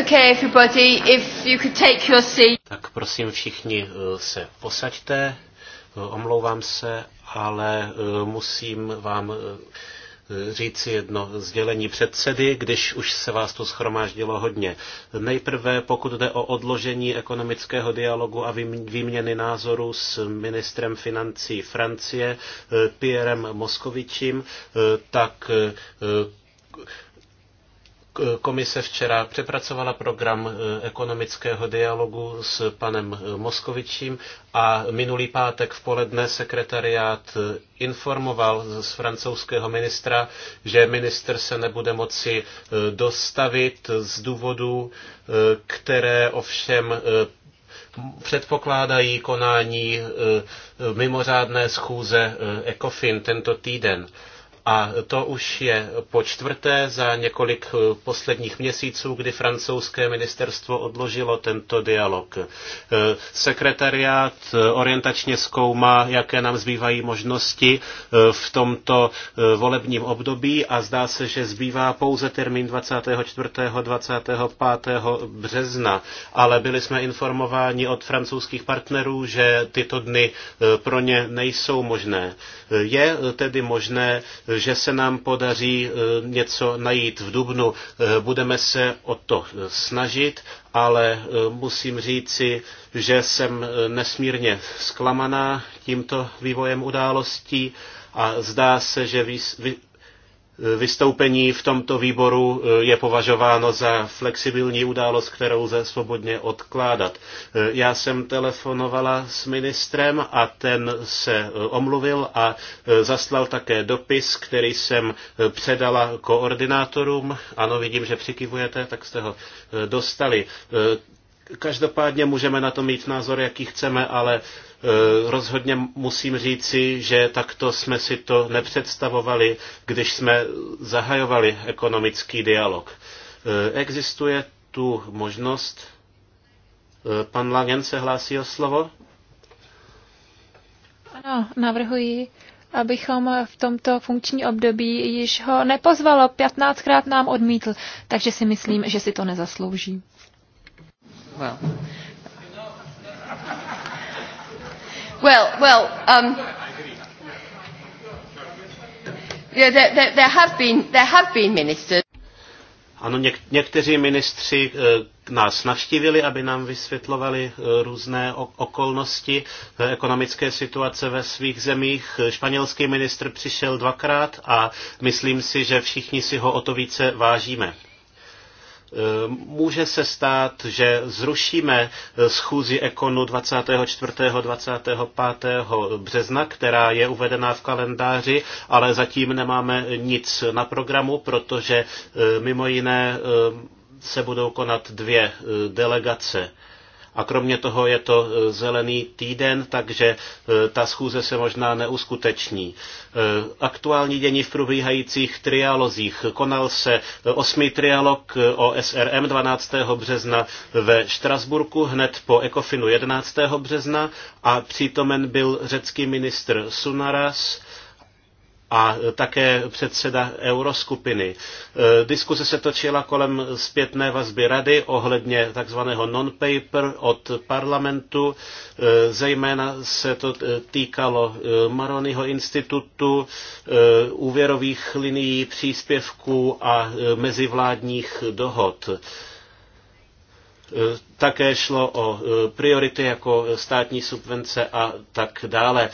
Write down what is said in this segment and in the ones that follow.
Okay, everybody, if you could take your seat. Tak prosím všichni eh, se posaďte. Eh, omlouvám se, ale eh, musím vám říci jedno sdělení předsedy, když už se vás to schromáždilo hodně. Nejprve, pokud jde o odložení ekonomického dialogu a výměny názorů s ministrem financí Francie, Pierrem Moskovičím, tak Komise včera přepracovala program e, ekonomického dialogu s panem e, Moskovičím a minulý pátek v poledne sekretariát e, informoval z francouzského ministra, že minister se nebude moci dostavit z důvodů, které ovšem předpokládají konání mimořádné schůze ECOFIN tento týden. A to už je po čtvrté za několik eh, posledních měsíců, kdy francouzské ministerstvo odložilo tento dialog. Eh, sekretariát eh, orientačně zkoumá, jaké nám zbývají možnosti v tomto volebním období a zdá se, že zbývá pouze termín 24. 25. března, ale byli jsme informováni od francouzských partnerů, že tyto dny pro ně nejsou možné. Je tedy možné, že se nám podaří eh, něco najít v Dubnu. Eh, budeme se o to snažit, ale eh, musím říci, že jsem nesmírně zklamaná tímto vývojem událostí a zdá se, že vystoupení v tomto výboru eh, je považováno za flexibilní událost, kterou lze svobodně odkládat. Eh, já jsem telefonovala s ministrem a ten se eh, omluvil a zaslal také dopis, který jsem předala koordinátorům. Ano, vidím, že přikivujete, tak jste ho dostali. Každopádně můžeme na to mít názor, jaký chceme, ale Eh, rozhodně musím říci, že takto jsme si to nepředstavovali, když jsme zahajovali ekonomický dialog. Eh, existuje tu možnost. Eh, pan Langen se hlásí o slovo? Ano, navrhuji, abychom v tomto funkční období již ho nepozvalo. 15krát nám odmítl, takže si myslím, že si to nezaslouží. Well. Well, well, um, yeah, there, there, there, have been, there have been ministers. Ano, něk- někteří ministři e, nás navštívili, aby nám vysvětlovali e, různé o- okolnosti e, ekonomické situace ve svých zemích. Španělský ministr přišel dvakrát a myslím si, že všichni si ho o to více vážíme. Eh, může se stát, že zrušíme eh, schůzi Ekonu 24. 25. března, která je uvedená v kalendáři, ale zatím nemáme nic na programu, protože eh, mimo jiné se budou konat dvě delegace a kromě toho je to e, zelený týden, takže e, ta schůze se možná neuskuteční. E, aktuální dění v probíhajících trialozích. Konal se osmý trialog o SRM 12. března ve Štrasburku, hned po Ekofinu 11. března a přítomen byl řecký ministr Sunaras, a také předseda euroskupiny. E, diskuse se točila kolem zpětné vazby rady ohledně takzvaného non-paper od parlamentu. E, zejména se to týkalo e, Maronyho institutu, úvěrových linií, příspěvků a mezivládních dohod. E, také šlo o e, priority jako státní subvence a tak dále. E,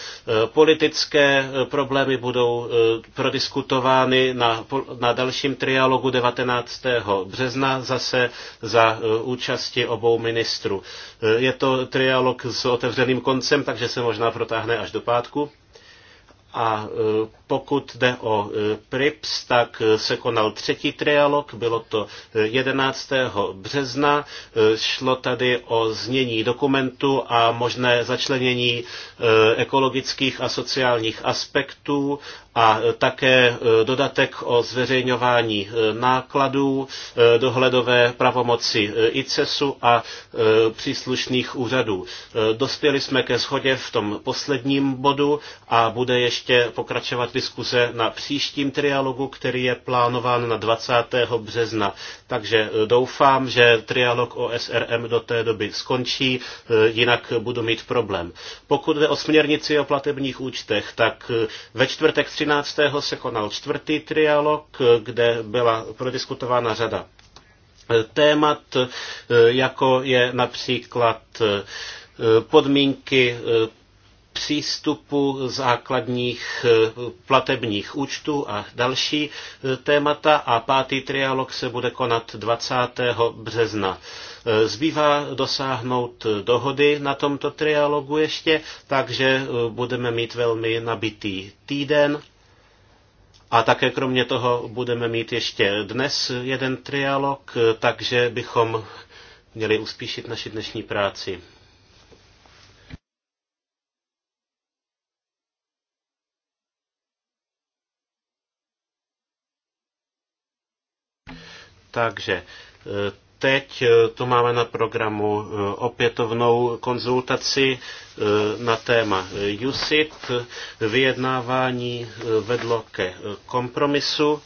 politické problémy budou prodiskutovány na, na dalším trialogu 19. března zase za účasti obou ministrů. Je to trialog s otevřeným koncem, takže se možná protáhne až do pátku. A e, pokud jde o e, PRIPS, tak e, se konal třetí trialog, bylo to 11. března. Šlo tady o znění dokumentu a možné začlenění ekologických a sociálních aspektů a také e, dodatek o zveřejňování e, nákladů, e, dohledové pravomoci ICESu a příslušných úřadů. Dospěli jsme ke shodě v tom posledním bodu a bude ještě pokračovat diskuze na příštím trialogu, který je plánován na 20. března. Takže doufám, že trialog o SRM do té doby skončí, jinak budu mít problém. Pokud jde o směrnici o platebních účtech, tak ve čtvrtek 13. se konal čtvrtý trialog, kde byla prodiskutována řada eh, témat, eh, jako je například eh, podmínky přístupu základních platebních účtů a další témata a pátý trialog se bude konat 20. března. Zbývá dosáhnout dohody na tomto trialogu ještě, takže budeme mít velmi nabitý týden a také kromě toho budeme mít ještě dnes jeden trialog, takže bychom měli uspíšit naši dnešní práci. Takže eh, teď eh, tu máme na programu eh, opětovnou konzultaci eh, na téma USIT. Vyjednávání vedlo ke kompromisu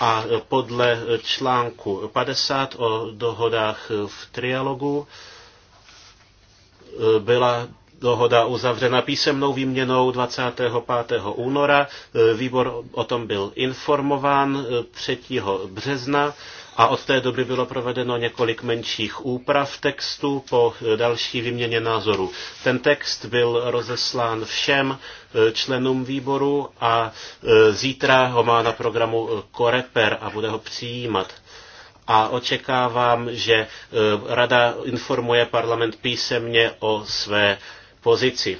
a podle článku 50 o dohodách v trialogu byla dohoda uzavřena písemnou výměnou 25. února. Výbor o tom byl informován 3. března a od té doby bylo provedeno několik menších úprav textu po další výměně názorů. Ten text byl rozeslán všem e, členům výboru a e, zítra ho má na programu Koreper a bude ho přijímat a očekávám, že e, Rada informuje parlament písemně o své pozici.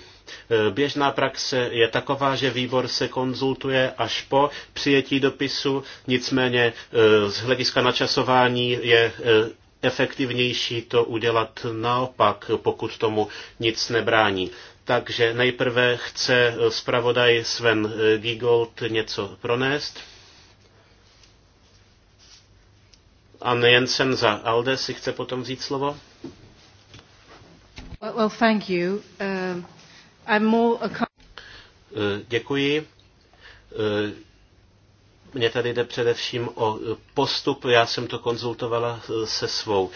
Běžná praxe je taková, že výbor se konzultuje až po přijetí dopisu, nicméně e, z hlediska načasování je e, efektivnější to udělat naopak, pokud tomu nic nebrání. Takže nejprve chce e, zpravodaj Sven Giegold něco pronést. Anne Jensen za Alde si chce potom vzít slovo. Well, well thank you. Um, Eh, děkuji. Eh, Mně tady jde především o eh, postup. Já jsem to konzultovala se svou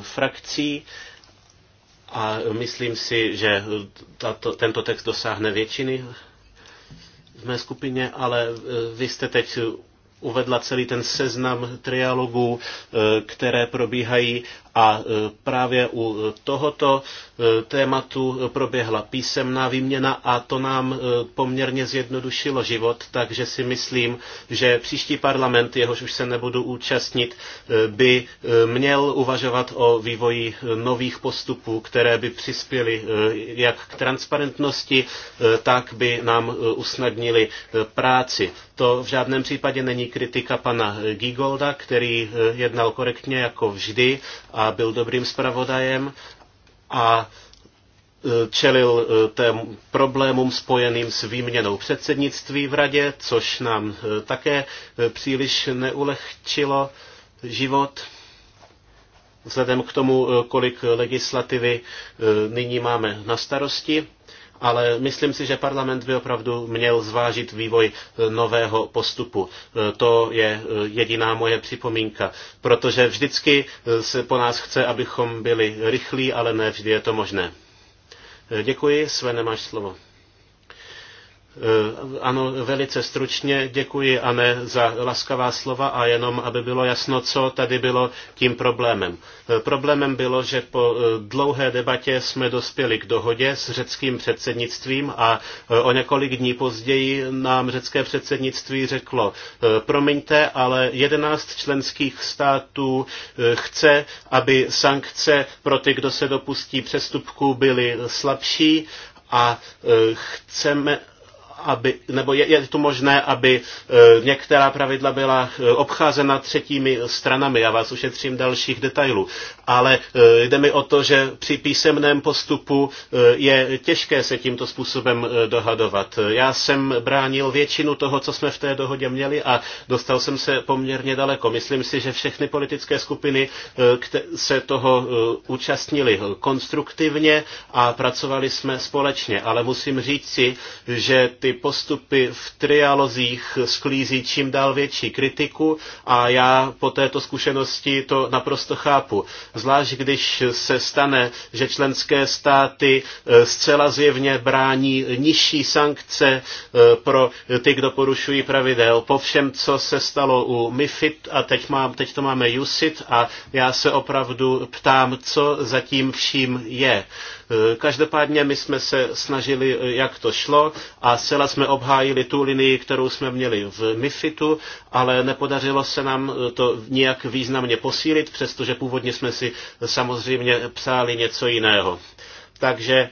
frakcí a myslím si, že tato, tento text dosáhne většiny v mé skupině, ale vy jste teď uvedla celý ten seznam trialogů, které probíhají a e, právě u e, tohoto e, tématu proběhla písemná výměna a to nám poměrně zjednodušilo život, takže si myslím, že příští parlament, jehož už se nebudu účastnit, by měl uvažovat o vývoji nových postupů, které by přispěly jak k transparentnosti, tak by nám usnadnili práci. To v žádném případě není kritika pana Gigolda, který jednal korektně jako vždy a a byl dobrým zpravodajem a e, čelil e, tém problémům spojeným s výměnou předsednictví v radě, což nám e, také příliš neulehčilo život. Vzhledem k tomu, kolik legislativy nyní máme na starosti ale myslím si, že parlament by opravdu měl zvážit vývoj eh, nového postupu. Eh, to je eh, jediná moje připomínka, protože vždycky se po nás chce, abychom byli rychlí, ale ne vždy je to možné. Děkuji, Sve, nemáš slovo. Eh, ano, velice stručně děkuji, Ane, za laskavá slova a jenom, aby bylo jasno, co tady bylo tím problémem. Eh, problémem bylo, že po eh, dlouhé debatě jsme dospěli k dohodě s řeckým předsednictvím a o několik dní později nám řecké předsednictví řeklo, promiňte, ale 11 členských států chce, aby sankce pro ty, kdo se dopustí přestupků, byly slabší a chceme, aby, nebo je, je tu možné, aby e, některá pravidla byla eh, obcházena třetími stranami. Já vás ušetřím dalších detailů. Ale e, jde mi o to, že při písemném postupu e, je těžké se tímto způsobem e, dohadovat. Já jsem bránil většinu toho, co jsme v té dohodě měli a dostal jsem se poměrně daleko. Myslím si, že všechny politické skupiny e, se toho e, účastnili konstruktivně a pracovali jsme společně. Ale musím říct si, že ty postupy v trialozích sklízí čím dál větší kritiku a já po této zkušenosti to naprosto chápu. Zvlášť když se stane, že členské státy e, zcela zjevně brání nižší sankce e, pro ty, kdo porušují pravidel. Po všem, co se stalo u MIFID a teď, mám, teď to máme USIT a já se opravdu ptám, co zatím vším je. Eh, každopádně my jsme se snažili, eh, jak to šlo a zcela jsme obhájili tu linii, kterou jsme měli v MIFITu, ale nepodařilo se nám eh, to nijak významně posílit, přestože původně jsme si samozřejmě psali něco jiného. Takže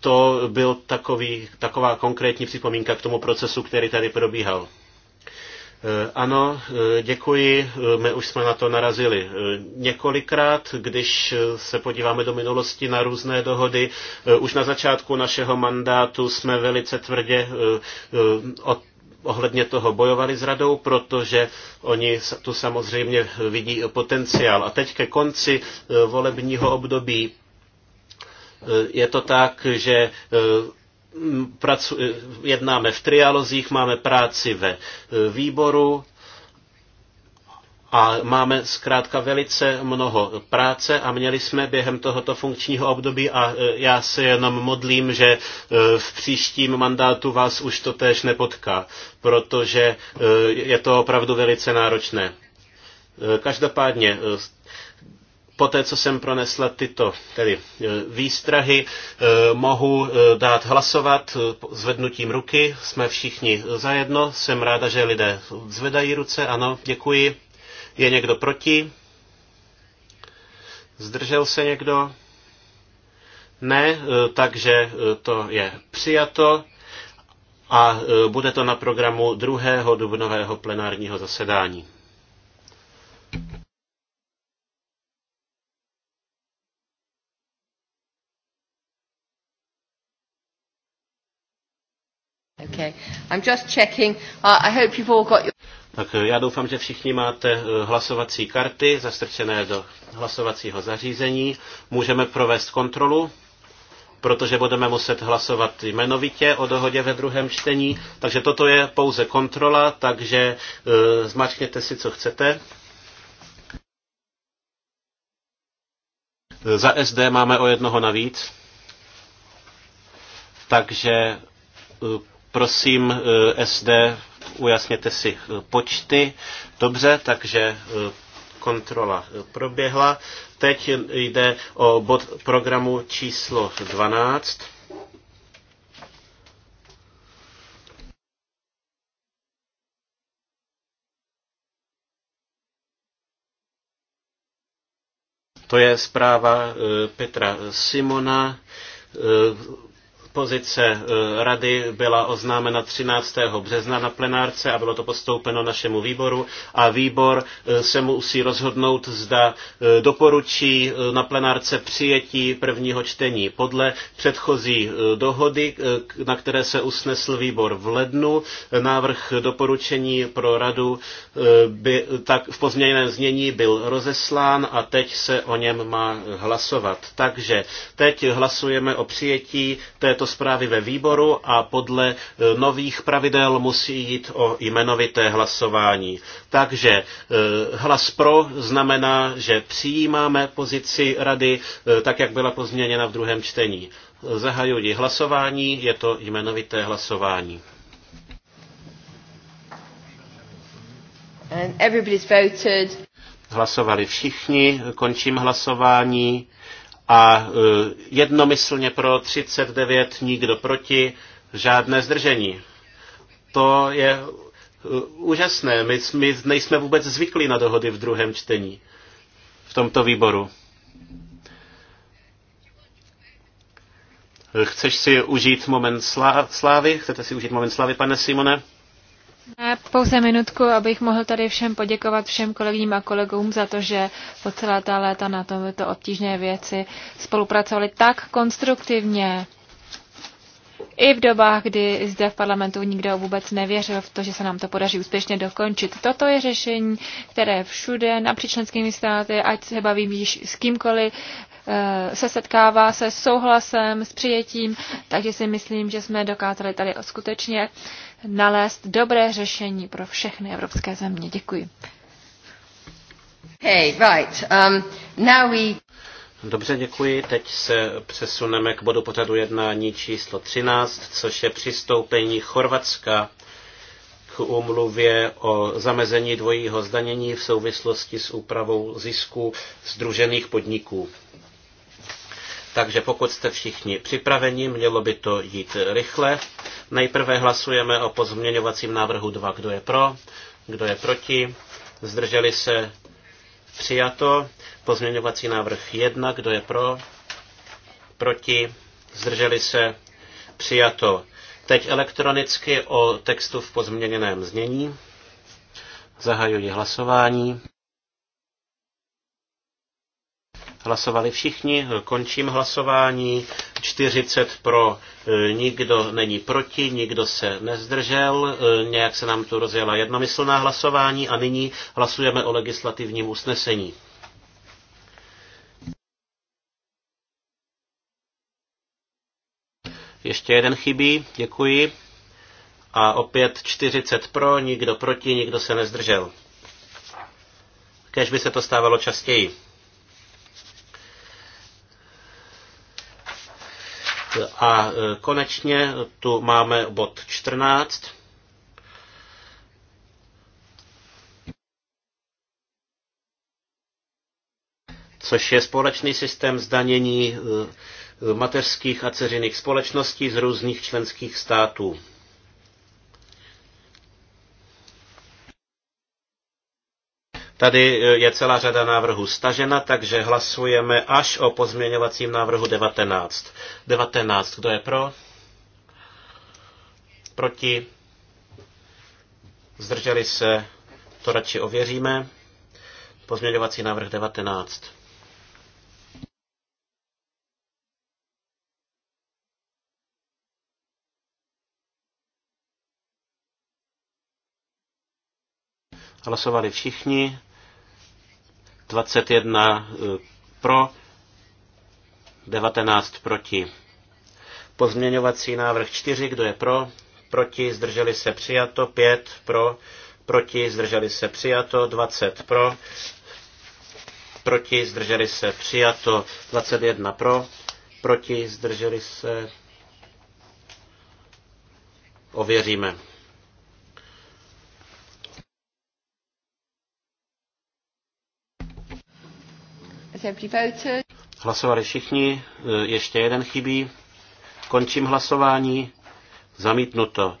to byl takový, taková konkrétní připomínka k tomu procesu, který tady probíhal. Eh, ano, eh, děkuji. Eh, my už jsme na to narazili několikrát, když se podíváme do minulosti na různé dohody. Už na začátku našeho mandátu jsme velice tvrdě od ohledně toho bojovali s radou, protože oni tu samozřejmě vidí potenciál. A teď ke konci volebního období je to tak, že pracu, jednáme v trialozích, máme práci ve e, výboru a máme zkrátka velice mnoho práce a měli jsme během tohoto funkčního období a e, já se jenom modlím, že e, v příštím mandátu vás už to též nepotká, protože je to opravdu velice náročné. Každopádně poté, co jsem pronesla tyto tedy e, výstrahy, e, mohu e, dát hlasovat zvednutím ruky. Jsme všichni zajedno. Jsem ráda, že lidé zvedají ruce. Ano, děkuji. Je někdo proti? Zdržel se někdo? Ne, takže to je přijato a bude to na programu druhého dubnového plenárního zasedání. Okay. I'm just checking. Uh, I hope you've all got your... Tak eh, já doufám, že všichni máte eh, hlasovací karty zastrčené do hlasovacího zařízení. Můžeme provést kontrolu, protože budeme muset hlasovat jmenovitě o dohodě ve druhém čtení. Takže toto je pouze kontrola, takže uh, zmačkněte si, co chcete. Za SD máme o jednoho navíc. Takže Prosím eh, SD, ujasněte si eh, počty. Dobře, takže eh, kontrola proběhla. Teď jde o bod programu číslo 12. To je zpráva Petra Simona Pozice eh, rady byla oznámena 13. března na plenárce a bylo to postoupeno našemu výboru a výbor eh, se musí rozhodnout, zda eh, doporučí na plenárce přijetí prvního čtení podle předchozí dohody, na které se usnesl výbor v lednu. Návrh doporučení pro radu by tak v pozměněném znění byl rozeslán a teď se o něm má hlasovat. Takže teď hlasujeme o přijetí této této zprávy ve výboru a podle e, nových pravidel musí jít o jmenovité hlasování. Takže e, hlas pro znamená, že přijímáme pozici rady e, tak, jak byla pozměněna v druhém čtení. Zahajuji hlasování, je to jmenovité hlasování. And everybody's voted. Hlasovali všichni, končím hlasování a eh, jednomyslně pro 39, nikdo proti, žádné zdržení. To je eh, úžasné. My, my nejsme vůbec zvyklí na dohody v druhém čtení v tomto výboru. Chceš si užít moment slávy? Chcete si užít moment slávy, pane Simone? Pouze minutku, abych mohl tady všem poděkovat všem kolegům a kolegům za to, že po celá ta léta na tomto obtížné věci spolupracovali tak konstruktivně. I v dobách, kdy zde v parlamentu nikdo vůbec nevěřil v to, že se nám to podaří úspěšně dokončit. Toto je řešení, které všude, napříč členskými státy, ať se bavím, již s kýmkoliv, eh, se setkává se souhlasem, s přijetím, takže si myslím, že jsme dokázali tady skutečně nalézt dobré řešení pro všechny evropské země. Děkuji. Hey, right. Um, now we... Dobře, děkuji. Teď se přesuneme k bodu pořadu jednání číslo 13, což je přistoupení Chorvatska k úmluvě o zamezení dvojího zdanění v souvislosti s úpravou zisku združených podniků. Takže pokud jste všichni připraveni, mělo by to jít rychle. Nejprve hlasujeme o pozměňovacím návrhu 2. Kdo je pro? Kdo je proti? Zdrželi se? Přijato. Pozměňovací návrh 1. Kdo je pro? Proti? Zdrželi se? Přijato. Teď elektronicky o textu v pozměněném znění. Zahajuji hlasování. Hlasovali všichni, končím hlasování. 40 pro, e, nikdo není proti, nikdo se nezdržel, e, nějak se nám tu rozjela jednomyslná hlasování a nyní hlasujeme o legislativním usnesení. Ještě jeden chybí, děkuji. A opět 40 pro, nikdo proti, nikdo se nezdržel. Kež by se to stávalo častěji. A e, konečně tu máme bod 14. což je společný systém zdanění e, mateřských a ceřiných společností z různých členských států. Tady e, je celá řada návrhů stažena, takže hlasujeme až o pozměňovacím návrhu 19. 19. Kdo je pro? Proti? Zdrželi se? To radši ověříme. Pozměňovací návrh 19. Hlasovali všichni. 21 eh, pro, 19 proti. Pozměňovací návrh 4, kdo je pro, proti, zdrželi se přijato, 5 pro, proti, zdrželi se přijato, 20 pro, proti, zdrželi se přijato, 21 pro, proti, zdrželi se, ověříme. Hlasovali všichni, e, ještě jeden chybí. Končím hlasování. Zamítnuto.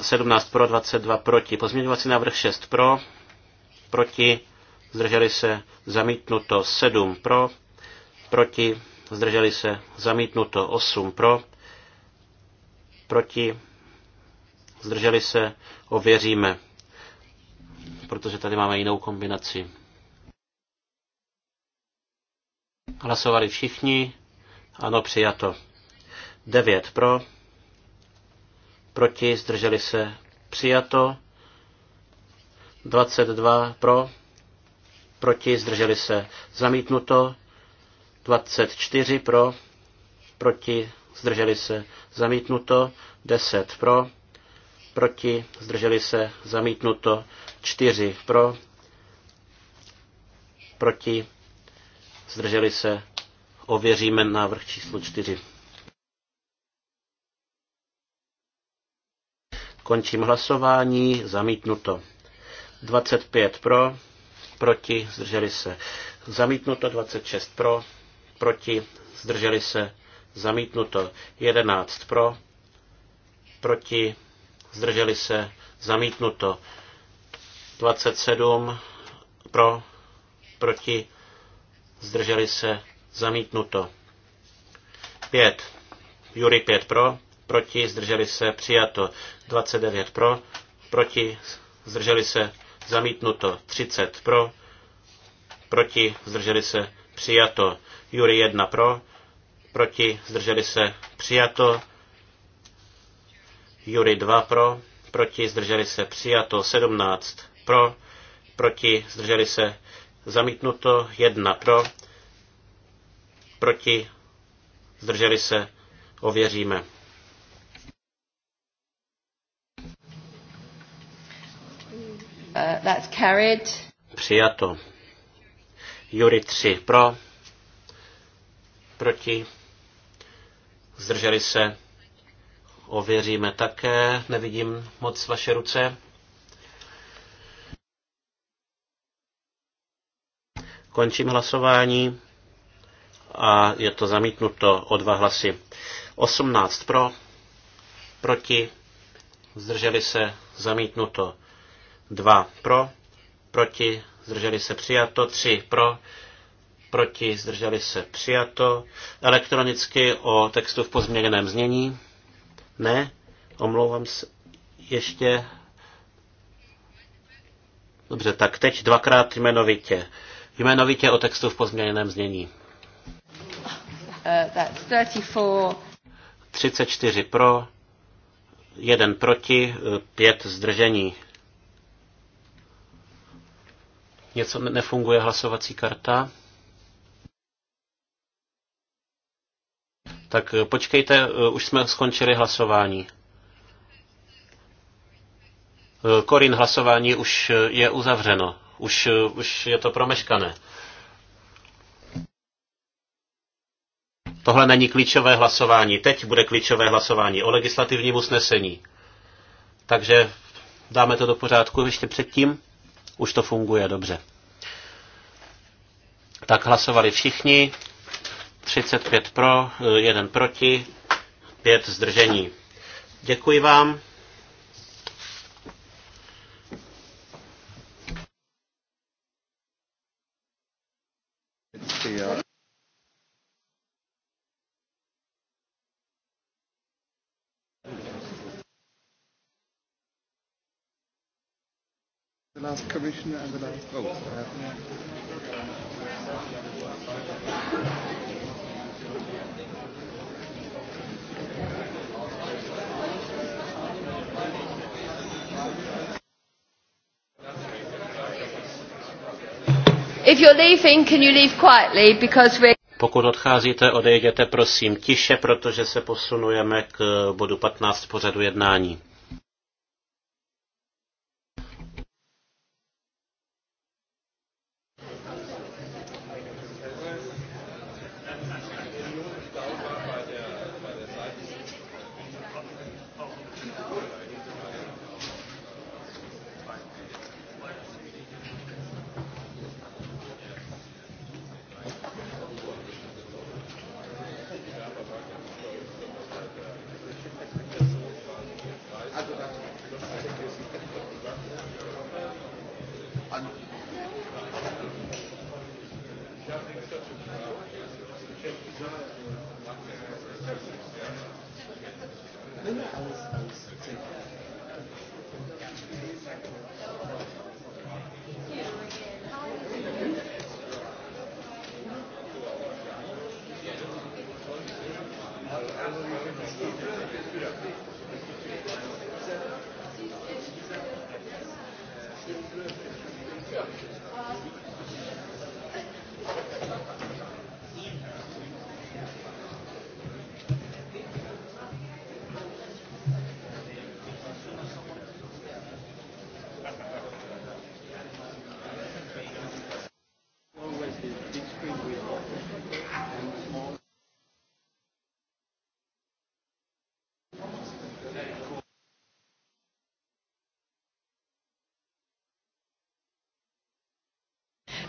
17 pro, 22 proti. Pozměňovací návrh 6 pro, proti, zdrželi se, zamítnuto 7 pro, proti, zdrželi se, zamítnuto 8 pro, proti, zdrželi se, ověříme, protože tady máme jinou kombinaci. Hlasovali všichni. Ano, přijato. 9 pro. Proti, zdrželi se. Přijato. 22 pro. Proti, zdrželi se. Zamítnuto. 24 pro. Proti, zdrželi se. Zamítnuto. 10 pro. Proti, zdrželi se. Zamítnuto. 4 pro. Proti, zdrželi se, ověříme návrh číslo 4. Končím hlasování, zamítnuto. 25 pro, proti, zdrželi se. Zamítnuto 26 pro, proti, zdrželi se. Zamítnuto 11 pro, proti, zdrželi se. Zamítnuto 27 pro, proti, zdrželi se, zamítnuto. 5. Jury 5 pro, proti, zdrželi se, přijato. 29 pro, proti, zdrželi se, zamítnuto. 30 pro, proti, zdrželi se, přijato. Jury 1 pro, proti, zdrželi se, přijato. Jury 2 pro, proti, zdrželi se, přijato. 17 pro, proti, zdrželi se, Zamítnuto 1 pro, proti, zdrželi se, ověříme. Uh, that's carried. Přijato. Jury 3 pro, proti, zdrželi se, ověříme také, nevidím moc vaše ruce. Končím hlasování a je to zamítnuto o dva hlasy. 18 pro, proti, zdrželi se, zamítnuto. 2 pro, proti, zdrželi se, přijato. 3 pro, proti, zdrželi se, přijato. Elektronicky o textu v pozměněném znění. Ne, omlouvám se ještě. Dobře, tak teď dvakrát jmenovitě. Jmenovitě o textu v pozměněném znění. 34. Uh, 34 pro, 1 proti, 5 uh, zdržení. Něco nefunguje hlasovací karta. Tak uh, počkejte, už jsme skončili hlasování. Korin, hlasování už je uzavřeno. Už, už je to promeškané. Tohle není klíčové hlasování. Teď bude klíčové hlasování o legislativním usnesení. Takže dáme to do pořádku ještě předtím. Už to funguje dobře. Tak hlasovali všichni. 35 pro, 1 proti, 5 zdržení. Děkuji vám. The last commissioner and the last vote. Oh. Pokud odcházíte, odejděte prosím tiše, protože se posunujeme k bodu 15 pořadu jednání.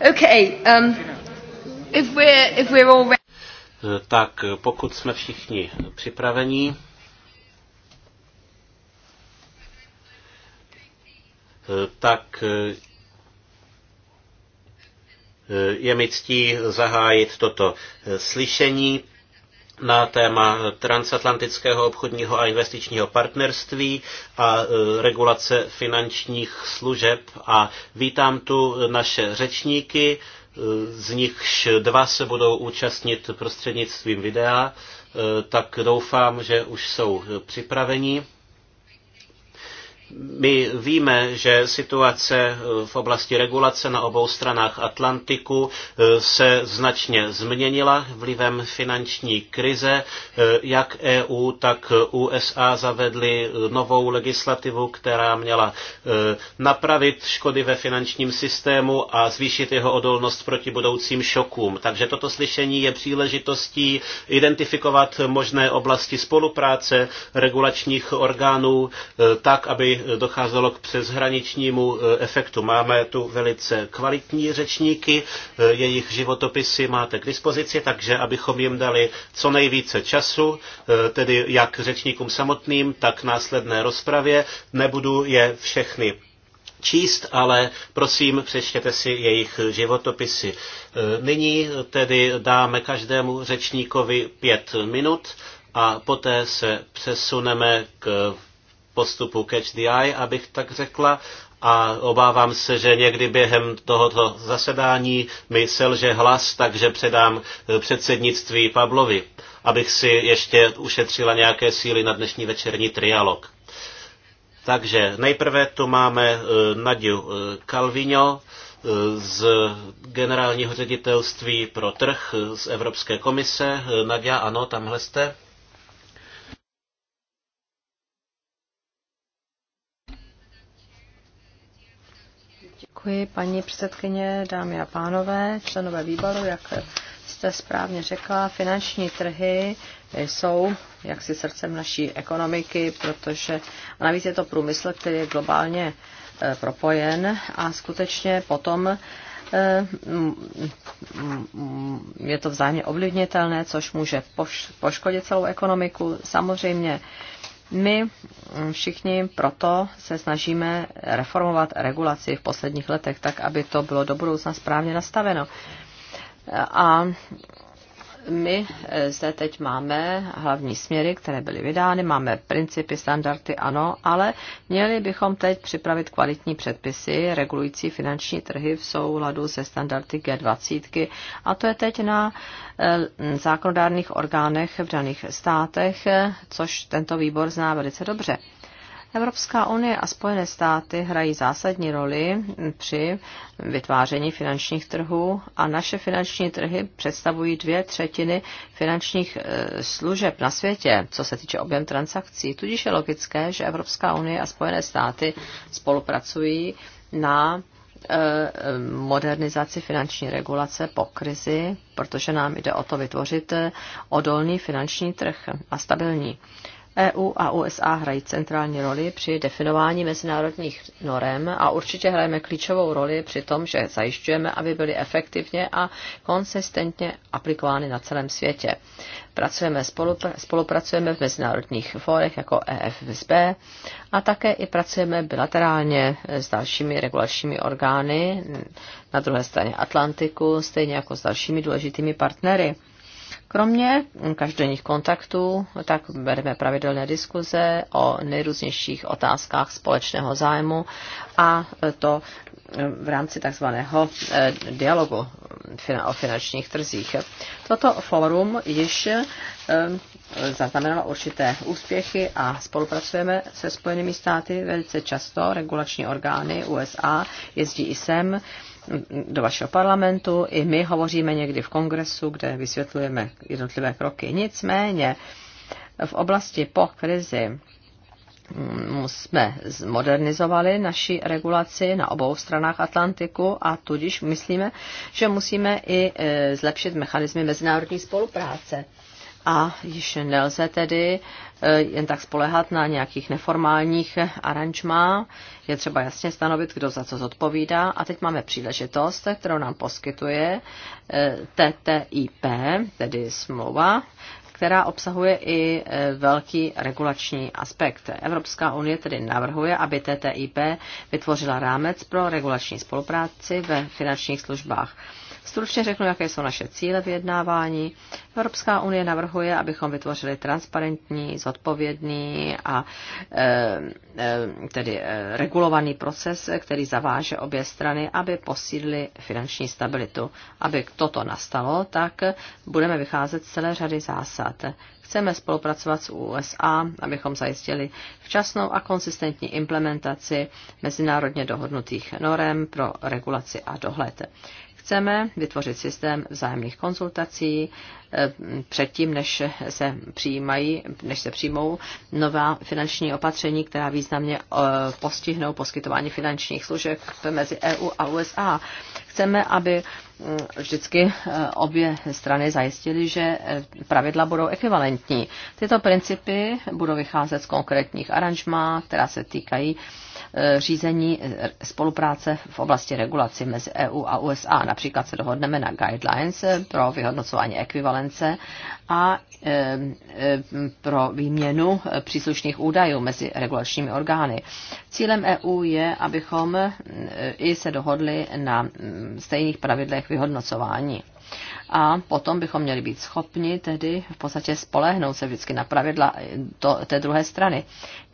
Um, eh, tak pokud jsme všichni připraveni, eh, tak eh, je mi ctí zahájit toto slyšení na téma transatlantického obchodního a investičního partnerství a e, regulace finančních služeb. A vítám tu naše řečníky, e, z nichž dva se budou účastnit prostřednictvím videa, e, tak doufám, že už jsou připraveni. My víme, že situace eh, v oblasti regulace na obou stranách Atlantiku eh, se značně změnila vlivem finanční krize. Eh, jak EU, tak USA zavedly novou legislativu, která měla napravit škody ve finančním systému a zvýšit jeho odolnost proti budoucím šokům. Takže toto slyšení je příležitostí identifikovat možné oblasti spolupráce regulačních orgánů tak, aby docházelo k přeshraničnímu eh, efektu. Máme tu velice kvalitní řečníky, eh, jejich životopisy máte k dispozici, takže abychom jim dali co nejvíce času, eh, tedy jak řečníkům samotným, tak následné rozpravě. Nebudu je všechny číst, ale prosím, přečtěte si jejich životopisy. Nyní tedy dáme každému řečníkovi pět minut a poté se přesuneme k postupu Catch the Eye, abych tak řekla, a obávám se, že někdy během tohoto zasedání mi selže hlas, takže předám eh, předsednictví Pavlovi, abych si ještě ušetřila nějaké síly na dnešní večerní trialog. Takže nejprve tu máme eh, Nadiu eh, Calvino z generálního ředitelství pro trh z Evropské komise. Nadia, ano, tamhle jste. Děkuji, paní předsedkyně, dámy a pánové, členové výboru, jak jste správně řekla, finanční trhy jsou jaksi srdcem naší ekonomiky, protože a navíc je to průmysl, který je globálně e, propojen a skutečně potom e, je to vzájemně ovlivnitelné, což může poškodit celou ekonomiku. Samozřejmě my všichni proto se snažíme reformovat regulaci v posledních letech tak, aby to bylo do budoucna správně nastaveno. A my eh, zde teď máme hlavní směry, které byly vydány, máme principy, standardy, ano, ale měli bychom teď připravit kvalitní předpisy regulující finanční trhy v souladu se standardy G20. A to je teď na eh, zákonodárných orgánech v daných státech, eh, což tento výbor zná velice dobře. Evropská unie a Spojené státy hrají zásadní roli při vytváření finančních trhů a naše finanční trhy představují dvě třetiny finančních e, služeb na světě, co se týče objem transakcí. Tudíž je logické, že Evropská unie a Spojené státy spolupracují na e, modernizaci finanční regulace po krizi, protože nám jde o to vytvořit odolný finanční trh a stabilní. EU a USA hrají centrální roli při definování mezinárodních norem a určitě hrajeme klíčovou roli při tom, že zajišťujeme, aby byly efektivně a konsistentně aplikovány na celém světě. Pracujeme, spolupracujeme v mezinárodních fórech jako EFSB a také i pracujeme bilaterálně s dalšími regulačními orgány na druhé straně Atlantiku, stejně jako s dalšími důležitými partnery. Kromě každodenních kontaktů tak vedeme pravidelné diskuze o nejrůznějších otázkách společného zájmu a to eh, v rámci takzvaného eh, dialogu eh, o finančních trzích. Toto fórum již zaznamenalo určité úspěchy a spolupracujeme se Spojenými státy velice často. Regulační orgány USA jezdí i sem do vašeho parlamentu, i my hovoříme někdy v kongresu, kde vysvětlujeme jednotlivé kroky. Nicméně v oblasti po krizi mm, jsme zmodernizovali naši regulaci na obou stranách Atlantiku a tudíž myslíme, že musíme i e, zlepšit mechanismy mezinárodní spolupráce a již nelze tedy eh, jen tak spolehat na nějakých neformálních aranžmá. Je třeba jasně stanovit, kdo za co zodpovídá. A teď máme příležitost, kterou nám poskytuje eh, TTIP, tedy smlouva, která obsahuje i eh, velký regulační aspekt. Evropská unie tedy navrhuje, aby TTIP vytvořila rámec pro regulační spolupráci ve finančních službách Stručně řeknu, jaké jsou naše cíle vyjednávání. Evropská unie navrhuje, abychom vytvořili transparentní, zodpovědný a e, e, tedy e, regulovaný proces, který zaváže obě strany, aby posílili finanční stabilitu. Aby toto nastalo, tak budeme vycházet z celé řady zásad. Chceme spolupracovat s USA, abychom zajistili včasnou a konsistentní implementaci mezinárodně dohodnutých norem pro regulaci a dohled. Chceme vytvořit systém vzájemných konzultací eh, předtím, než se přijímají, než se přijmou nová finanční opatření, která významně eh, postihnou poskytování finančních služeb mezi EU a USA. Chceme, aby mm, vždycky eh, obě strany zajistily, že pravidla budou ekvivalentní. Tyto principy budou vycházet z konkrétních aranžmá, která se týkají Eh, řízení eh, spolupráce v oblasti regulaci mezi EU a USA. Například se dohodneme na guidelines eh, pro vyhodnocování ekvivalence a pro výměnu příslušných údajů mezi regulačními orgány. Cílem EU je, abychom i se dohodli na mm, stejných pravidlech vyhodnocování. A potom bychom měli být schopni tedy v podstatě spolehnout se vždycky na pravidla do té druhé strany.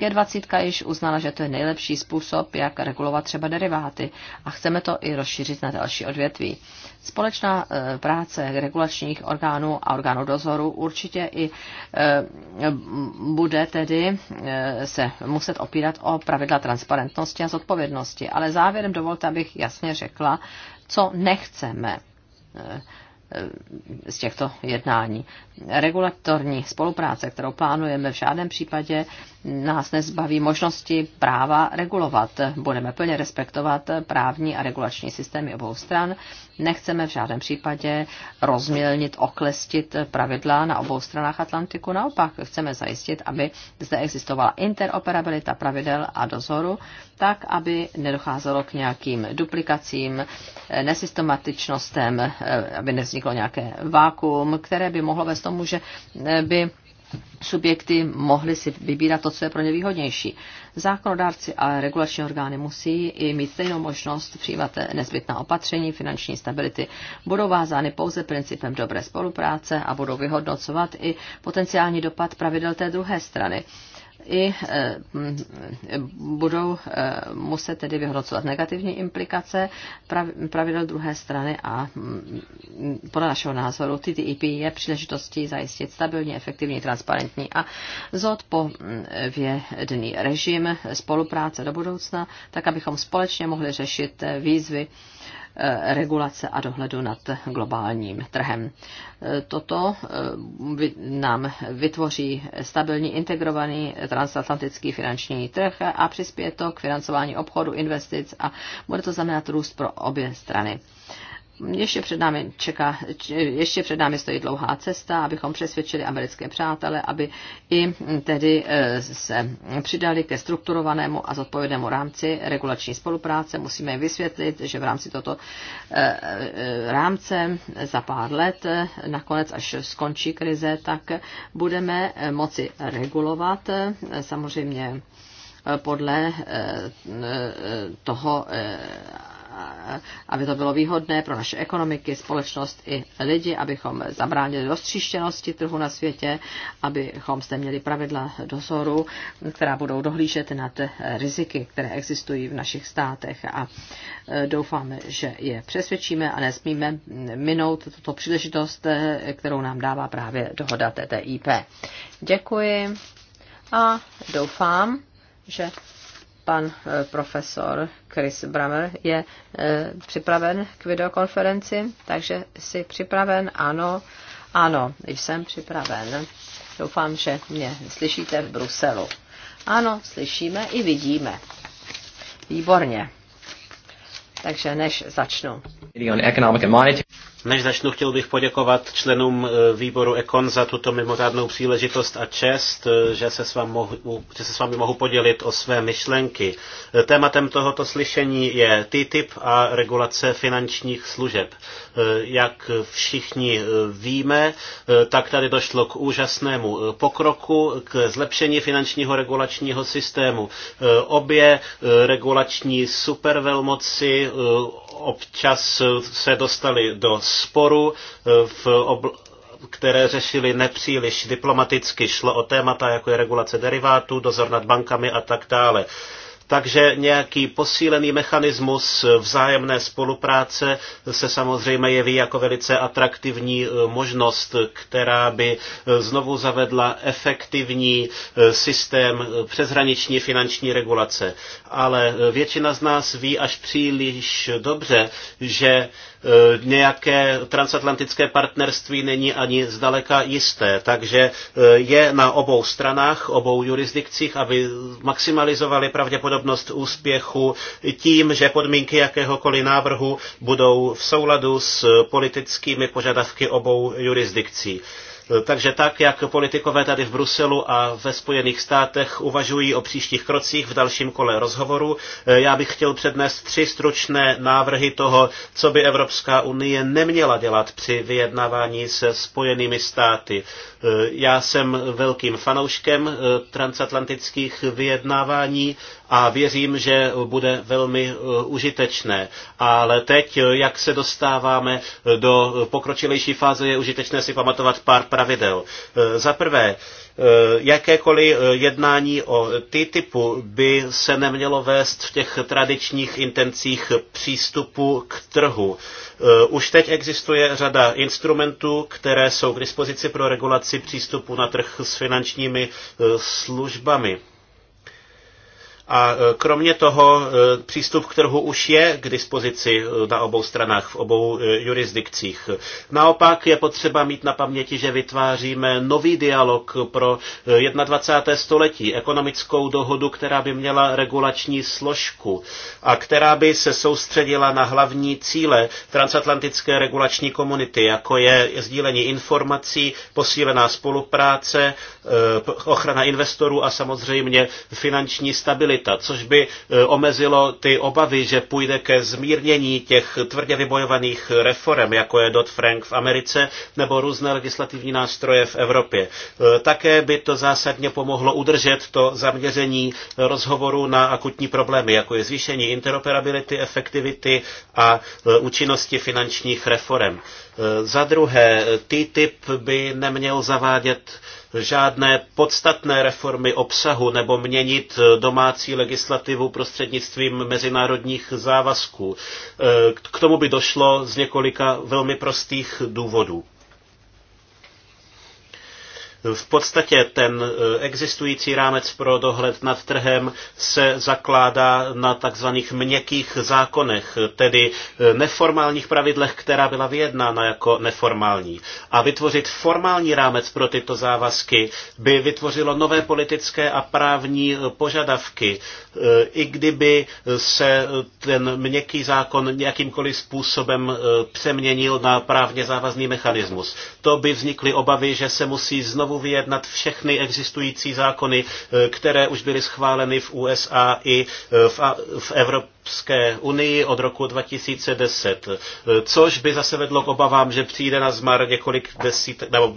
G20 již uznala, že to je nejlepší způsob, jak regulovat třeba deriváty a chceme to i rozšířit na další odvětví. Společná eh, práce regulačních orgánů a orgánů dozoru určitě i eh, bude tedy eh, se muset opírat o pravidla transparentnosti a zodpovědnosti. Ale závěrem dovolte, abych jasně řekla, co nechceme z těchto jednání. Regulatorní spolupráce, kterou plánujeme, v žádném případě nás nezbaví možnosti práva regulovat. Budeme plně respektovat právní a regulační systémy obou stran. Nechceme v žádném případě rozmělnit, oklestit pravidla na obou stranách Atlantiku. Naopak chceme zajistit, aby zde existovala interoperabilita pravidel a dozoru, tak, aby nedocházelo k nějakým duplikacím, nesystematičnostem, eh, aby nevzniklo nějaké vákuum, které by mohlo vést tomu, že eh, by subjekty mohly si vybírat to, co je pro ně výhodnější. Zákonodárci a regulační orgány musí i mít stejnou možnost přijímat nezbytná opatření finanční stability. Budou vázány pouze principem dobré spolupráce a budou vyhodnocovat i potenciální dopad pravidel té druhé strany i e, budou e, muset tedy vyhodnocovat negativní implikace pravidel druhé strany a podle našeho názoru TTIP e je příležitostí zajistit stabilní, efektivní, transparentní a zodpovědný režim spolupráce do budoucna, tak abychom společně mohli řešit výzvy, Eh, regulace a dohledu nad globálním trhem. Eh, toto eh, nám vytvoří stabilní integrovaný transatlantický finanční trh a přispěje to k financování obchodu, investic a bude to znamenat růst pro obě strany ještě před námi čeká, ještě před námi stojí dlouhá cesta, abychom přesvědčili americké přátele, aby i tedy e, se přidali ke strukturovanému a zodpovědnému rámci regulační spolupráce. Musíme vysvětlit, že v rámci toto e, e, rámce za pár let, nakonec až skončí krize, tak budeme moci regulovat samozřejmě podle toho, aby to bylo výhodné pro naše ekonomiky, společnost i lidi, abychom zabránili roztříštěnosti trhu na světě, abychom zde měli pravidla dozoru, která budou dohlížet nad riziky, které existují v našich státech a e, doufáme, že je přesvědčíme a nesmíme minout tuto příležitost, e, kterou nám dává právě dohoda TTIP. Děkuji a doufám, že pan eh, profesor Chris Brammer je eh, připraven k videokonferenci, takže jsi připraven? Ano, ano, jsem připraven. Doufám, že mě slyšíte v Bruselu. Ano, slyšíme i vidíme. Výborně. Takže než začnu. Než začnu, chtěl bych poděkovat členům eh, výboru Ekon za tuto mimořádnou příležitost a čest, eh, že se, s vám mohu, že se s vámi mohu podělit o své myšlenky. Eh, tématem tohoto slyšení je TTIP a regulace finančních služeb. Jak všichni víme, tak tady došlo k úžasnému pokroku, k zlepšení finančního regulačního systému. Obě regulační supervelmoci občas se dostali do sporu v obl- které řešili nepříliš diplomaticky. Šlo o témata, jako je regulace derivátů, dozor nad bankami a tak dále. Takže nějaký posílený mechanismus vzájemné spolupráce se samozřejmě jeví jako velice atraktivní eh, možnost, která by eh, znovu zavedla efektivní eh, systém přeshraniční finanční regulace. Ale většina z nás ví až příliš dobře, že E, nějaké transatlantické partnerství není ani zdaleka jisté. Takže e, je na obou stranách, obou jurisdikcích, aby maximalizovali pravděpodobnost úspěchu tím, že podmínky jakéhokoliv návrhu budou v souladu s politickými požadavky obou jurisdikcí. Takže tak, jak politikové tady v Bruselu a ve Spojených státech uvažují o příštích krocích v dalším kole rozhovoru, eh, já bych chtěl přednést tři stručné návrhy toho, co by Evropská unie neměla dělat při vyjednávání se Spojenými státy. Eh, já jsem velkým fanouškem eh, transatlantických vyjednávání a věřím, že bude velmi eh, užitečné. Ale teď, eh, jak se dostáváme eh, do pokročilejší fáze, je užitečné si pamatovat pár pravidel. Za prvé, jakékoliv jednání o typu by se nemělo vést v těch tradičních intencích přístupu k trhu. Už teď existuje řada instrumentů, které jsou k dispozici pro regulaci přístupu na trh s finančními službami. A e, kromě toho e, přístup k trhu už je k dispozici e, na obou stranách, v obou jurisdikcích. Naopak je potřeba mít na paměti, že vytváříme nový dialog pro 21. století, ekonomickou dohodu, která by měla regulační složku a která by se soustředila na hlavní cíle transatlantické regulační komunity, jako je sdílení informací, posílená spolupráce, ochrana investorů a samozřejmě finanční stabilita stabilita, což by e, omezilo ty obavy, že půjde ke zmírnění těch tvrdě vybojovaných reform, jako je Dodd-Frank v Americe nebo různé legislativní nástroje v Evropě. E, také by to zásadně pomohlo udržet to zaměření rozhovoru na akutní problémy, jako je zvýšení interoperability, efektivity a e, účinnosti finančních reform. Za druhé, TTIP by neměl zavádět žádné podstatné reformy obsahu nebo měnit eh, domácí legislativu prostřednictvím mezinárodních závazků. Eh, k tomu by došlo z několika velmi prostých důvodů. V podstatě ten e, existující rámec pro dohled nad trhem se zakládá na takzvaných měkkých zákonech, tedy e, neformálních pravidlech, která byla vyjednána jako neformální. A vytvořit formální rámec pro tyto závazky by vytvořilo nové politické a právní e, požadavky, i kdyby se ten měkký zákon nějakýmkoliv způsobem přeměnil na právně závazný mechanismus. To by vznikly obavy, že se musí znovu znovu vyjednat všechny existující zákony, eh, které už byly schváleny v USA i eh, v, v Evropě Evropské unii od roku 2010, eh, což by zase vedlo k obavám, že přijde na zmar několik desítek, nebo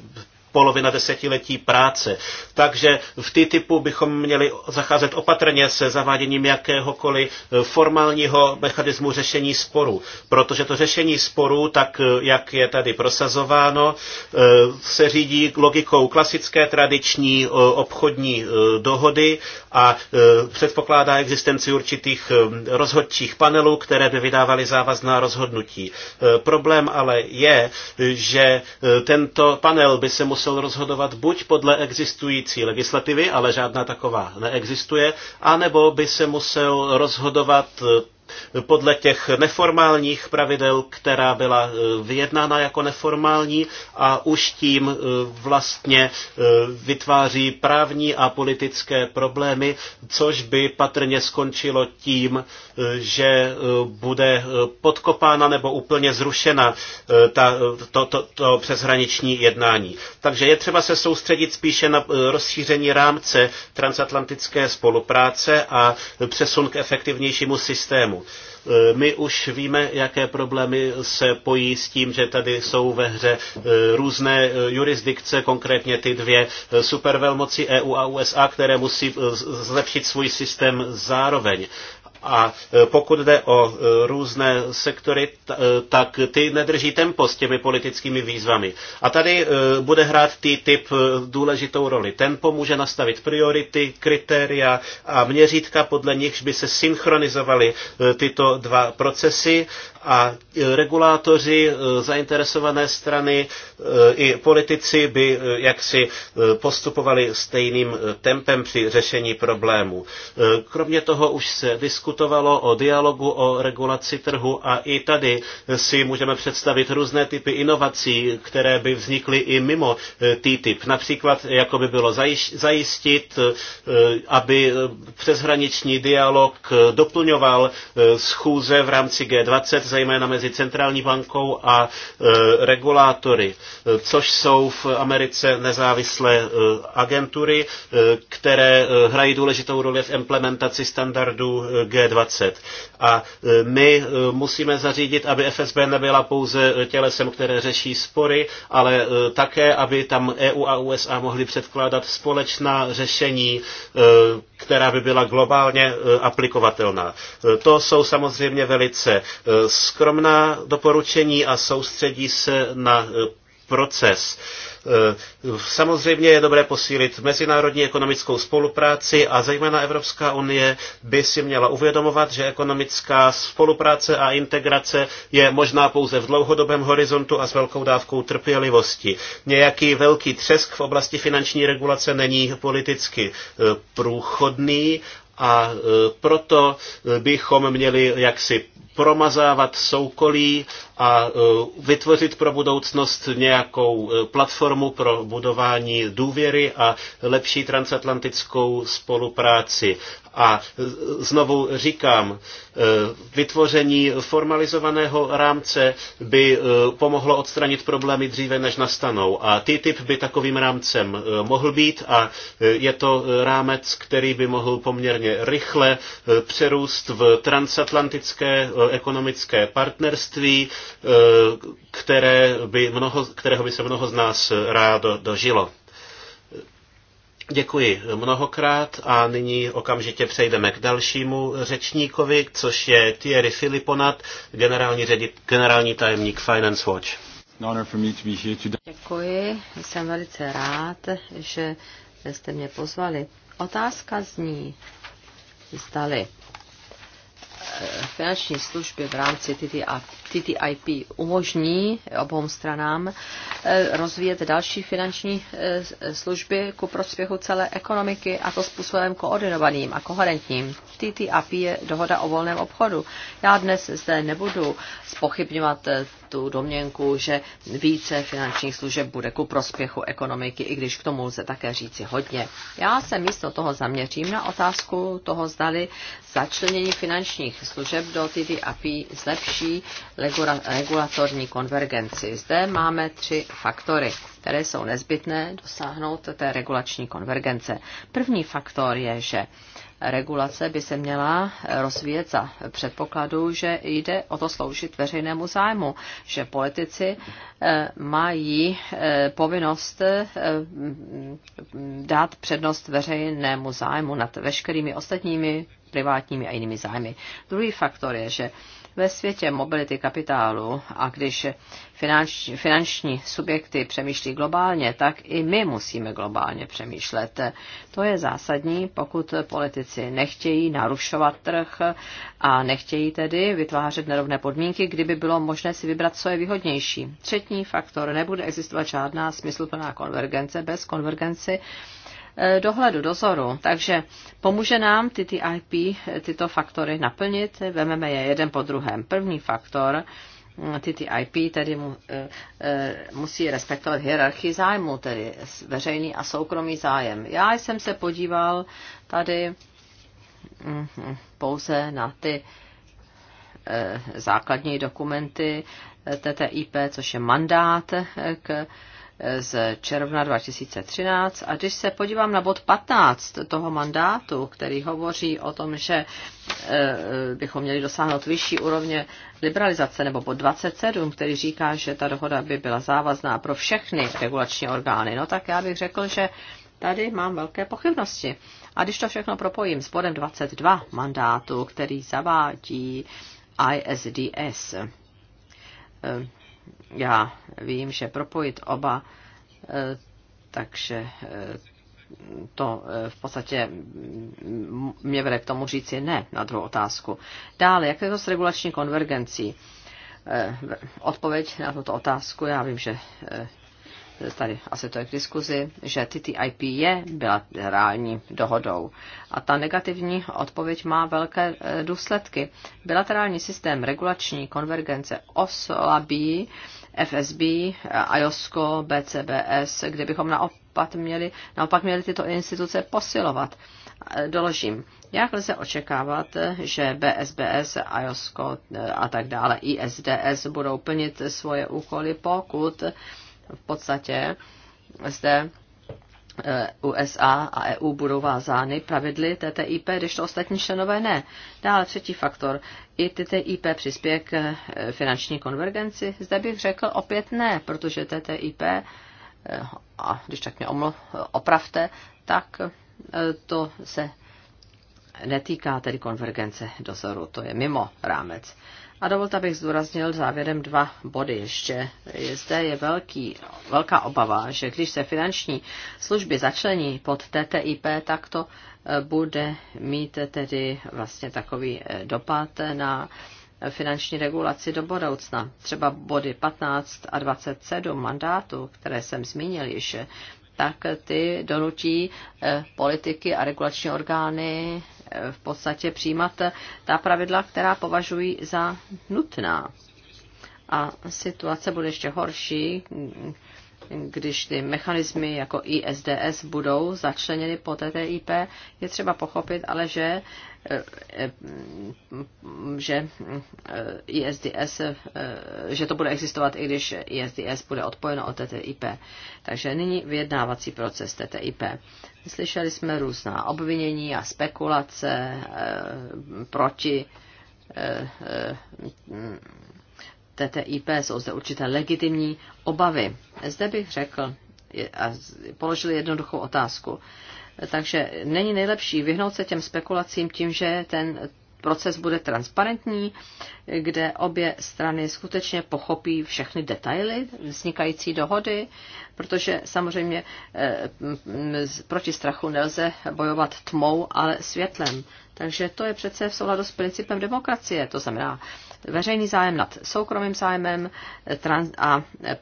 polovina desetiletí práce. Takže v ty typu bychom měli zacházet opatrně se zaváděním jakéhokoliv eh, formálního mechanismu řešení sporů, protože to řešení sporů, tak eh, jak je tady prosazováno, eh, se řídí logikou klasické tradiční obchodní dohody a předpokládá existenci určitých rozhodčích panelů, které by vydávaly závazná rozhodnutí. Problém ale je, že tento panel by se musel musel rozhodovat buď podle existující legislativy, ale žádná taková neexistuje, anebo by se musel rozhodovat podle těch neformálních pravidel, která byla eh, vyjednána jako neformální a už tím eh, vlastně eh, vytváří právní a politické problémy, což by patrně skončilo tím, že bude podkopána nebo úplně zrušena ta, to, to, to přeshraniční jednání. Takže je třeba se soustředit spíše na rozšíření rámce transatlantické spolupráce a přesun k efektivnějšímu systému. Eh, my už víme, jaké problémy se pojí s tím, že tady jsou ve hře eh, různé eh, jurisdikce, konkrétně ty dvě supervelmoci EU a USA, které musí zlepšit svůj systém zároveň. A e, pokud jde o e, různé sektory, e, tak ty nedrží tempo s těmi politickými výzvami. A tady bude hrát TTIP důležitou roli. Tempo může nastavit priority, kritéria a měřítka, podle nichž by se synchronizovaly tyto dva procesy a regulátoři, e, zainteresované strany e, i politici by e, jaksi postupovali stejným tempem při řešení problémů. Kromě toho už se diskutovalo o dialogu o regulaci trhu a i tady si můžeme představit různé typy inovací, které by vznikly i mimo TTIP. Například, jako by bylo zajistit, aby přeshraniční dialog doplňoval schůze v rámci G20 zejména mezi centrální bankou a e, regulátory, e, což jsou v Americe nezávislé e, agentury, které hrají důležitou roli v implementaci standardů G20. A my musíme zařídit, aby FSB nebyla pouze tělesem, které řeší spory, ale také, aby tam EU a USA mohly předkládat společná řešení, která by byla globálně aplikovatelná. To jsou samozřejmě velice skromná doporučení a soustředí se na e, proces. E, samozřejmě je dobré posílit mezinárodní ekonomickou spolupráci a zejména Evropská unie by si měla uvědomovat, že ekonomická spolupráce a integrace je možná pouze v dlouhodobém horizontu a s velkou dávkou trpělivosti. Nějaký velký třesk v oblasti finanční regulace není politicky e, průchodný a e, proto e, bychom měli jaksi promazávat soukolí a e, vytvořit pro budoucnost nějakou platformu pro budování důvěry a lepší transatlantickou spolupráci. A znovu říkám, e, vytvoření formalizovaného rámce by e, pomohlo odstranit problémy dříve, než nastanou. A TTIP by takovým rámcem e, mohl být a je to rámec, který by mohl poměrně rychle přerůst v transatlantické ekonomické partnerství, které by mnoho, kterého by se mnoho z nás rádo dožilo. Děkuji mnohokrát a nyní okamžitě přejdeme k dalšímu řečníkovi, což je Thierry Filiponat, generální, ředit, generální tajemník Finance Watch. Děkuji, jsem velice rád, že jste mě pozvali. Otázka zní, zdali eh, finanční služby v rámci TTIP TTIP umožní obou stranám eh, rozvíjet další finanční eh, služby ku prospěchu celé ekonomiky a to způsobem koordinovaným a koherentním. TTIP je dohoda o volném obchodu. Já dnes zde nebudu spochybňovat eh, tu domněnku, že více finančních služeb bude ku prospěchu ekonomiky, i když k tomu lze také říci hodně. Já se místo toho zaměřím na otázku toho, zdali začlenění finančních služeb do TTIP zlepší regulatorní konvergenci. Zde máme tři faktory, které jsou nezbytné dosáhnout té regulační konvergence. První faktor je, že regulace by se měla rozvíjet za předpokladu, že jde o to sloužit veřejnému zájmu, že politici eh, mají eh, povinnost eh, mm, dát přednost veřejnému zájmu nad veškerými ostatními privátními a jinými zájmy. Druhý faktor je, že ve světě mobility kapitálu a když finanční, finanční subjekty přemýšlí globálně, tak i my musíme globálně přemýšlet. To je zásadní, pokud politici nechtějí narušovat trh a nechtějí tedy vytvářet nerovné podmínky, kdyby bylo možné si vybrat, co je výhodnější. Třetí faktor, nebude existovat žádná smysluplná konvergence bez konvergenci Eh, dohledu, dozoru. Takže pomůže nám TTIP tyto faktory naplnit, vememe je jeden po druhém. První faktor, mm, TTIP tedy mu, e, e, musí respektovat hierarchii zájmu, tedy veřejný a soukromý zájem. Já jsem se podíval tady mm, pouze na ty e, základní dokumenty TTIP, což je mandát k e, z června 2013. A když se podívám na bod 15 toho mandátu, který hovoří o tom, že eh, eh, bychom měli dosáhnout vyšší úrovně liberalizace, nebo bod 27, který říká, že ta dohoda by byla závazná pro všechny regulační orgány, no tak já bych řekl, že tady mám velké pochybnosti. A když to všechno propojím s bodem 22 mandátu, který zavádí ISDS, já vím, že propojit oba, e, takže e, to e, v podstatě mě vede k tomu říci ne na druhou otázku. Dále, jak je to s regulační konvergencí? Odpověď na tuto otázku, já vím, že tady asi to je k diskuzi, že TTIP je bilaterální dohodou. A ta negativní odpověď má velké e, důsledky. Bilaterální systém regulační konvergence oslabí FSB, IOSCO, BCBS, kde bychom naopak měli, naopak měli tyto instituce posilovat. E, doložím, jak lze očekávat, že BSBS, IOSCO e, a tak dále, ISDS budou plnit svoje úkoly, pokud v podstatě zde eh, USA a EU budou vázány pravidly TTIP, když to ostatní členové ne. Dále třetí faktor. I TTIP přispěje k eh, finanční konvergenci? Zde bych řekl opět ne, protože TTIP, eh, a když tak mě oml, opravte, tak to se netýká tedy konvergence dozoru, to je mimo rámec. A dovolte, abych zdůraznil závěrem dva body ještě. Zde je velký, velká obava, že když se finanční služby začlení pod TTIP, tak to eh, bude mít tedy vlastně takový eh, dopad na finanční regulaci do budoucna. Třeba body 15 a 27 mandátu, které jsem zmínil již, tak ty donutí eh, politiky a regulační orgány v podstatě přijímat ta pravidla, která považují za nutná. A situace bude ještě horší, když ty mechanismy jako ISDS budou začleněny po TTIP, je třeba pochopit ale, že, že ISDS, že to bude existovat, i když ISDS bude odpojeno od TTIP. Takže nyní vyjednávací proces TTIP. Slyšeli jsme různá obvinění a spekulace e, proti e, eh, e, eh, TTIP, jsou zde určité legitimní obavy. Zde bych řekl a položil jednoduchou otázku. Takže není nejlepší vyhnout se těm spekulacím tím, že ten proces bude transparentní, kde obě strany skutečně pochopí všechny detaily vznikající dohody, protože samozřejmě eh, proti strachu nelze bojovat tmou, ale světlem. Takže to je přece v souladu s principem demokracie, to znamená veřejný zájem nad soukromým zájmem eh, a eh,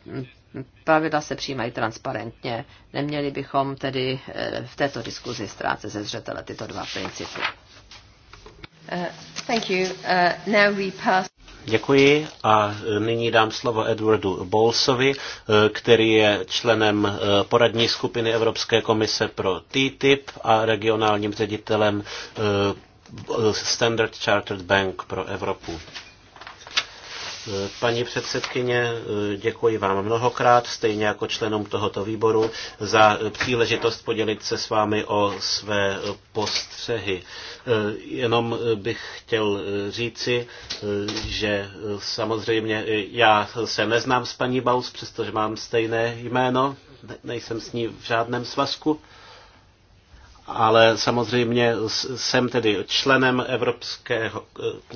pravidla se přijímají transparentně. Neměli bychom tedy v této diskuzi ztrácet ze zřetele tyto dva principy. Uh, uh, Děkuji a eh, nyní dám slovo Edwardu Bolsovi, eh, který je členem eh, poradní skupiny Evropské komise pro TTIP a regionálním ředitelem Standard Chartered Bank pro Evropu. Paní předsedkyně, děkuji vám mnohokrát, stejně jako členům tohoto výboru, za příležitost podělit se s vámi o své postřehy. Jenom bych chtěl říci, že samozřejmě já se neznám s paní Baus, přestože mám stejné jméno, nejsem s ní v žádném svazku ale samozřejmě jsem tedy členem Evropského,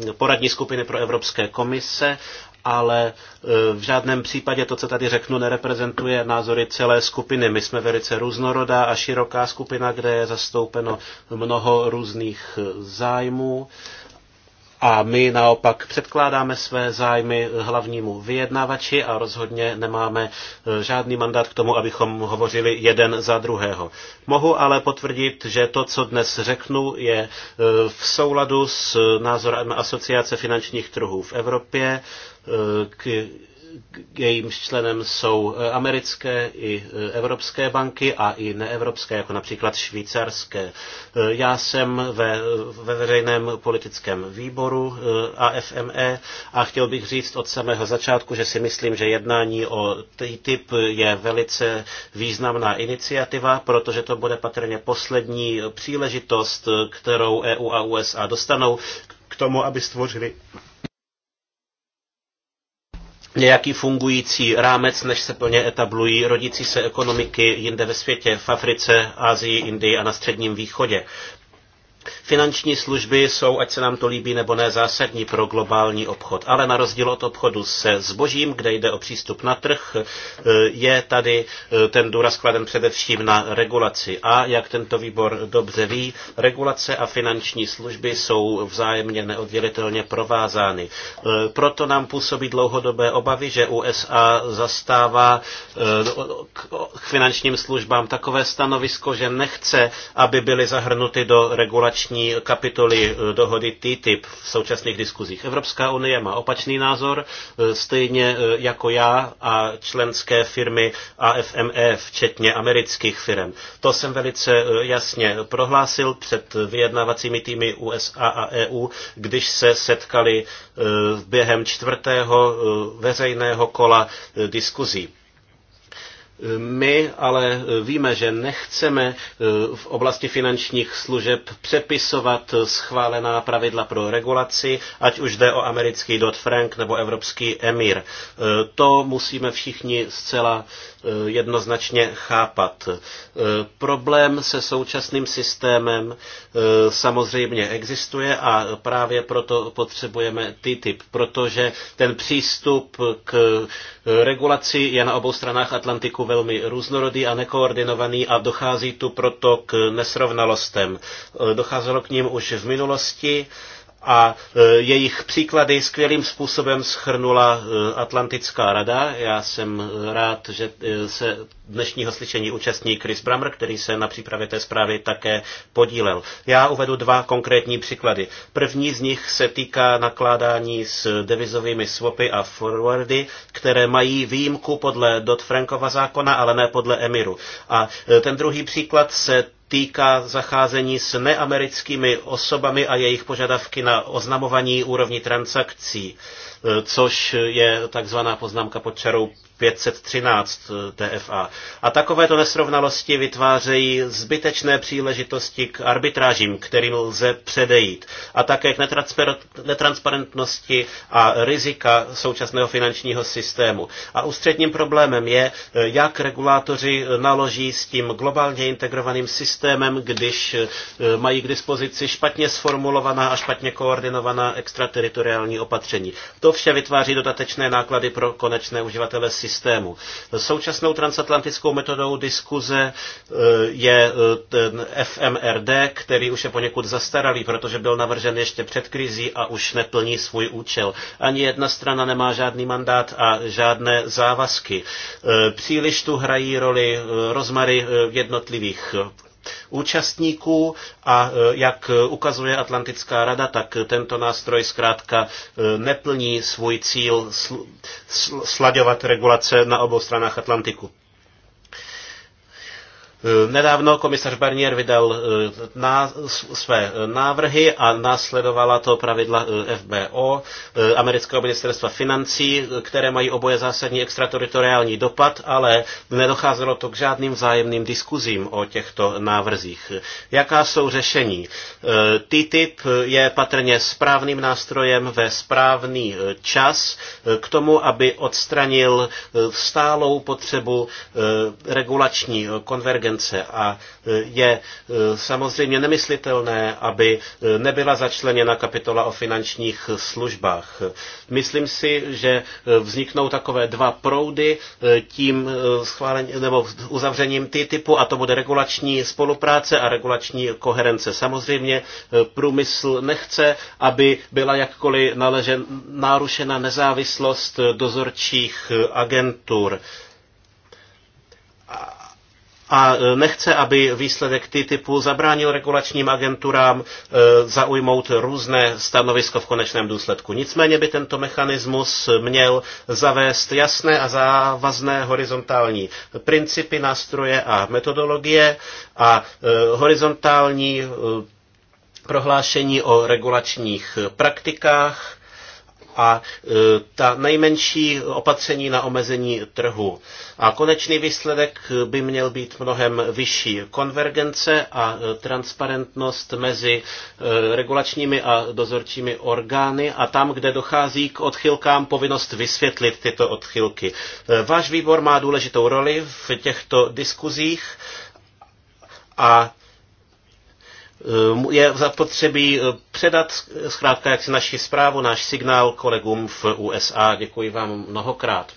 eh, poradní skupiny pro Evropské komise ale eh, v žádném případě to, co tady řeknu, nereprezentuje názory celé skupiny. My jsme velice různorodá a široká skupina, kde je zastoupeno mnoho různých eh, zájmů a my naopak předkládáme své zájmy hlavnímu vyjednávači a rozhodně nemáme e, žádný mandát k tomu, abychom hovořili jeden za druhého. Mohu ale potvrdit, že to, co dnes řeknu, je e, v souladu s názorem Asociace finančních trhů v Evropě, e, jejímž členem jsou e, americké i e, evropské banky a i neevropské, jako například švýcarské. E, já jsem ve, ve veřejném politickém výboru AFME a chtěl bych říct od samého začátku, že si myslím, že jednání o TTIP je velice významná iniciativa, protože to bude patrně poslední příležitost, kterou EU a USA dostanou k tomu, aby stvořili nějaký fungující rámec, než se plně etablují rodící se ekonomiky jinde ve světě, v Africe, Asii, Indii a na Středním východě. Finanční služby jsou, ať se nám to líbí nebo ne, zásadní pro globální obchod, ale na rozdíl od obchodu se zbožím, kde jde o přístup na trh, je tady eh, ten důraz kladen především na regulaci. A jak tento výbor dobře ví, regulace a finanční služby jsou vzájemně neoddělitelně provázány. Eh, proto nám působí dlouhodobé obavy, že USA zastává eh, k finančním službám takové stanovisko, že nechce, aby byly zahrnuty do regulační konkrétní kapitoly eh, dohody TTIP v současných diskuzích. Evropská unie má opačný názor, eh, stejně eh, jako já a členské firmy AFME, včetně amerických firm. To jsem velice jasně prohlásil před vyjednávacími týmy USA a EU, když se setkali během čtvrtého veřejného kola diskuzí. My ale víme, že nechceme eh, v oblasti finančních služeb přepisovat schválená pravidla pro regulaci, ať už jde o americký Dodd-Frank nebo evropský EMIR. Eh, to musíme všichni zcela Eh, jednoznačně chápat. Eh, problém se současným systémem eh, samozřejmě existuje a právě proto potřebujeme TTIP, protože ten přístup k regulaci je na obou stranách Atlantiku velmi různorodý a nekoordinovaný a dochází tu proto k nesrovnalostem. Docházelo k ním už v minulosti a e, jejich příklady skvělým způsobem schrnula e, Atlantická rada. Já jsem rád, že e, se dnešního slyšení účastní Chris Brammer, který se na přípravě té zprávy také podílel. Já uvedu dva konkrétní příklady. První z nich se týká nakládání s devizovými swapy a forwardy, které mají výjimku podle Dodd-Frankova zákona, ale ne podle Emiru. A ten druhý příklad se týká zacházení s neamerickými osobami a jejich požadavky na oznamování úrovni transakcí, e, což je takzvaná poznámka pod čarou 513 TFA. Eh, a takovéto nesrovnalosti vytvářejí zbytečné příležitosti k arbitrážím, kterým lze předejít, a také k netransparentnosti a rizika současného finančního systému. A ústředním problémem je, eh, jak regulátoři naloží s tím globálně integrovaným systémem, když eh, mají k dispozici špatně sformulovaná a špatně koordinovaná extrateritoriální opatření. To vše vytváří dodatečné náklady pro konečné uživatele systému systému. Současnou transatlantickou metodou diskuze e, je e, ten FMRD, který už je poněkud zastaralý, protože byl navržen ještě před krizí a už neplní svůj účel. Ani jedna strana nemá žádný mandát a žádné závazky. E, příliš tu hrají roli rozmary jednotlivých účastníků a e, jak ukazuje Atlantická rada, tak tento nástroj zkrátka e, neplní svůj cíl slaďovat regulace na obou stranách Atlantiku. Eh, nedávno komisař Barnier vydal eh, na své eh, návrhy a následovala to pravidla FBO, amerického ministerstva financí, které mají oboje zásadní extrateritoriální dopad, ale nedocházelo to k žádným vzájemným diskuzím o těchto návrzích. Jaká jsou řešení? TTIP je patrně správným nástrojem ve správný čas k tomu, aby odstranil stálou potřebu regulační konvergence konvergence a e, je e, samozřejmě nemyslitelné, aby e, nebyla začleněna kapitola o finančních službách. Myslím si, že vzniknou takové dva proudy tím schválení, nebo uzavřením typu a to bude regulační spolupráce a regulační koherence. Samozřejmě průmysl nechce, aby byla jakkoliv naležen, nárušena nezávislost dozorčích agentur a e, nechce, aby výsledek TTIPu zabránil regulačním agenturám e, zaujmout různé stanovisko v konečném důsledku. Nicméně by tento mechanismus měl zavést jasné a závazné horizontální principy, nástroje a metodologie a e, horizontální prohlášení o regulačních praktikách, a e, ta nejmenší opatření na omezení trhu. A konečný výsledek by měl být mnohem vyšší. Konvergence a e, transparentnost mezi e, regulačními a dozorčími orgány a tam, kde dochází k odchylkám, povinnost vysvětlit tyto odchylky. Váš výbor má důležitou roli v těchto diskuzích a je zapotřebí eh, předat zkrátka jaksi naši zprávu, náš signál kolegům v USA. Děkuji vám mnohokrát.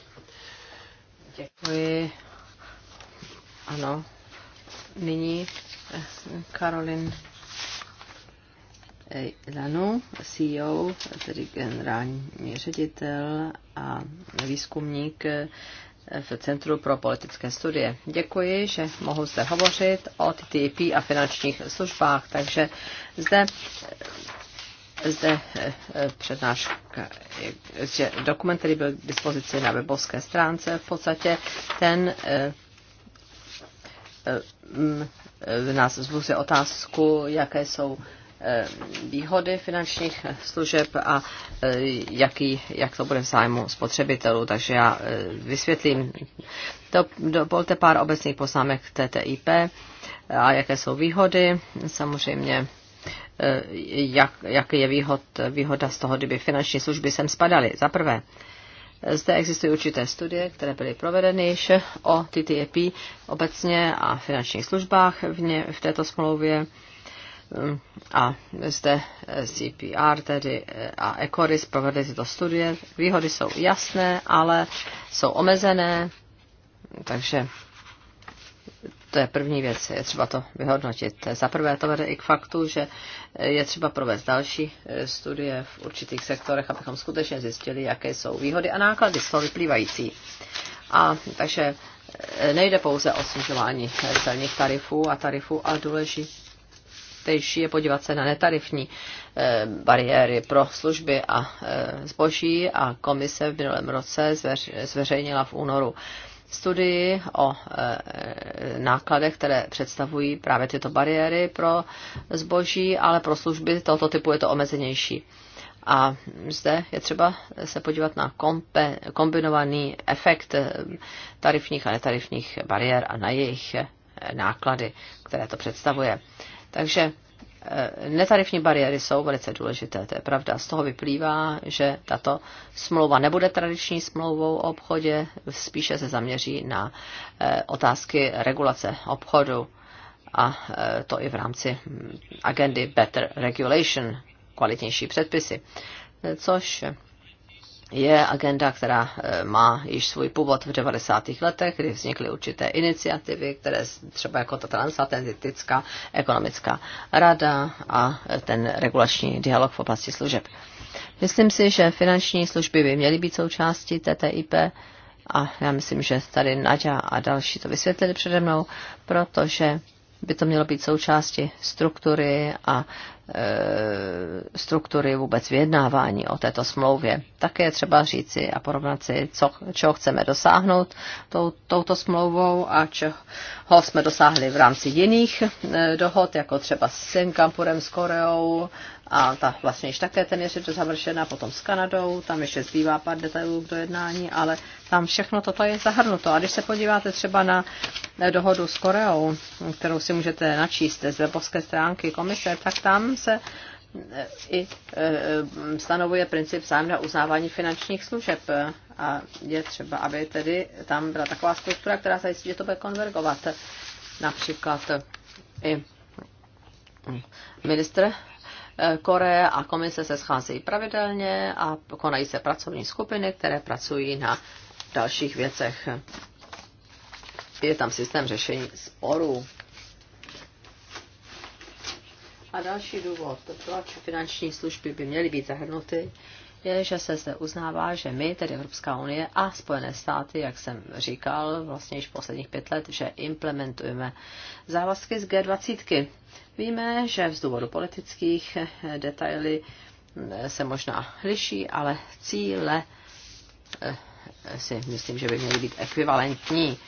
Děkuji. Ano. Nyní eh, Karolin eh, Lanu, CEO, tedy generální ředitel a výzkumník v Centru pro politické studie. Děkuji, že mohu zde hovořit o TTIP a finančních službách. Takže zde zde eh, eh, přednáška, že dokument, který byl k dispozici na webovské stránce, v podstatě ten v eh, mm, nás vzbuzuje otázku, jaké jsou Eh, výhody finančních služeb a eh, jaký, jak to bude v zájmu spotřebitelů. Takže já eh, vysvětlím. To, dovolte pár obecných poznámek k TTIP a jaké jsou výhody. Samozřejmě jak, jaký je výhod, výhoda z toho, kdyby finanční služby sem spadaly. Za prvé, zde existují určité studie, které byly provedeny již o TTIP obecně a finančních službách v, ně, v této smlouvě a zde eh, CPR tedy eh, a ECORIS provedli tyto studie. Výhody jsou jasné, ale jsou omezené, takže to je první věc, je třeba to vyhodnotit. Za prvé to vede i k faktu, že je třeba provést další eh, studie v určitých sektorech, abychom skutečně zjistili, jaké jsou výhody a náklady z toho vyplývající. A takže nejde pouze o snižování celních tarifů a tarifů, ale důležitý důležitější je podívat se na netarifní eh, bariéry pro služby a eh, zboží a komise v minulém roce zveřejnila v únoru studii o eh, nákladech, které představují právě tyto bariéry pro zboží, ale pro služby tohoto typu je to omezenější. A zde je třeba se podívat na kombinovaný efekt tarifních a netarifních bariér a na jejich náklady, které to představuje. Takže eh, netarifní bariéry jsou velice důležité, to je pravda. Z toho vyplývá, že tato smlouva nebude tradiční smlouvou o obchodě, spíše se zaměří na eh, otázky regulace obchodu a eh, to i v rámci hm, agendy Better Regulation, kvalitnější předpisy, což je agenda, která eh, má již svůj původ v 90. letech, kdy vznikly určité iniciativy, které třeba jako ta transatlantická ekonomická rada a eh, ten regulační dialog v oblasti služeb. Myslím si, že finanční služby by měly být součástí TTIP a já myslím, že tady Nadia a další to vysvětlili přede mnou, protože by to mělo být součástí struktury a Eh, struktury vůbec vyjednávání o této smlouvě. Také je třeba říci a porovnat si, co, čeho chceme dosáhnout tou, touto smlouvou a čeho jsme dosáhli v rámci jiných eh, dohod, jako třeba s Singapurem, s Koreou, a ta vlastně již také téměř je to završena, potom s Kanadou, tam ještě zbývá pár detailů k dojednání, ale tam všechno toto je zahrnuto. A když se podíváte třeba na dohodu s Koreou, kterou si můžete načíst z webovské stránky komise, tak tam se eh, i eh, stanovuje princip vzájemného uznávání finančních služeb a je třeba, aby tedy tam byla taková struktura, která zajistí, že to bude konvergovat. Například i minister Korea a komise se scházejí pravidelně a konají se pracovní skupiny, které pracují na dalších věcech. Je tam systém řešení sporů. A další důvod, proč finanční služby by měly být zahrnuty, je, že se zde uznává, že my, tedy Evropská unie a Spojené státy, jak jsem říkal vlastně již posledních pět let, že implementujeme závazky z G20. Víme, že z důvodu politických detaily se možná liší, ale cíle eh, si myslím, že by měly být ekvivalentní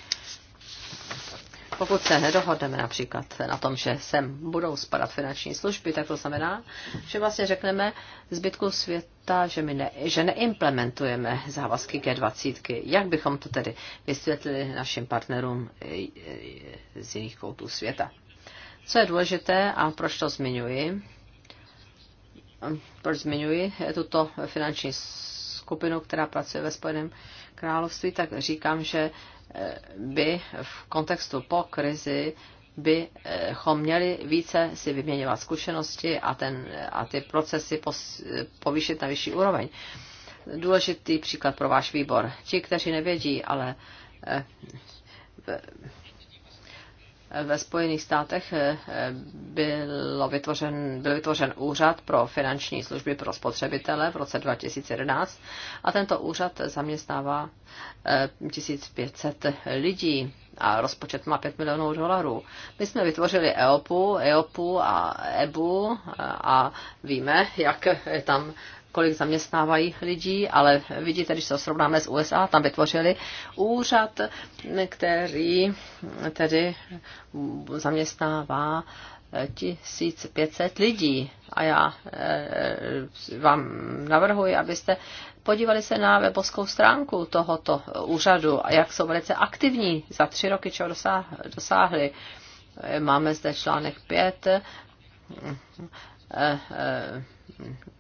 pokud se nedohodneme například na tom, že sem budou spadat finanční služby, tak to znamená, že vlastně řekneme zbytku světa, že, my ne, že neimplementujeme závazky G20. Jak bychom to tedy vysvětlili našim partnerům z jiných koutů světa? Co je důležité a proč to zmiňuji? Proč zmiňuji tuto finanční skupinu, která pracuje ve Spojeném království, tak říkám, že Eh, by v kontextu po krizi bychom měli více si vyměňovat zkušenosti a, ten, a ty procesy pos, povýšit na vyšší úroveň. Důležitý příklad pro váš výbor. Ti, kteří nevědí, ale eh, ve Spojených státech eh, bylo vytvořen, byl vytvořen úřad pro finanční služby pro spotřebitele v roce 2011 a tento úřad zaměstnává 1500 eh, lidí a rozpočet má 5 milionů dolarů. My jsme vytvořili EOPu, EOPu a EBU a víme, jak tam kolik zaměstnávají lidí, ale vidíte, když se srovnáme s USA, tam vytvořili úřad, který tedy zaměstnává 1500 lidí. A já eh, vám navrhuji, abyste podívali se na webovskou stránku tohoto úřadu a jak jsou velice aktivní za tři roky, čeho dosáhli. Eh, máme zde článek 5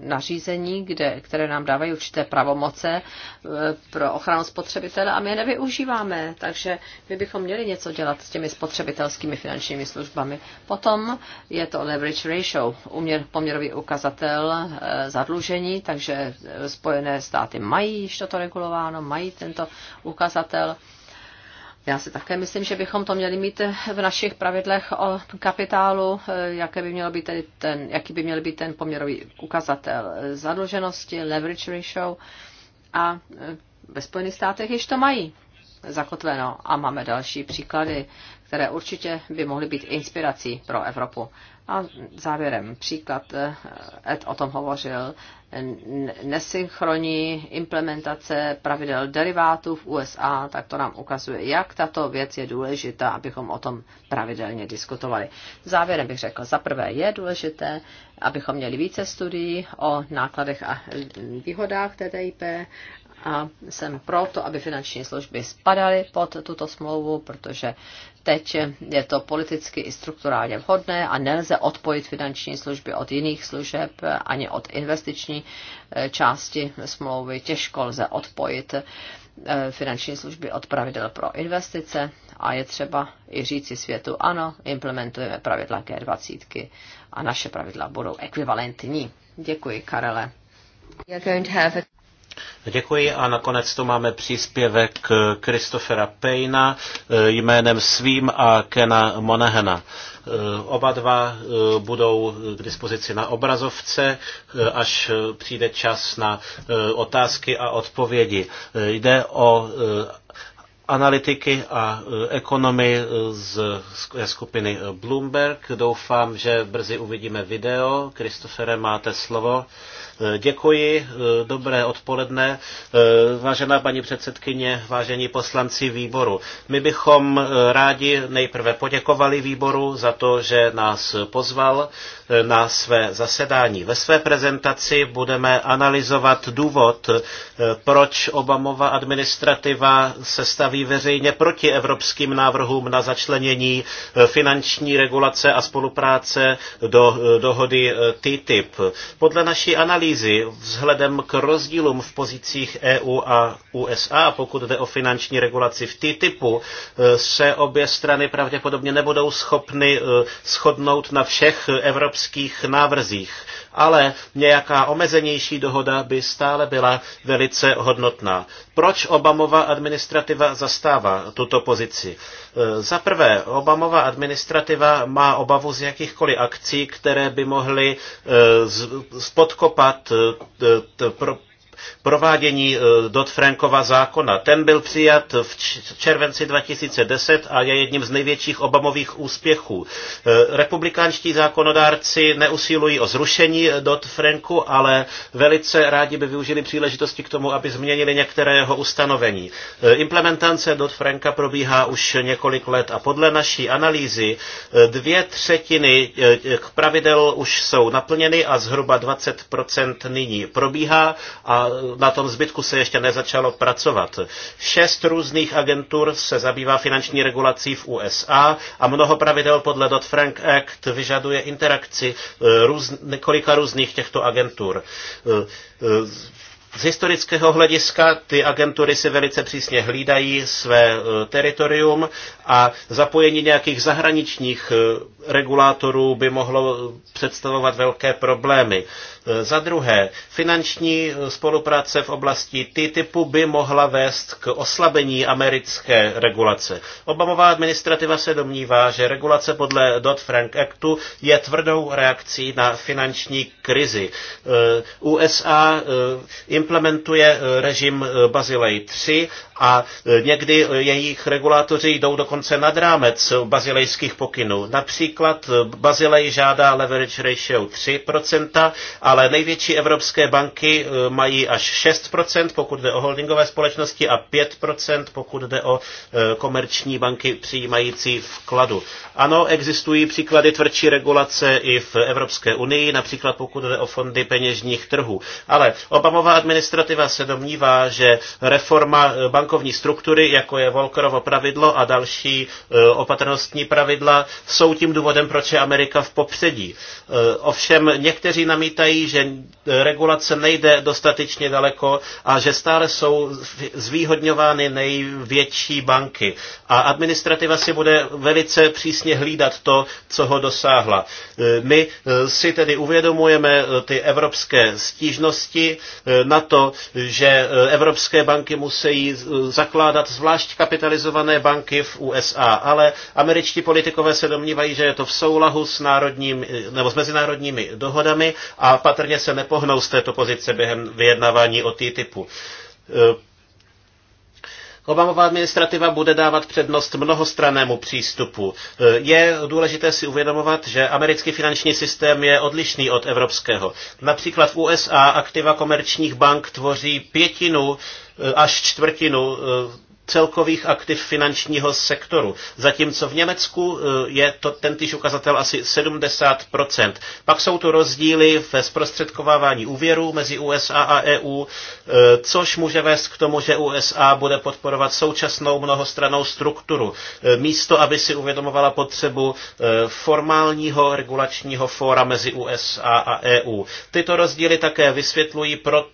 nařízení, kde, které nám dávají určité pravomoce e, pro ochranu spotřebitele a my je nevyužíváme. Takže my bychom měli něco dělat s těmi spotřebitelskými finančními službami. Potom je to leverage ratio, uměr, poměrový ukazatel e, zadlužení, takže e, Spojené státy mají již toto regulováno, mají tento ukazatel. Já si také myslím, že bychom to měli mít v našich pravidlech o kapitálu, jaké by mělo být tedy ten, jaký by měl být ten poměrový ukazatel zadluženosti, leverage ratio. A e, ve Spojených státech již to mají zakotveno. A máme další příklady, které určitě by mohly být inspirací pro Evropu. A závěrem příklad, eh, Ed o tom hovořil, nesynchronní implementace pravidel derivátů v USA, tak to nám ukazuje, jak tato věc je důležitá, abychom o tom pravidelně diskutovali. Závěrem bych řekl, za prvé je důležité, abychom měli více studií o nákladech a výhodách TTIP a jsem proto, aby finanční služby spadaly pod tuto smlouvu, protože Teď je to politicky i strukturálně vhodné a nelze odpojit finanční služby od jiných služeb ani od investiční eh, části smlouvy. Těžko lze odpojit eh, finanční služby od pravidel pro investice a je třeba i říci světu, ano, implementujeme pravidla G20 a naše pravidla budou ekvivalentní. Děkuji, Karele. Děkuji a nakonec tu máme příspěvek Christophera Pejna eh, jménem svým a Kena Monahena. Eh, oba dva eh, budou k dispozici na obrazovce, až přijde čas na otázky a odpovědi. Jde o analytiky a e, ekonomy e, z skupiny e, Bloomberg. Doufám, že brzy uvidíme video. Kristofere, máte slovo. Děkuji, dobré odpoledne. Vážená paní předsedkyně, vážení poslanci výboru, my bychom rádi nejprve poděkovali výboru za to, že nás pozval na své zasedání. Ve své prezentaci budeme analyzovat důvod, eh, proč Obamova administrativa se staví veřejně proti evropským návrhům na začlenění eh, finanční regulace a spolupráce do eh, dohody TTIP. Podle naší analýzy vzhledem k rozdílům v pozicích EU a USA, pokud jde o finanční regulaci v TTIPu, se obě strany pravděpodobně nebudou schopny shodnout na všech evropských evropských návrzích, ale nějaká omezenější dohoda by stále byla velice hodnotná. Proč Obamova administrativa zastává tuto pozici? E, za prvé, Obamova administrativa má obavu z jakýchkoliv akcí, které by mohly e, podkopat e, provádění eh, Dodd-Frankova zákona. Ten byl přijat v červenci 2010 a je jedním z největších obamových úspěchů. Eh, republikánští zákonodárci neusilují o zrušení eh, Dodd-Franku, ale velice rádi by využili příležitosti k tomu, aby změnili některé jeho ustanovení. Implementace Dodd-Franka probíhá už několik let a podle naší analýzy dvě třetiny pravidel už jsou naplněny a zhruba 20% nyní probíhá a na tom zbytku se ještě nezačalo pracovat. Šest různých agentur se zabývá finanční regulací v USA a mnoho pravidel podle Dodd-Frank Act vyžaduje interakci eh, růz, několika různých těchto agentur. Eh, eh, z historického hlediska ty agentury si velice přísně hlídají své teritorium a zapojení nějakých zahraničních regulátorů by mohlo představovat velké problémy. Eh, za druhé, finanční eh, spolupráce v oblasti TTIPu by mohla vést k oslabení americké regulace. Obamová administrativa se domnívá, že regulace podle Dodd-Frank Actu je tvrdou reakcí na finanční krizi. Eh, USA implementuje režim Bazilej 3 a někdy jejich regulátoři jdou dokonce nad rámec bazilejských pokynů. Například Bazilej žádá leverage ratio 3%, ale ale největší evropské banky eh, mají až 6%, pokud jde o holdingové společnosti a 5%, pokud jde o eh, komerční banky přijímající vkladu. Ano, existují příklady tvrdší regulace i v Evropské unii, například pokud jde o fondy peněžních trhů. Ale Obamová administrativa se domnívá, že reforma eh, bankovní struktury, jako je Volkerovo pravidlo a další opatrnostní pravidla, jsou tím důvodem, proč je Amerika v popředí. Ovšem někteří namítají, že eh, regulace nejde dostatečně daleko a že stále jsou zvýhodňovány největší banky. A administrativa si bude velice přísně hlídat to, co ho dosáhla. Eh, my eh, si tedy uvědomujeme ty evropské stížnosti na to, že evropské banky musí zakládat zvlášť kapitalizované banky v USA, ale američtí politikové se domnívají, že je to v souladu s národním, nebo s mezinárodními dohodami a patrně se nepohnou z této pozice během vyjednávání o TTIPu. E, Obamová administrativa bude dávat přednost mnohostrannému přístupu. E, je důležité si uvědomovat, že americký finanční systém je odlišný od evropského. Například v USA aktiva komerčních bank tvoří pětinu e, až čtvrtinu celkových aktiv finančního sektoru, zatímco v Německu eh, je to, tentýž ukazatel asi 70%. Pak jsou tu rozdíly ve zprostředkovávání úvěrů mezi USA a EU, eh, což může vést k tomu, že USA bude podporovat současnou mnohostranou strukturu, eh, místo aby si uvědomovala potřebu formálního regulačního fóra mezi USA a EU. Tyto rozdíly také vysvětlují, pro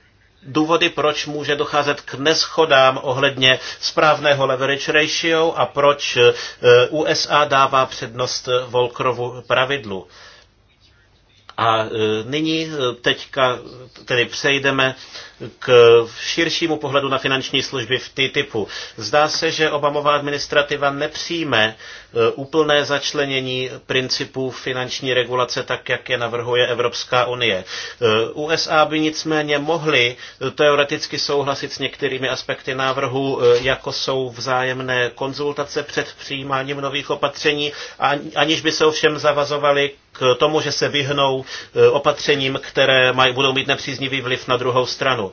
důvody, proč může docházet k neschodám ohledně správného leverage ratio a proč eh, USA dává přednost eh, Volkrovu pravidlu. A e, nyní e, teďka tedy přejdeme k širšímu pohledu na finanční služby v TTIPu. Zdá se, že Obamová administrativa nepřijme e, úplné začlenění principů finanční regulace tak, jak je navrhuje Evropská unie. USA by nicméně mohly teoreticky souhlasit s některými aspekty návrhu, jako jsou vzájemné konzultace před přijímáním nových opatření, aniž by se ovšem zavazovali k tomu, že se vyhnou eh, opatřením, které budou mít nepříznivý vliv na druhou stranu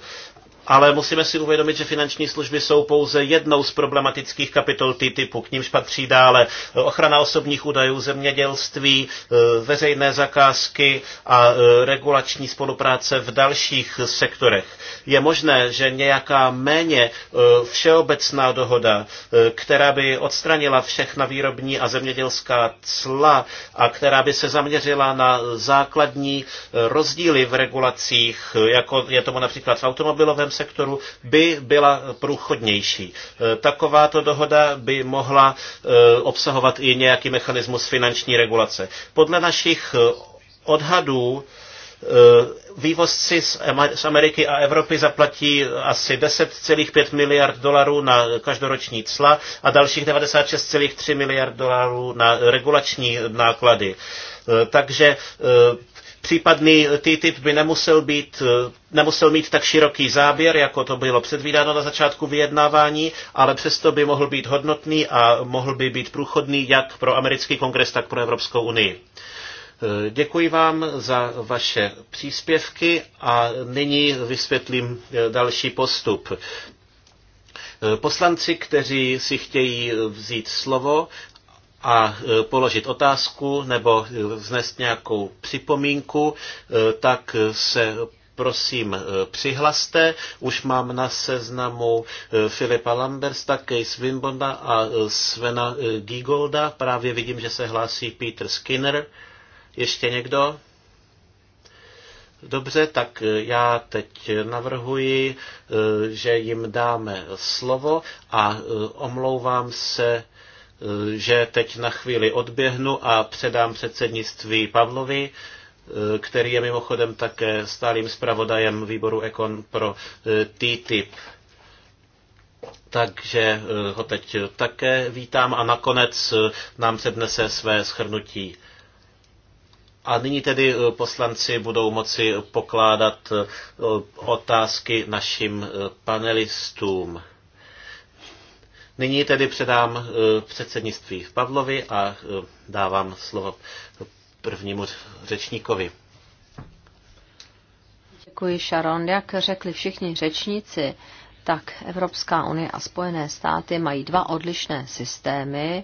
ale musíme si uvědomit, že finanční služby jsou pouze jednou z problematických kapitol TTIPu, k nímž patří dále eh, ochrana osobních údajů, zemědělství, eh, veřejné zakázky a eh, regulační spolupráce v dalších sektorech. Je možné, že nějaká méně všeobecná dohoda, která by odstranila všechna výrobní a zemědělská cla a která by se zaměřila na základní rozdíly v regulacích, jako je tomu například v automobilovém sektoru by byla průchodnější. E, takováto dohoda by mohla e, obsahovat i nějaký mechanismus finanční regulace. Podle našich e, odhadů Vývozci z Ameriky a Evropy zaplatí asi 10,5 miliard dolarů na každoroční cla a dalších 96,3 miliard dolarů na regulační náklady. Takže Případný TTIP by nemusel, být, eh, nemusel mít tak široký záběr, jako to bylo předvídáno na začátku vyjednávání, ale přesto by mohl být hodnotný a mohl by být průchodný jak pro americký kongres, tak pro Evropskou unii. Eh, děkuji vám za vaše příspěvky a nyní vysvětlím eh, další postup. Poslanci, kteří si chtějí vzít slovo, a e, položit otázku nebo e, vznést nějakou připomínku, e, tak se prosím přihlaste. Už mám na seznamu Filipa Lambersta, Case Wimbonda a Svena Gigolda. Právě vidím, že se hlásí Peter Skinner. Ještě někdo? Dobře, tak já teď navrhuji, že jim dáme slovo a omlouvám se Eh, že teď na chvíli odběhnu a předám předsednictví Pavlovi, eh, který je mimochodem také stálým zpravodajem výboru Ekon pro eh, TTIP. Takže ho teď také vítám a nakonec nám přednese své schrnutí. A nyní tedy poslanci budou moci pokládat otázky našim panelistům. Nyní tedy předám eh, předsednictví Pavlovi a eh, dávám slovo prvnímu řečníkovi. Děkuji, Sharon. Jak řekli všichni řečníci, tak Evropská unie a Spojené státy mají dva odlišné systémy,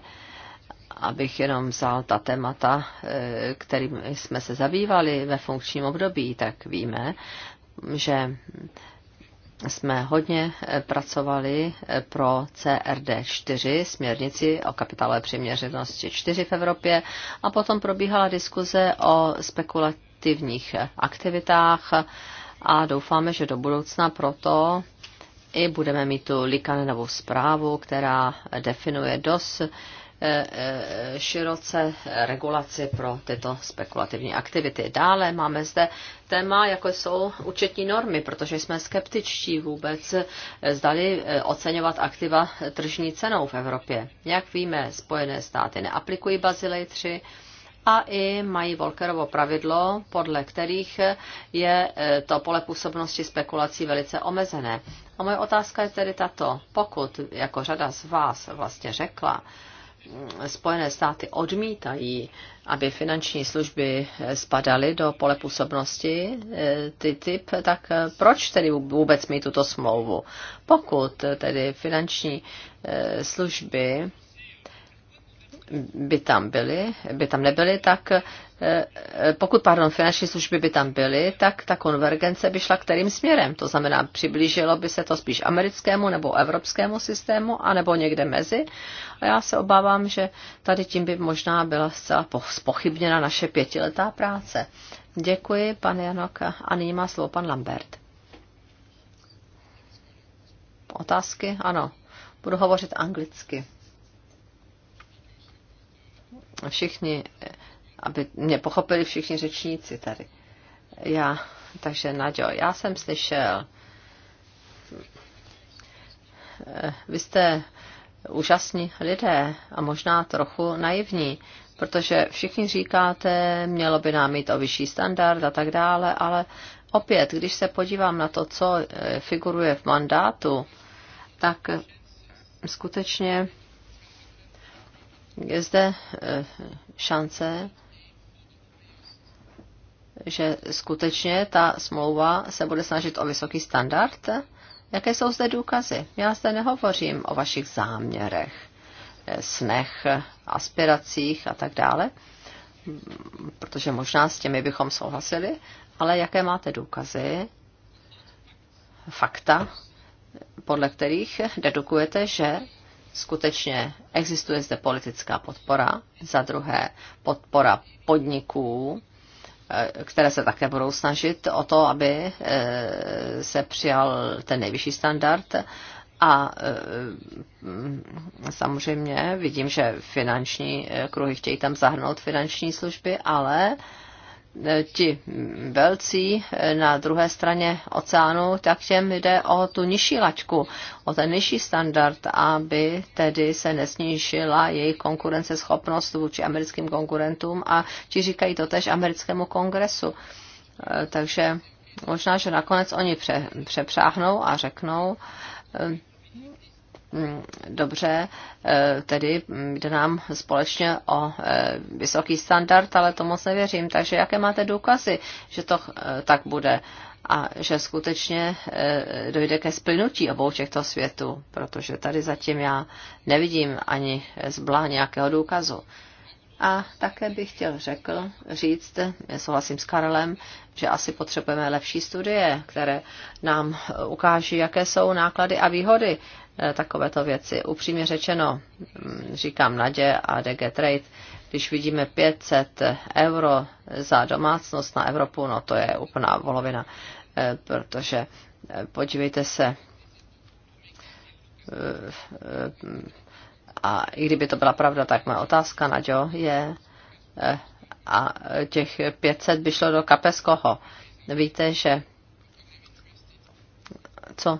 abych jenom vzal ta témata, eh, kterými jsme se zabývali ve funkčním období, tak víme, že jsme hodně eh, pracovali eh, pro CRD4, směrnici o kapitálové přiměřenosti 4 v Evropě, a potom probíhala diskuze o spekulativních eh, aktivitách a doufáme, že do budoucna proto i budeme mít tu Likanenovou zprávu, která definuje dost E, e, široce regulaci pro tyto spekulativní aktivity. Dále máme zde téma, jako jsou účetní normy, protože jsme skeptičtí vůbec e, zdali oceňovat aktiva tržní cenou v Evropě. Jak víme, Spojené státy neaplikují Bazilej 3, a i mají Volkerovo pravidlo, podle kterých je to pole působnosti spekulací velice omezené. A moje otázka je tedy tato. Pokud, jako řada z vás vlastně řekla, Spojené státy odmítají, aby finanční služby spadaly do pole působnosti eh, TTIP, tak eh, proč tedy vůbec mít tuto smlouvu? Pokud tedy finanční eh, služby by tam byly, by tam nebyly, tak eh, eh, pokud, pardon, finanční služby by tam byly, tak ta konvergence by šla kterým směrem? To znamená, přiblížilo by se to spíš americkému nebo evropskému systému, anebo někde mezi. A já se obávám, že tady tím by možná byla zcela spochybněna naše pětiletá práce. Děkuji, pan Janok. A nyní má slovo pan Lambert. Otázky? Ano. Budu hovořit anglicky všichni, aby mě pochopili všichni řečníci tady. Já, takže Naďo, já jsem slyšel, eh, vy jste úžasní lidé a možná trochu naivní, protože všichni říkáte, mělo by nám jít o vyšší standard a tak dále, ale opět, když se podívám na to, co eh, figuruje v mandátu, tak skutečně je zde eh, šance, že skutečně ta smlouva se bude snažit o vysoký standard? Jaké jsou zde důkazy? Já zde nehovořím o vašich záměrech, eh, snech, aspiracích a tak dále, protože možná s těmi bychom souhlasili, ale jaké máte důkazy, fakta, podle kterých dedukujete, že skutečně existuje zde politická podpora, za druhé podpora podniků, eh, které se také budou snažit o to, aby eh, se přijal ten nejvyšší standard. A eh, samozřejmě vidím, že finanční kruhy chtějí tam zahrnout finanční služby, ale E, ti velcí e, na druhé straně oceánu, tak těm jde o tu nižší laťku, o ten nižší standard, aby tedy se nesnížila jejich konkurenceschopnost vůči americkým konkurentům a ti říkají to tež americkému kongresu. E, takže možná, že nakonec oni pře, přepřáhnou a řeknou, Mm, dobře, eh, tedy mm, jde nám společně o eh, vysoký standard, ale to moc nevěřím. Takže jaké máte důkazy, že to eh, tak bude a že skutečně dojde ke splnutí obou těchto světů, protože tady zatím já nevidím ani zbla nějakého důkazu. A také bych chtěl řekl, říct, souhlasím s Karlem, že asi potřebujeme lepší studie, které nám ukáží, jaké jsou náklady a výhody eh, takovéto věci. Upřímně řečeno, mm, říkám Nadě a DG Trade, když vidíme 500 euro za domácnost na Evropu, no to je úplná volovina, eh, protože eh, podívejte se, a i kdyby to byla pravda, tak má otázka, Naďo, je, eh, a těch 500 by šlo do kapes koho? Víte, že co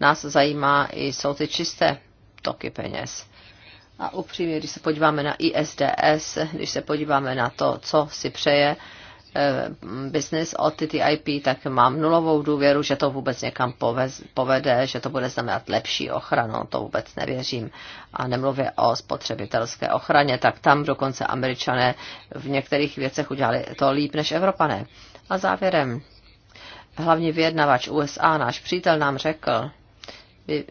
nás zajímá, jsou ty čisté toky peněz. A upřímně, když se podíváme na ISDS, když se podíváme na to, co si přeje, Eh, business o TTIP, tak mám nulovou důvěru, že to vůbec někam povede, že to bude znamenat lepší ochranu, to vůbec nevěřím. A nemluvě o spotřebitelské ochraně, tak tam dokonce američané v některých věcech udělali to líp než Evropané. A závěrem, hlavní vyjednavač USA, náš přítel, nám řekl,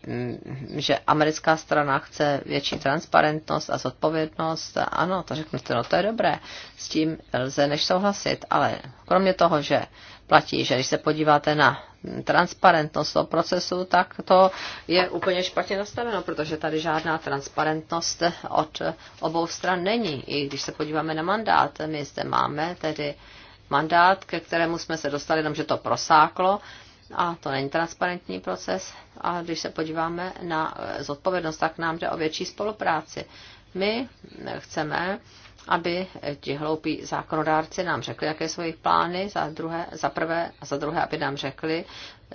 Mm, že americká strana chce větší transparentnost a zodpovědnost. Ano, to řeknete, no to je dobré, s tím lze než souhlasit, ale kromě toho, že platí, že když se podíváte na transparentnost toho procesu, tak to je úplně špatně nastaveno, protože tady žádná transparentnost od obou stran není. I když se podíváme na mandát, my zde máme tedy mandát, ke kterému jsme se dostali, jenomže to prosáklo, a to není transparentní proces. A když se podíváme na eh, zodpovědnost, tak nám jde o větší spolupráci. My chceme, aby ti hloupí zákonodárci nám řekli, jaké jsou jejich plány za, druhé, za prvé a za druhé, aby nám řekli,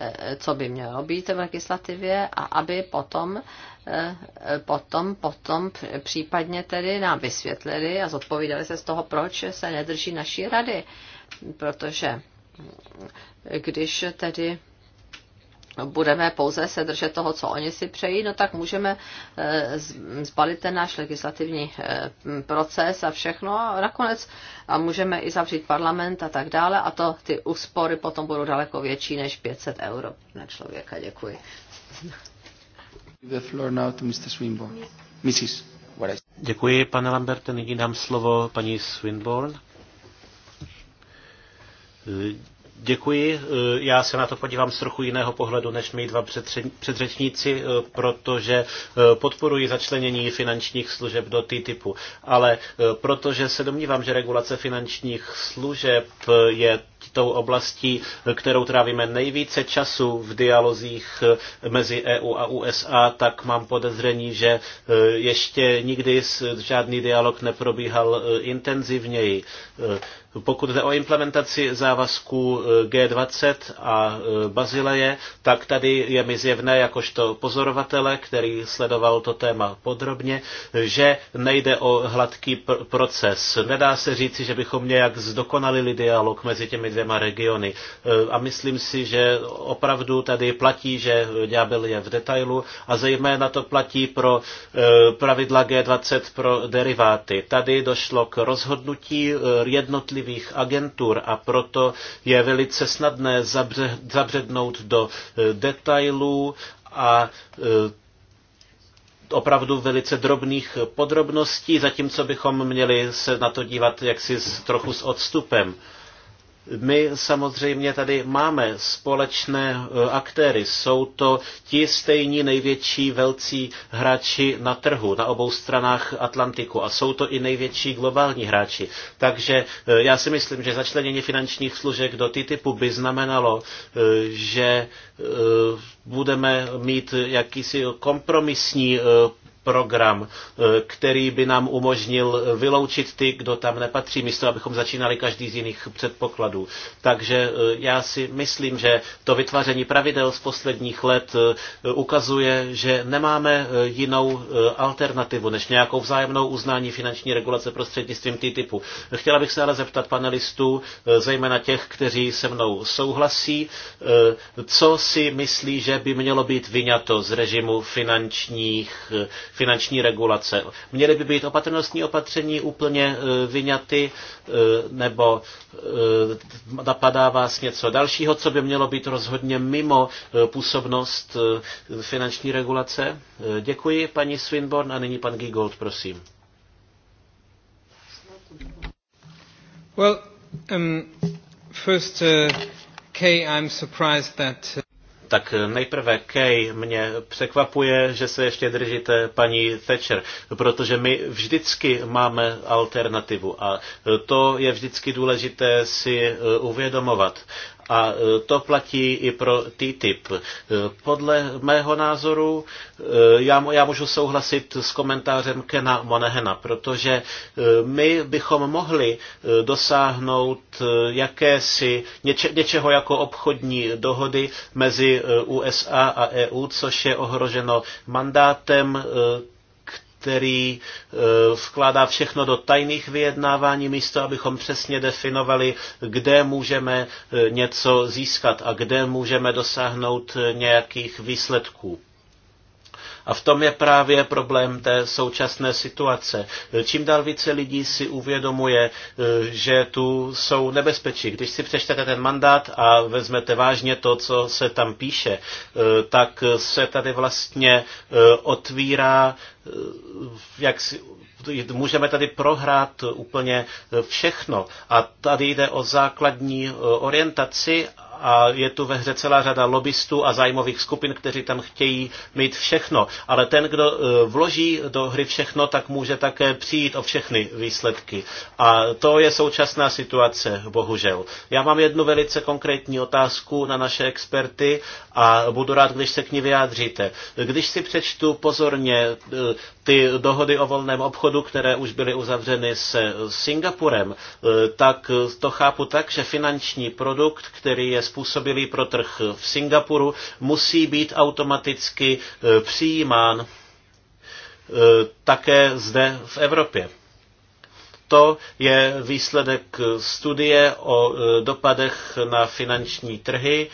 eh, co by mělo být v legislativě a aby potom, eh, potom, potom případně tedy nám vysvětlili a zodpovídali se z toho, proč se nedrží naší rady. Protože mm, když tedy budeme pouze se držet toho, co oni si přejí, no tak můžeme eh, zbalit ten náš legislativní eh, proces a všechno a nakonec a můžeme i zavřít parlament a tak dále a to ty úspory potom budou daleko větší než 500 euro na člověka. Děkuji. The floor now to Mr. Swinburne. Mrs. Děkuji, pane Lamberte. Nyní dám slovo paní Swinburne. Děkuji. E, já se na to podívám z trochu jiného pohledu než mý dva předřečníci, e, protože e, podporuji začlenění finančních služeb do TTIPu. Ale protože se domnívám, že regulace finančních služeb je tou oblastí, kterou trávíme nejvíce času v dialozích mezi EU a USA, tak mám podezření, že ještě nikdy žádný dialog neprobíhal intenzivněji. Pokud jde o implementaci závazků eh, G20 a eh, Bazileje, tak tady je mi zjevné, jakožto pozorovatele, který sledoval to téma podrobně, že nejde o hladký pr- proces. Nedá se říci, že bychom nějak zdokonalili dialog mezi těmi dvěma regiony. Eh, a myslím si, že opravdu tady platí, že ďábel je v detailu a zejména to platí pro pravidla G20 pro deriváty. Tady došlo k rozhodnutí jednotlivých jednotlivých agentur a proto je velice snadné zabřednout do eh, detailů a eh, opravdu velice drobných podrobností, zatímco bychom měli se na to dívat jaksi s, trochu s odstupem. My samozřejmě tady máme společné e, aktéry. Jsou to ti stejní největší velcí hráči na trhu, na obou stranách Atlantiku a jsou to i největší globální hráči. Takže e, já si myslím, že začlenění finančních služeb do TTIPu by znamenalo, e, že budeme mít jakýsi kompromisní program, eh, který by nám umožnil vyloučit ty, kdo tam nepatří, místo abychom začínali každý z jiných předpokladů. Takže eh, já si myslím, že to vytváření pravidel z posledních let eh, ukazuje, že nemáme jinou alternativu než nějakou vzájemnou uznání finanční regulace prostřednictvím TTIPu. Chtěla bych se ale zeptat panelistů, zejména těch, kteří se mnou souhlasí, co si myslí, že by mělo být vyňato z režimu finančních, finanční regulace. Měly by být opatrnostní opatření úplně eh, vyňaty eh, nebo eh, napadá vás něco dalšího, co by mělo být rozhodně mimo působnost finanční regulace? Děkuji, paní Swinborn, a nyní pan Gigold, prosím. Well, um, first, uh, Kay, I'm surprised that... Uh, tak nejprve Kay, mě překvapuje, že se ještě držíte paní Thatcher, protože my vždycky máme alternativu a to je vždycky důležité si uvědomovat. A e, to platí i pro TTIP. E, podle mého názoru e, já, já můžu souhlasit s komentářem Kena Monehena, protože my bychom mohli dosáhnout jakési něče, něčeho jako obchodní dohody mezi USA a EU, což je ohroženo mandátem který eh, vkládá všechno do tajných vyjednávání místo, abychom přesně definovali, kde můžeme eh, něco získat a kde můžeme dosáhnout eh, nějakých výsledků. A v tom je právě problém té současné situace. Čím dál více lidí si uvědomuje, e, že tu jsou nebezpečí. Když si přečtete ten mandát a vezmete vážně to, co se tam píše, e, tak se tady vlastně e, otvírá jak si, můžeme tady prohrát úplně všechno. A tady jde o základní orientaci a je tu ve hře celá řada lobbystů a zájmových skupin, kteří tam chtějí mít všechno. Ale ten, kdo e, vloží do hry všechno, tak může také přijít o všechny výsledky. A to je současná situace, bohužel. Já mám jednu velice konkrétní otázku na naše experty a budu rád, když se k ní vyjádříte. Když si přečtu pozorně e, ty dohody o volném obchodu, které už byly uzavřeny se Singapurem, e, tak to chápu tak, že finanční produkt, který je způsobilý pro trh v Singapuru, musí být automaticky e, přijímán e, také zde v Evropě. To je výsledek studie o e, dopadech na finanční trhy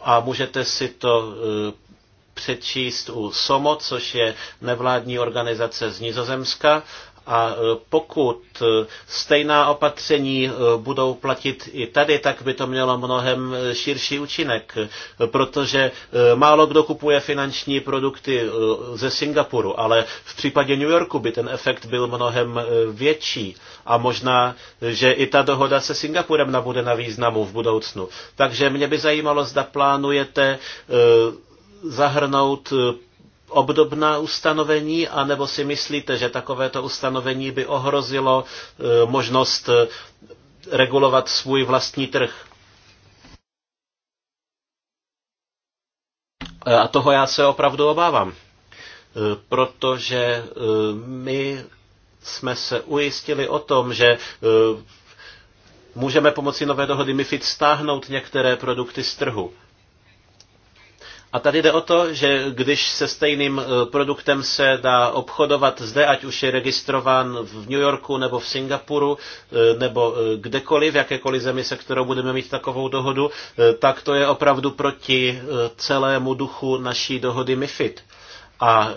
a můžete si to přečíst u SOMO, což je nevládní organizace z Nizozemska a e, pokud e, stejná opatření e, budou platit i tady, tak by to mělo mnohem širší účinek, protože málo kdo kupuje finanční produkty ze Singapuru, ale v případě New Yorku by ten efekt byl mnohem větší a možná, že i ta dohoda se Singapurem nabude na významu v budoucnu. Takže mě by zajímalo, zda plánujete zahrnout obdobná ustanovení, anebo si myslíte, že takovéto ustanovení by ohrozilo e, možnost e, regulovat svůj vlastní trh? E, a toho já se opravdu obávám, protože my jsme se ujistili o tom, že můžeme pomocí nové dohody MIFID stáhnout některé produkty z trhu. A tady jde o to, že když se stejným eh, produktem se dá obchodovat zde, ať už je registrován v New Yorku nebo v Singapuru eh, nebo eh, kdekoliv, v jakékoliv zemi, se kterou budeme mít takovou dohodu, tak to je opravdu proti celému duchu naší dohody MIFID. A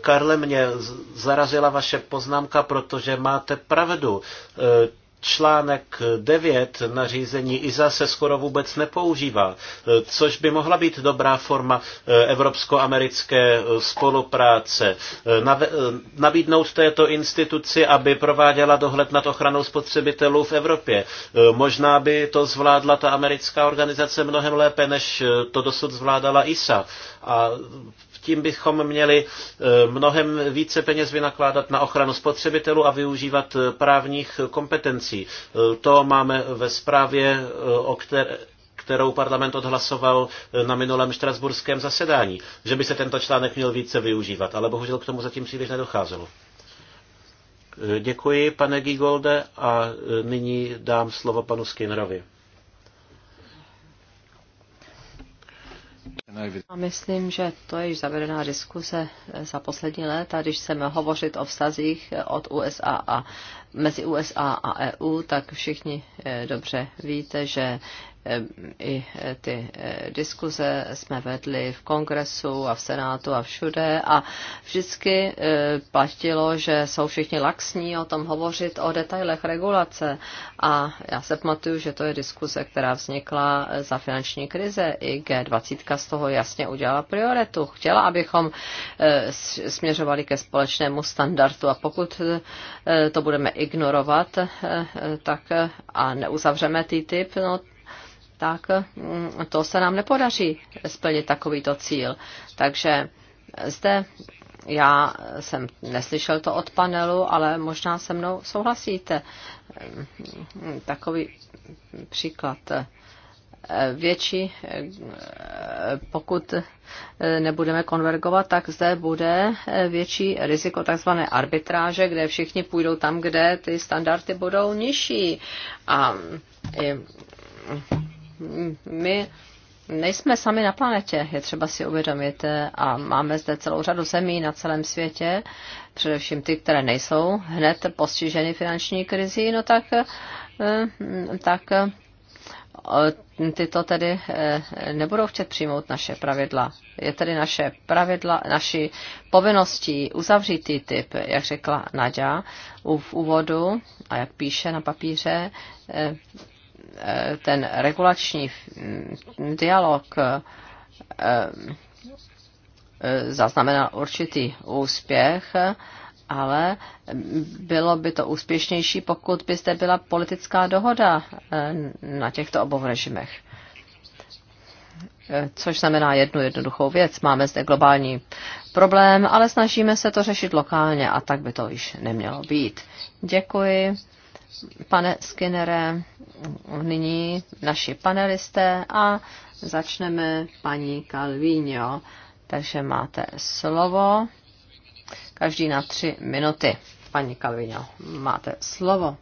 Karle, mě zarazila vaše poznámka, protože máte pravdu článek 9 nařízení ISA se skoro vůbec nepoužívá, eh, což by mohla být dobrá forma eh, evropsko-americké eh, spolupráce. Nabídnout této instituci, aby prováděla dohled nad ochranou spotřebitelů v Evropě. Možná by to zvládla ta americká organizace mnohem lépe, než to dosud zvládala ISA. A tím bychom měli eh, mnohem více peněz vynakládat na ochranu spotřebitelů a využívat eh, právních kompetencí. Eh, to máme ve zprávě, o které, kterou parlament odhlasoval na minulém štrasburském zasedání, že by se tento článek měl více využívat, ale bohužel k tomu zatím příliš nedocházelo. Děkuji, pane Gigolde, a nyní dám slovo panu Skinnerovi. A myslím, že to je již zavedená diskuse eh, za poslední léta, když chceme hovořit o vztazích eh, od USA a mezi USA a EU, tak všichni eh, dobře víte, že i e, ty e, diskuze jsme vedli v kongresu a v senátu a všude a vždycky e, platilo, že jsou všichni laxní o tom hovořit o detailech regulace a já se pamatuju, že to je diskuze, která vznikla za finanční krize i G20 z toho jasně udělala prioritu. Chtěla, abychom směřovali ke společnému standardu a pokud to budeme ignorovat, tak a neuzavřeme TTIP, no tak mm, to se nám nepodaří splnit takovýto cíl. Takže zde já jsem neslyšel to od panelu, ale možná se mnou souhlasíte. Mm, takový příklad. Větší, eh, pokud eh, nebudeme konvergovat, tak zde bude eh, větší riziko tzv. arbitráže, kde všichni půjdou tam, kde ty standardy budou nižší. A my nejsme sami na planetě, je třeba si uvědomit a máme zde celou řadu zemí na celém světě, především ty, které nejsou hned postiženy finanční krizí, no tak, eh, tak eh, tyto tedy eh, nebudou chtět přijmout naše pravidla. Je tedy naše pravidla, naši povinností uzavřít ty typ, jak řekla Nadia v úvodu a jak píše na papíře, Eh, ten regulační dialog eh, eh, zaznamenal určitý úspěch, ale bylo by to úspěšnější, pokud by zde byla politická dohoda na těchto obou režimech. Což znamená jednu jednoduchou věc. Máme zde globální problém, ale snažíme se to řešit lokálně a tak by to již nemělo být. Děkuji pane Skinnere, nyní naši panelisté a začneme paní Calvino. Takže máte slovo. Každý na tři minuty. Paní Calvino, máte slovo.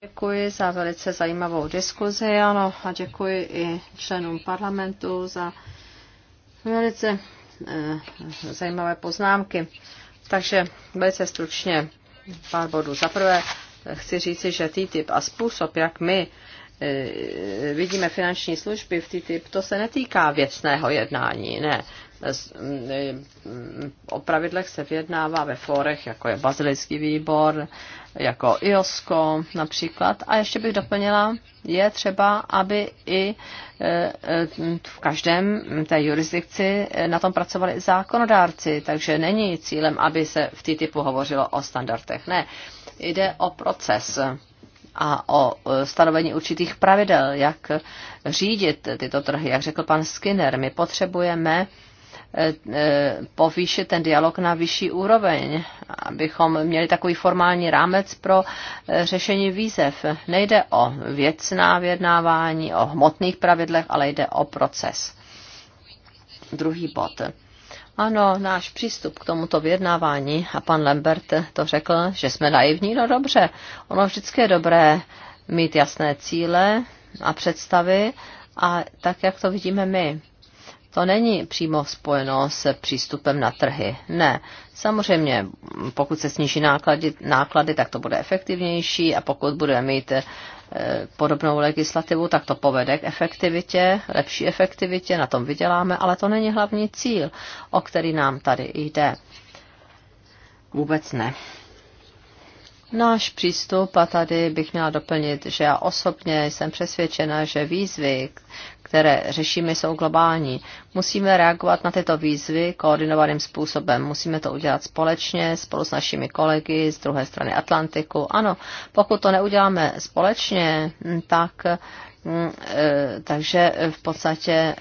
Děkuji za velice zajímavou diskuzi, ano, a děkuji i členům parlamentu za velice eh, zajímavé poznámky. Takže velice stručně pár bodů. Za prvé chci říci, že TTIP a způsob, jak my e, vidíme finanční služby v TTIP, to se netýká věcného jednání, ne o pravidlech se vyjednává ve fórech, jako je Bazilický výbor, jako IOSCO například. A ještě bych doplnila, je třeba, aby i e, e, v každém té jurisdikci na tom pracovali zákonodárci, takže není cílem, aby se v typu hovořilo o standardech. Ne, jde o proces a o e, stanovení určitých pravidel, jak řídit tyto trhy. Jak řekl pan Skinner, my potřebujeme Eh, povýšit ten dialog na vyšší úroveň, abychom měli takový formální rámec pro eh, řešení výzev. Nejde o věcná vyjednávání, o hmotných pravidlech, ale jde o proces. Druhý bod. Ano, náš přístup k tomuto vyjednávání, a pan Lambert to řekl, že jsme naivní, no dobře, ono vždycky je dobré mít jasné cíle a představy, a tak, jak to vidíme my. To není přímo spojeno s přístupem na trhy. Ne. Samozřejmě, pokud se sníží náklady, náklady tak to bude efektivnější a pokud budeme mít eh, podobnou legislativu, tak to povede k efektivitě, lepší efektivitě, na tom vyděláme, ale to není hlavní cíl, o který nám tady jde. Vůbec ne náš přístup a tady bych měla doplnit, že já osobně jsem přesvědčena, že výzvy, které řešíme, jsou globální. Musíme reagovat na tyto výzvy koordinovaným způsobem. Musíme to udělat společně, spolu s našimi kolegy z druhé strany Atlantiku. Ano, pokud to neuděláme společně, tak mm, e, takže v podstatě e,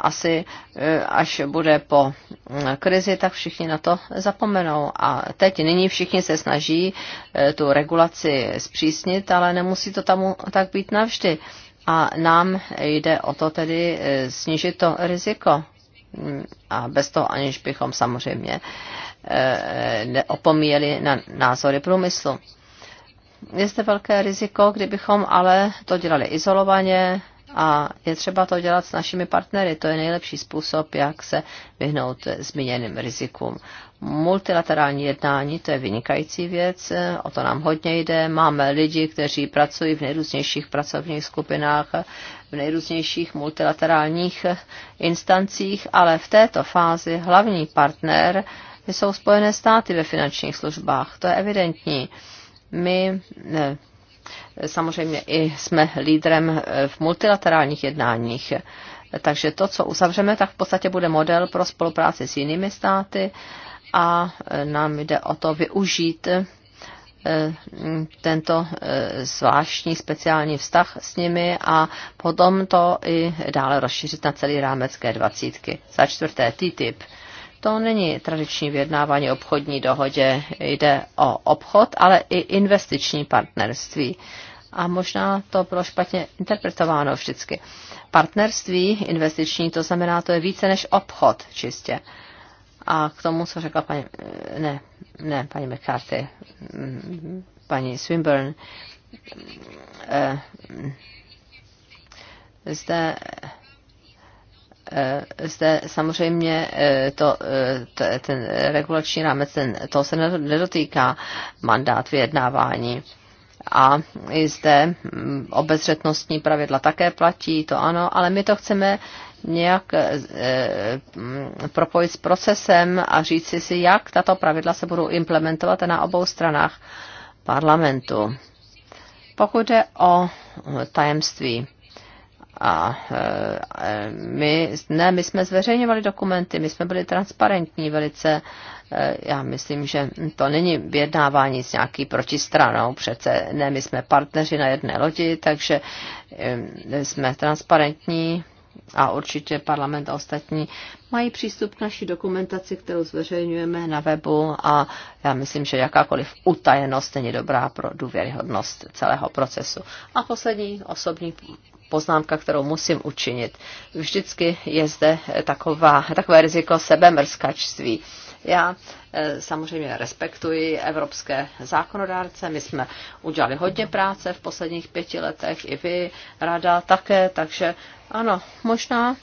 asi e, až bude po mm, krizi, tak všichni na to zapomenou. A teď nyní všichni se snaží e, tu regulaci zpřísnit, ale nemusí to tam tak být navždy. A nám jde o to tedy e, snížit to riziko. Mm, a bez toho aniž bychom samozřejmě opomíjeli na názory průmyslu. Je zde velké riziko, kdybychom ale to dělali izolovaně, a je třeba to dělat s našimi partnery. To je nejlepší způsob, jak se vyhnout zmíněným rizikům. Multilaterální jednání, to je vynikající věc, o to nám hodně jde. Máme lidi, kteří pracují v nejrůznějších pracovních skupinách, v nejrůznějších multilaterálních instancích, ale v této fázi hlavní partner jsou Spojené státy ve finančních službách. To je evidentní. My ne, eh, samozřejmě i jsme lídrem eh, v multilaterálních jednáních. Takže to, co uzavřeme, tak v podstatě bude model pro spolupráci s jinými státy a eh, nám jde o to využít eh, tento zvláštní speciální vztah s nimi a potom to i dále rozšířit na celý rámec G20. Za čtvrté TTIP. To není tradiční vyjednávání obchodní dohodě, jde o obchod, ale i investiční partnerství. A možná to bylo špatně interpretováno vždycky. Partnerství investiční, to znamená, to je více než obchod čistě. A k tomu, co řekla paní, ne, ne, paní McCarthy, paní Swinburne, eh, zde Eh, zde samozřejmě eh, to, eh, ten regulační rámec, ten, to se nedotýká mandát vyjednávání. A i zde hm, obezřetnostní pravidla také platí, to ano, ale my to chceme nějak hm, propojit s procesem a říci si, jak tato pravidla se budou implementovat na obou stranách parlamentu. Pokud je o tajemství, a e, e, my, ne, my jsme zveřejňovali dokumenty, my jsme byli transparentní velice. E, já myslím, že to není vyjednávání s nějaký protistranou. Přece ne, my jsme partneři na jedné lodi, takže jsme transparentní a určitě parlament a ostatní mají přístup k naší dokumentaci, kterou zveřejňujeme na webu a já myslím, že jakákoliv utajenost není dobrá pro důvěryhodnost celého procesu. A poslední osobní poznámka, kterou musím učinit. Vždycky je zde taková, takové riziko sebemrskačství. Já eh, samozřejmě respektuji evropské zákonodárce, my jsme udělali hodně práce v posledních pěti letech, i vy, rada také, takže ano, možná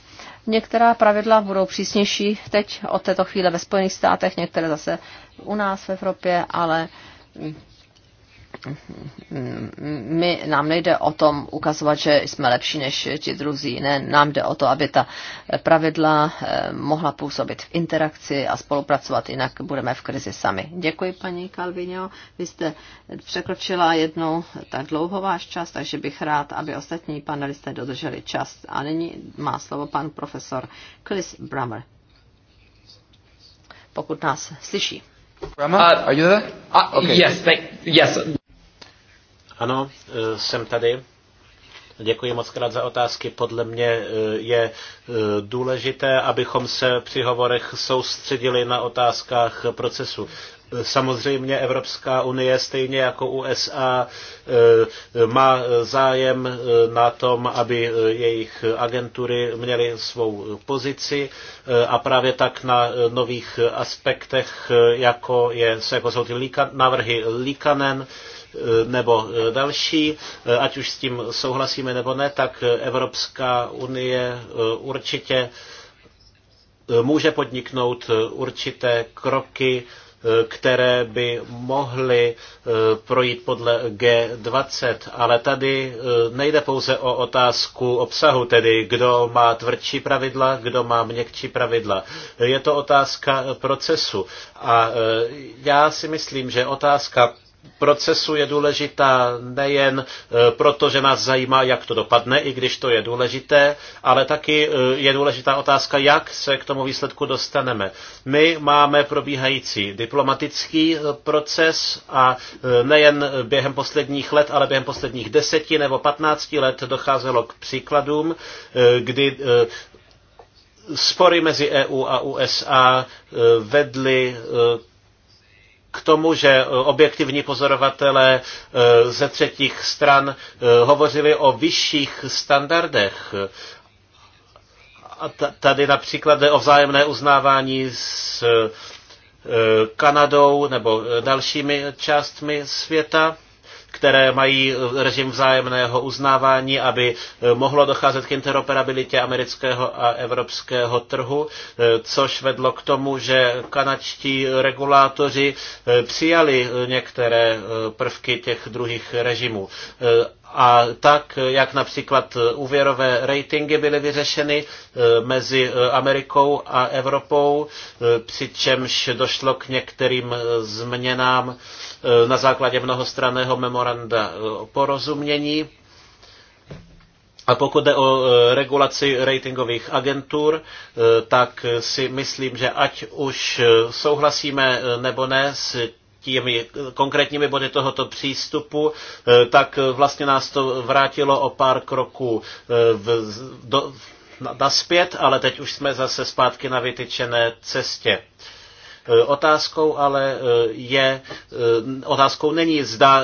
některá pravidla budou přísnější teď od této chvíle ve Spojených státech, některé zase u nás v Evropě, ale my, nám nejde o tom ukazovat, že jsme lepší než ti druzí. Ne, nám jde o to, aby ta pravidla eh, mohla působit v interakci a spolupracovat, jinak budeme v krizi sami. Děkuji, paní Kalvino. Vy jste překročila jednou tak dlouho váš čas, takže bych rád, aby ostatní panelisté dodrželi čas. A nyní má slovo pan profesor Chris Brammer. Pokud nás slyší. uh, are you there? Uh, okay. Yes, thank, yes. Ano, e, jsem tady. Děkuji moc krát za otázky. Podle mě e, je e, důležité, abychom se při hovorech soustředili na otázkách procesu. Samozřejmě Evropská unie, stejně jako USA, má zájem na tom, aby jejich agentury měly svou pozici a právě tak na nových aspektech, jako, je, jako jsou ty líka, návrhy Likanen, Eh, nebo eh, další, eh, ať už s tím souhlasíme nebo ne, tak Evropská unie určitě může podniknout určité kroky, které by mohly projít podle G20, ale tady nejde pouze o otázku obsahu, tedy kdo má tvrdší pravidla, kdo má měkčí pravidla. Je to otázka procesu. A já si myslím, že otázka procesu je důležitá nejen e, proto, že nás zajímá, jak to dopadne, i když to je důležité, ale taky e, je důležitá otázka, jak se k tomu výsledku dostaneme. My máme probíhající diplomatický e, proces a nejen během posledních let, ale během posledních deseti nebo patnácti let docházelo k příkladům, kdy spory mezi EU a USA vedly k tomu, že e, objektivní pozorovatelé e, ze třetích stran e, hovořili o vyšších standardech. A tady například jde o vzájemné uznávání s Kanadou nebo dalšími částmi světa které mají eh, režim vzájemného uznávání, aby eh, mohlo docházet k interoperabilitě amerického a evropského trhu, eh, což vedlo k tomu, že kanadští regulátoři přijali některé prvky těch druhých režimů. A tak, jak například úvěrové ratingy byly vyřešeny mezi Amerikou a Evropou, přičemž došlo k některým změnám Eh, na základě mnohostranného memoranda o eh, porozumění. A pokud jde o eh, regulaci ratingových agentur, tak si myslím, že ať už souhlasíme nebo ne s těmi konkrétními body tohoto přístupu, tak vlastně nás to vrátilo o pár kroků v, do, zpět, ale teď už jsme zase zpátky na vytyčené cestě. E, otázkou ale e, je, e, otázkou není, zda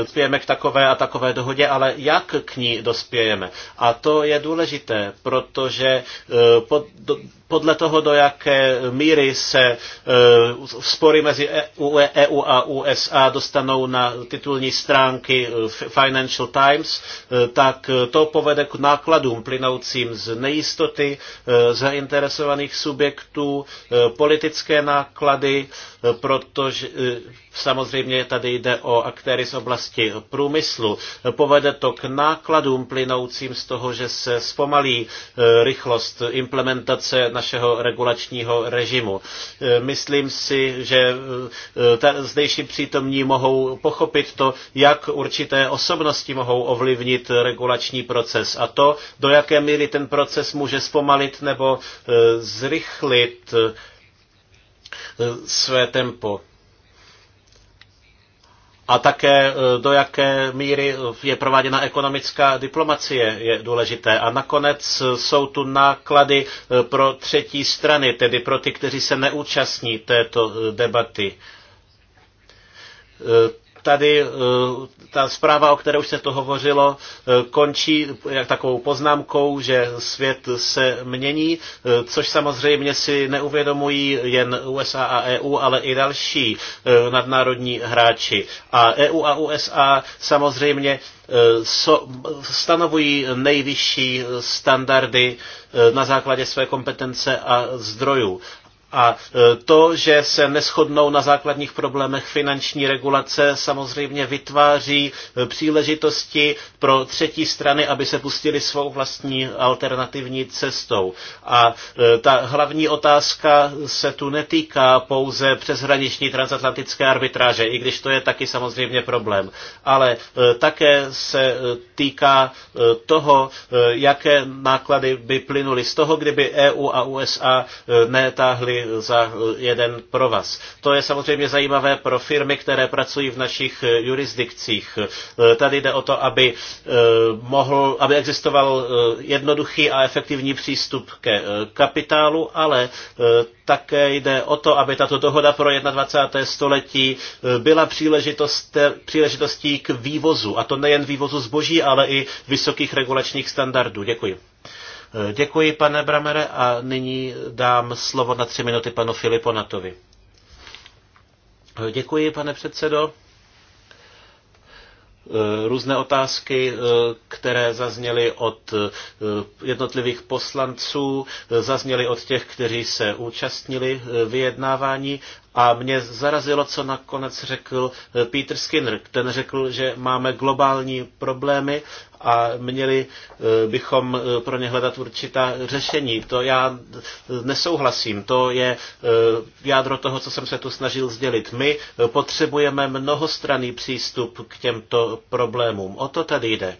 dospějeme k takové a takové dohodě, ale jak k ní dospějeme. A to je důležité, protože pod, do, podle toho, do jaké míry se spory mezi EU a USA dostanou na titulní stránky Financial Times, tak to povede k nákladům plynoucím z nejistoty zainteresovaných subjektů, politické obrovské náklady, eh, protože eh, samozřejmě tady jde o aktéry z oblasti průmyslu. Povede to k nákladům plynoucím z toho, že se zpomalí eh, rychlost implementace našeho regulačního režimu. Myslím si, že zdejší přítomní mohou pochopit to, jak určité osobnosti mohou ovlivnit regulační proces a to, do jaké míry ten proces může zpomalit nebo zrychlit E, své tempo. A také e, do jaké míry je prováděna ekonomická diplomacie je důležité. A nakonec e, jsou tu náklady pro třetí strany, tedy pro ty, kteří se neúčastní této debaty tady eh, ta zpráva, o které už se to hovořilo, eh, končí takovou poznámkou, že svět se mění, eh, což samozřejmě si neuvědomují jen USA a EU, ale i další nadnárodní hráči. A EU a USA samozřejmě stanovují nejvyšší standardy na základě své kompetence a zdrojů. A e, to, že se neschodnou na základních problémech finanční regulace, samozřejmě vytváří e, příležitosti pro třetí strany, aby se pustili svou vlastní alternativní cestou. A e, ta hlavní otázka se tu netýká pouze přeshraniční transatlantické arbitráže, i když to je taky samozřejmě problém, ale také se týká toho, jaké náklady by plynuly z toho, kdyby EU a USA netáhly za jeden provaz. To je samozřejmě zajímavé pro firmy, které pracují v našich jurisdikcích. E, tady jde o to, aby, e, mohl, aby existoval e, jednoduchý a efektivní přístup ke kapitálu, ale také jde o to, aby tato dohoda pro 21. století byla příležitost, příležitostí k vývozu, a to nejen vývozu zboží, ale i vysokých regulačních standardů. Děkuji. Děkuji, pane Bramere, a nyní dám slovo na tři minuty panu Filiponatovi. Děkuji, pane předsedo různé otázky, které zazněly od jednotlivých poslanců, zazněly od těch, kteří se účastnili vyjednávání a mě zarazilo, co nakonec řekl eh, Peter Skinner. Ten řekl, že máme globální problémy a měli eh, bychom eh, pro ně hledat určitá řešení. To já nesouhlasím. To je jádro toho, co jsem se tu snažil sdělit. My potřebujeme mnohostranný přístup k těmto problémům. O to tady jde.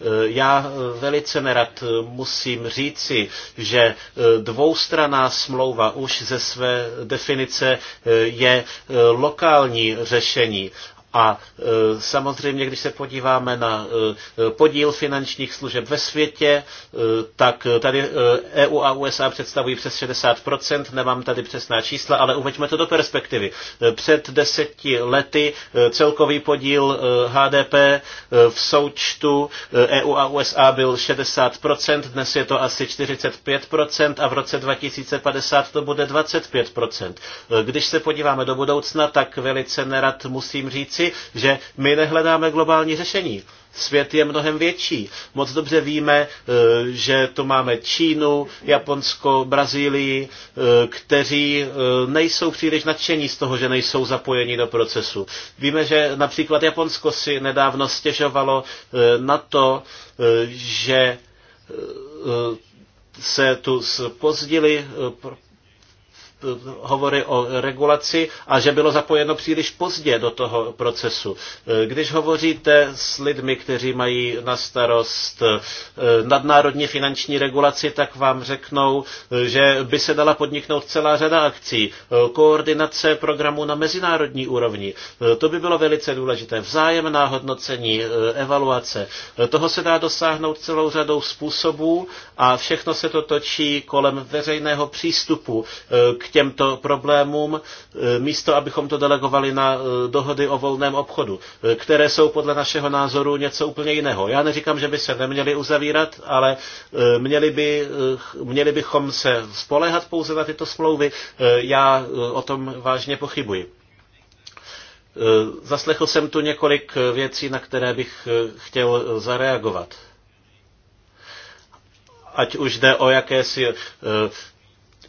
Eh, já eh, velice nerad eh, musím říci, že dvoustraná smlouva už ze své definice je lokální řešení a e, samozřejmě, když se podíváme na e, podíl finančních služeb ve světě, e, tak tady EU a USA představují přes 60%, nemám tady přesná čísla, ale uveďme to do perspektivy. Před deseti lety celkový podíl HDP v součtu EU a USA byl 60%, dnes je to asi 45% a v roce 2050 to bude 25%. Když se podíváme do budoucna, tak velice nerad musím říci, říci, že my nehledáme globální řešení. Svět je mnohem větší. Moc dobře víme, e, že to máme Čínu, Japonsko, Brazílii, e, kteří e, nejsou příliš nadšení z toho, že nejsou zapojeni do procesu. Víme, že například Japonsko si nedávno stěžovalo na to, že se tu spozdili hovory o regulaci a že bylo zapojeno příliš pozdě do toho procesu. Když hovoříte s lidmi, kteří mají na starost eh, nadnárodní finanční regulaci, tak vám řeknou, že by se dala podniknout celá řada akcí. Koordinace programů na mezinárodní úrovni. Eh, to by bylo velice důležité. Vzájemná hodnocení, eh, evaluace. Toho se dá dosáhnout celou řadou způsobů a všechno se to točí kolem veřejného přístupu k těmto problémům, e, místo abychom to delegovali na e, dohody o volném obchodu, e, které jsou podle našeho názoru něco úplně jiného. Já neříkám, že by se neměly uzavírat, ale měli, by, měli bychom se spolehat pouze na tyto smlouvy. Já o tom vážně pochybuji. Zaslechl jsem tu několik věcí, na které bych chtěl zareagovat ať už jde o jakési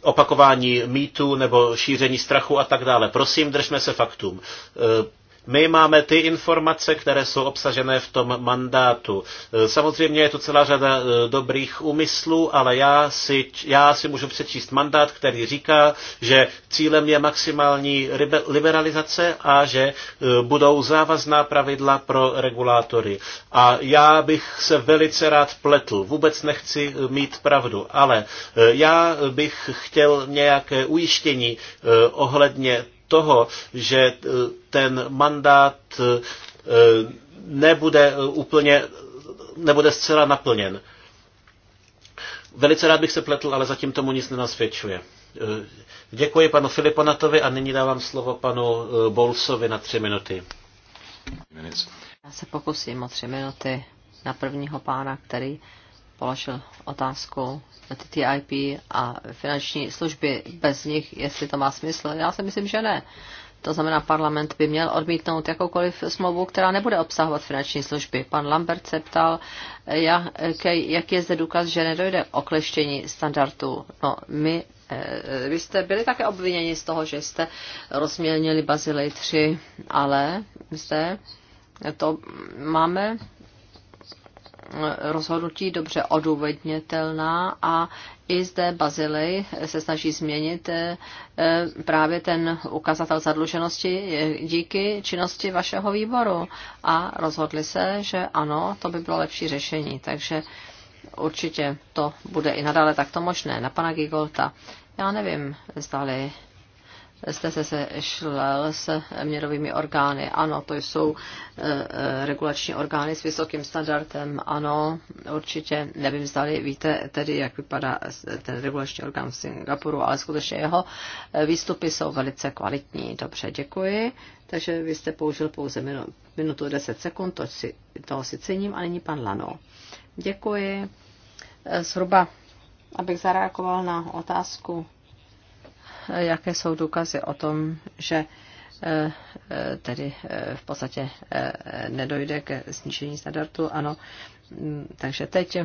opakování mýtů nebo šíření strachu a tak dále. Prosím, držme se faktům. Eh, my máme ty informace, které jsou obsažené v tom mandátu. E, samozřejmě je to celá řada e, dobrých úmyslů, ale já si, já si můžu přečíst mandát, který říká, že cílem je maximální liberalizace a že e, budou závazná pravidla pro regulátory. A já bych se velice rád pletl. Vůbec nechci mít pravdu, ale já bych chtěl nějaké ujištění ohledně toho, že eh, ten mandát eh, nebude eh, úplně, nebude zcela naplněn. Velice rád bych se pletl, ale zatím tomu nic nenasvědčuje. Děkuji panu Filiponatovi a nyní dávám slovo panu Bolsovi na tři minuty. Já se pokusím o tři minuty na prvního pána, který položil otázku TTIP a finanční služby bez nich, jestli to má smysl. Já si myslím, že ne. To znamená, parlament by měl odmítnout jakoukoliv smlouvu, která nebude obsahovat finanční služby. Pan Lambert se ptal, jak je zde důkaz, že nedojde o okleštění standardů. No, my, eh, vy jste byli také obviněni z toho, že jste rozmělnili Bazilej 3, ale zde to máme rozhodnutí dobře odůvodnitelná a i zde Bazilej se snaží změnit eh, právě ten ukazatel zadluženosti eh, díky činnosti vašeho výboru a rozhodli se, že ano, to by bylo lepší řešení, takže určitě to bude i nadále takto možné. Na pana Gigolta, já nevím, zdali jste se sešlel s měrovými orgány. Ano, to jsou eh, eh, regulační orgány s vysokým standardem. Ano, určitě, nevím, zdali víte tedy, jak vypadá ten regulační orgán v Singapuru, ale skutečně jeho eh, výstupy jsou velice kvalitní. Dobře, děkuji. Takže vy jste použil pouze minutu 10 sekund, to si, toho si cením, a není pan Lano. Děkuji. Zhruba, abych zareagoval na otázku jaké jsou důkazy o tom, že e, e, tedy e, v podstatě nedojde ke snížení standardu. Ano, takže teď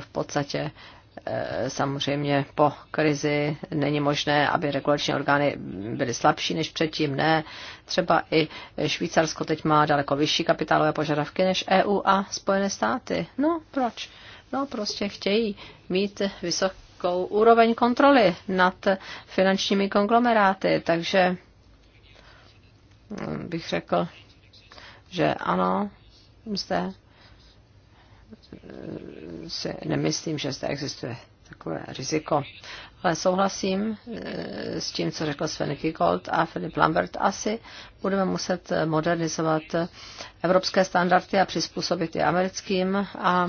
v podstatě samozřejmě po krizi není možné, aby regulační orgány byly slabší než předtím. Ne, třeba i Švýcarsko teď má daleko vyšší kapitálové požadavky než EU a Spojené státy. No, proč? No, prostě chtějí mít vysok, nízkou úroveň kontroly nad finančními konglomeráty. Takže mm, bych řekl, že ano, zde mm, si nemyslím, že zde existuje takové riziko. Ale souhlasím mm, s tím, co řekl Sven Gold a Filip Lambert. Asi budeme muset modernizovat evropské standardy a přizpůsobit je americkým a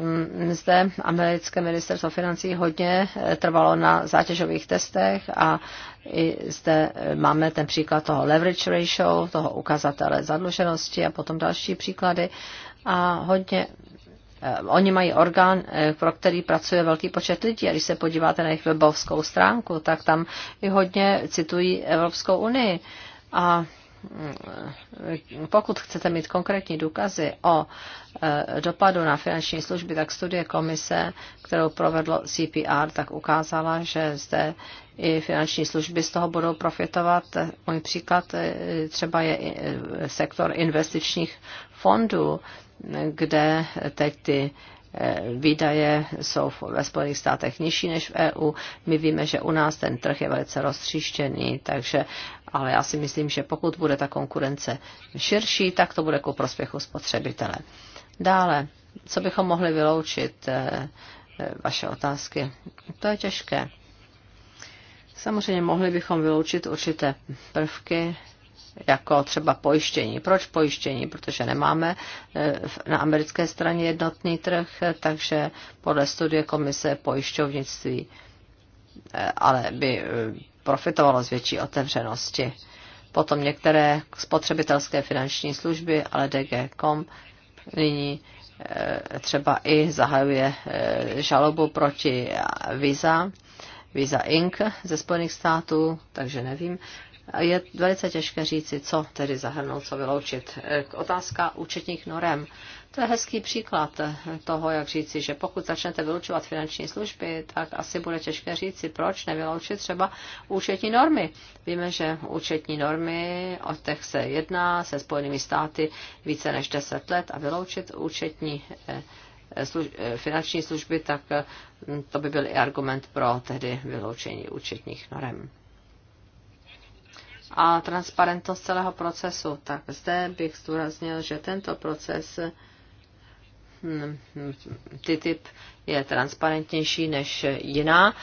Mm, zde americké ministerstvo financí hodně eh, trvalo na zátěžových testech a i zde eh, máme ten příklad toho leverage ratio, toho ukazatele zadluženosti a potom další příklady. A hodně eh, Oni mají orgán, pro který pracuje velký počet lidí. A když se podíváte na jejich webovskou stránku, tak tam i hodně citují Evropskou unii. A pokud chcete mít konkrétní důkazy o e, dopadu na finanční služby, tak studie komise, kterou provedlo CPR, tak ukázala, že zde i finanční služby z toho budou profitovat. Můj příklad e, třeba je e, sektor investičních fondů, kde teď ty Eh, výdaje jsou ve Spojených státech nižší než v EU. My víme, že u nás ten trh je velice roztříštěný, takže, ale já si myslím, že pokud bude ta konkurence širší, tak to bude ku prospěchu spotřebitele. Dále, co bychom mohli vyloučit eh, eh, vaše otázky? To je těžké. Samozřejmě mohli bychom vyloučit určité prvky, jako třeba pojištění. Proč pojištění? Protože nemáme eh, na americké straně jednotný trh, eh, takže podle studie komise pojišťovnictví eh, ale by profitovalo z větší otevřenosti. Potom některé spotřebitelské finanční služby, ale DG.com nyní třeba i zahajuje žalobu proti Visa, Visa Inc. ze Spojených států, takže nevím. Je velice těžké říci, co tedy zahrnout, co vyloučit. Eh, otázka účetních norem. To je hezký příklad toho, jak říci, že pokud začnete vylučovat finanční služby, tak asi bude těžké říci, proč nevyloučit třeba účetní normy. Víme, že účetní normy, od těch se jedná se Spojenými státy více než 10 let a vyloučit účetní eh, služ, eh, finanční služby, tak to by byl i argument pro tedy vyloučení účetních norem a transparentnost celého procesu. Tak zde bych zdůraznil, že tento proces hm, TTIP je transparentnější než jiná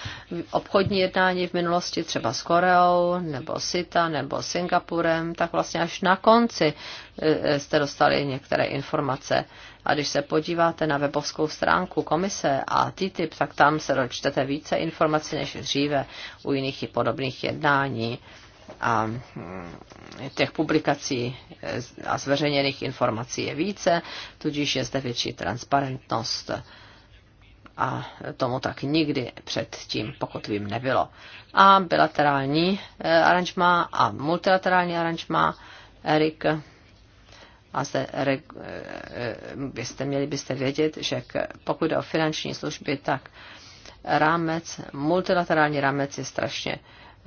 obchodní jednání v minulosti, třeba s Koreou, nebo SITA, nebo Singapurem, tak vlastně až na konci eh, eh, jste dostali některé informace. A když se podíváte na webovskou stránku komise a TTIP, tak tam se dočtete více informací než dříve u jiných i podobných jednání a mm, těch publikací eh, a zveřejněných informací je více, tudíž je zde větší transparentnost a tomu tak nikdy předtím, pokud vím, nebylo. A bilaterální eh, aranžma a multilaterální aranžma, Erik, a zde eh, byste, měli byste vědět, že pokud jde o finanční služby, tak rámec, multilaterální rámec je strašně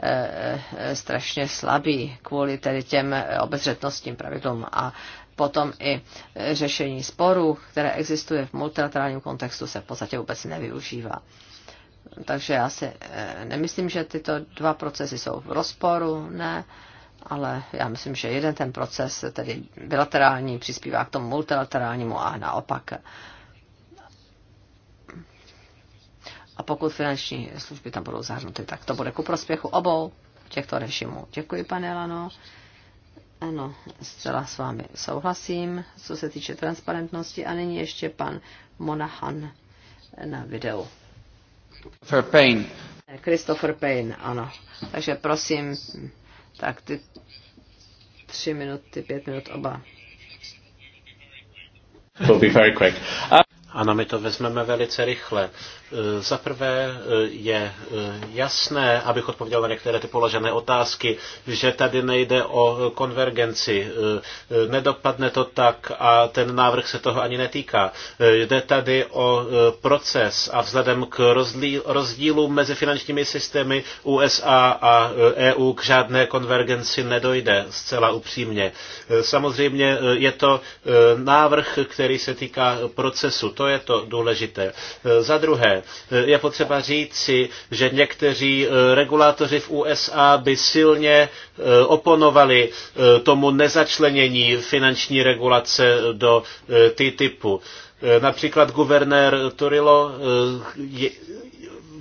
Eh, strašně slabý kvůli tedy těm obezřetnostním pravidlům a potom i eh, řešení sporů, které existuje v multilaterálním kontextu, se v podstatě vůbec nevyužívá. Takže já si eh, nemyslím, že tyto dva procesy jsou v rozporu, ne, ale já myslím, že jeden ten proces, tedy bilaterální, přispívá k tomu multilaterálnímu a naopak. A pokud finanční služby tam budou zahrnuty, tak to bude ku prospěchu obou těchto režimů. Děkuji, pane Lano. Ano, zcela s vámi souhlasím, co se týče transparentnosti. A nyní ještě pan Monahan na videu. Christopher Payne. Christopher Payne, ano. Takže prosím, tak ty tři minuty, pět minut oba. Ano, my to vezmeme velice rychle. Eh, za prvé eh, je eh, jasné, abych odpověděl na některé ty položené otázky, že tady nejde o konvergenci. Nedopadne to tak a ten návrh se toho ani netýká. Jde tady o proces a vzhledem k rozdílům mezi finančními systémy USA a EU e k žádné konvergenci nedojde zcela upřímně. Samozřejmě je to návrh, který se týká procesu. To je to důležité. Za druhé, je potřeba říci, že někteří e, regulátoři v USA by silně e, oponovali e, tomu nezačlenění finanční regulace do TTIPu. Například guvernér Turilo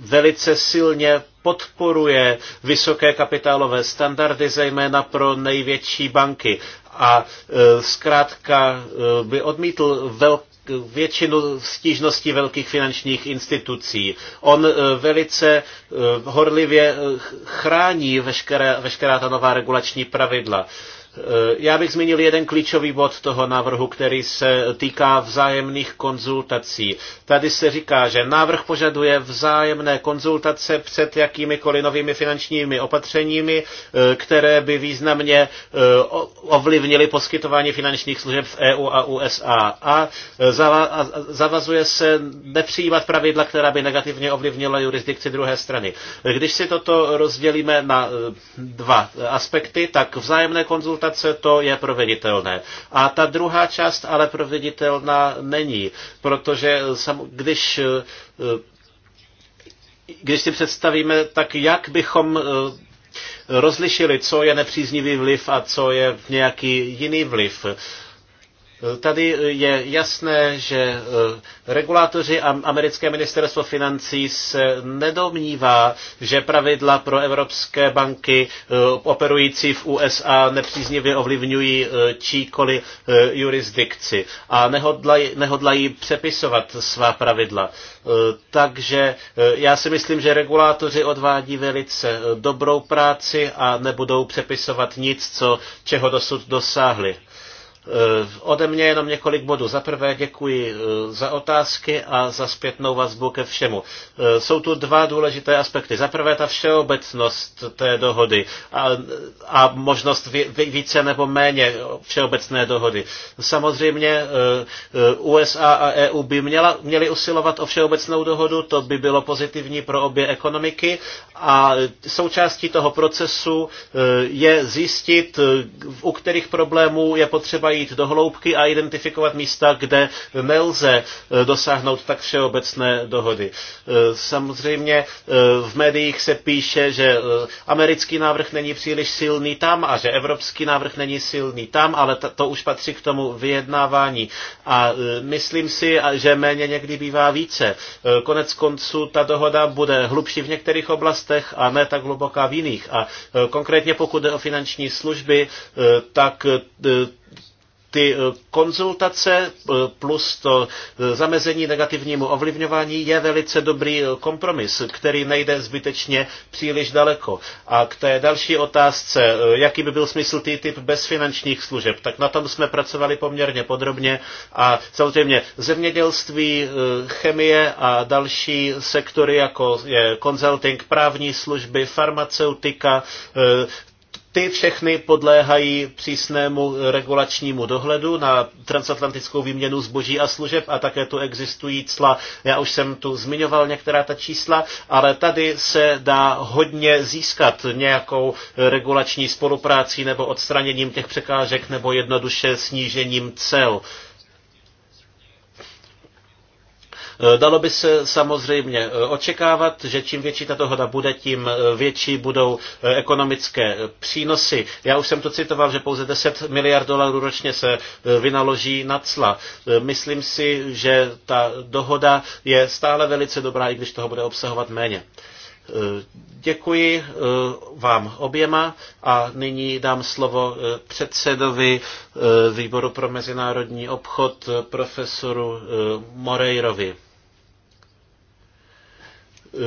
velice silně podporuje vysoké kapitálové standardy, zejména pro největší banky. A zkrátka by odmítl velké většinu stížností velkých finančních institucí. On eh, velice eh, horlivě eh, chrání veškerá, veškerá ta nová regulační pravidla. Eh, já bych zmínil jeden klíčový bod toho návrhu, který se týká vzájemných konzultací. Tady se říká, že návrh požaduje vzájemné konzultace před jakýmikoliv novými finančními opatřeními, eh, které by významně eh, ovlivnily poskytování finančních služeb v EU a USA. A zavazuje se nepřijímat pravidla, která by negativně ovlivnila jurisdikci druhé strany. Když si toto rozdělíme na dva aspekty, tak vzájemné konzultace konzultace, to je proveditelné. A ta druhá část ale proveditelná není, protože když eh, když si představíme, tak jak bychom eh, rozlišili, co je nepříznivý vliv a co je nějaký jiný vliv. Tady je jasné, že e, regulátoři a americké ministerstvo financí se nedomnívá, že pravidla pro evropské banky e, operující v USA nepříznivě ovlivňují e, číkoli jurisdikci a nehodlají, nehodlají přepisovat svá pravidla. Takže já si myslím, že regulátoři odvádí velice dobrou práci a nebudou přepisovat nic, co, čeho dosud dosáhli. Eh, ode mě jenom několik bodů. Za prvé děkuji eh, za otázky a za zpětnou vazbu ke všemu. Eh, jsou tu dva důležité aspekty. Za prvé ta všeobecnost té dohody a, a možnost více nebo méně všeobecné dohody. Samozřejmě USA a EU by měla, měly usilovat o všeobecnou dohodu, to by bylo pozitivní pro obě ekonomiky a součástí toho procesu je zjistit, u kterých problémů je potřeba potřeba jít do hloubky a identifikovat místa, kde nelze e, dosáhnout tak všeobecné dohody. E, samozřejmě e, v médiích se píše, že americký návrh není příliš silný tam a že evropský návrh není silný tam, ale to už patří k tomu vyjednávání. A myslím si, že méně někdy bývá více. Konec konců ta dohoda bude hlubší v některých oblastech a ne tak hluboká v jiných. A konkrétně pokud jde o finanční služby, tak ty eh, konzultace eh, plus to eh, zamezení negativnímu ovlivňování je velice dobrý kompromis, který nejde zbytečně příliš daleko. A k té další otázce, jaký by byl smysl typ bez finančních služeb, tak na tom jsme pracovali poměrně podrobně a samozřejmě zemědělství, chemie a další sektory, jako je consulting, právní služby, farmaceutika, ty všechny podléhají přísnému regulačnímu dohledu na transatlantickou výměnu zboží a služeb a také tu existují cla. Já už jsem tu zmiňoval některá ta čísla, ale tady se dá hodně získat nějakou regulační spoluprácí nebo odstraněním těch překážek nebo jednoduše snížením cel. Eh, dalo by se samozřejmě eh, očekávat, že čím větší ta dohoda bude, tím eh, větší budou ekonomické přínosy. Já už jsem to citoval, že pouze 10 miliard dolarů ročně se vynaloží na cla. Myslím si, že ta dohoda je stále velice dobrá, i když toho bude obsahovat méně. Děkuji vám oběma a nyní dám slovo předsedovi výboru pro mezinárodní obchod profesoru Moreirovi.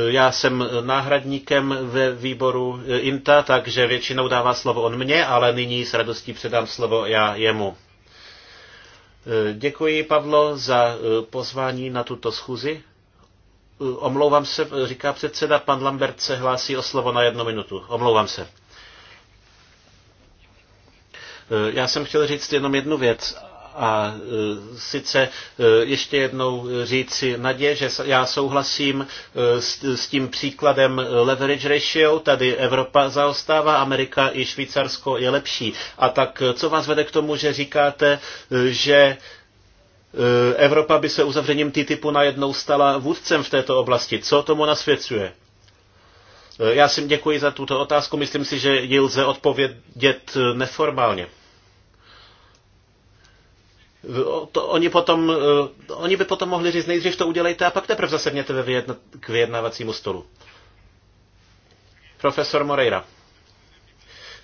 Já jsem náhradníkem ve výboru eh, INTA, takže většinou dává slovo on mě, ale nyní s radostí předám slovo já jemu. Eh, děkuji, Pavlo, za eh, pozvání na tuto schůzi. Omlouvám se, říká předseda, pan Lambert se hlásí o slovo na jednu minutu. Omlouvám se. Já jsem chtěl říct jenom jednu věc a e, sice e, ještě jednou říci Nadě, že já souhlasím e, s, tím příkladem leverage ratio, tady Evropa zaostává, Amerika i Švýcarsko je lepší. A tak co vás vede k tomu, že říkáte, že Evropa by se uzavřením TTIPu najednou stala vůdcem v této oblasti. Co tomu nasvědcuje? Já si děkuji za tuto otázku. Myslím si, že ji lze odpovědět neformálně to, oni, potom, eh, oni by potom mohli říct, nejdřív to udělejte a pak teprve zase měte ve vyjedna, k vyjednávacímu stolu. Profesor Moreira.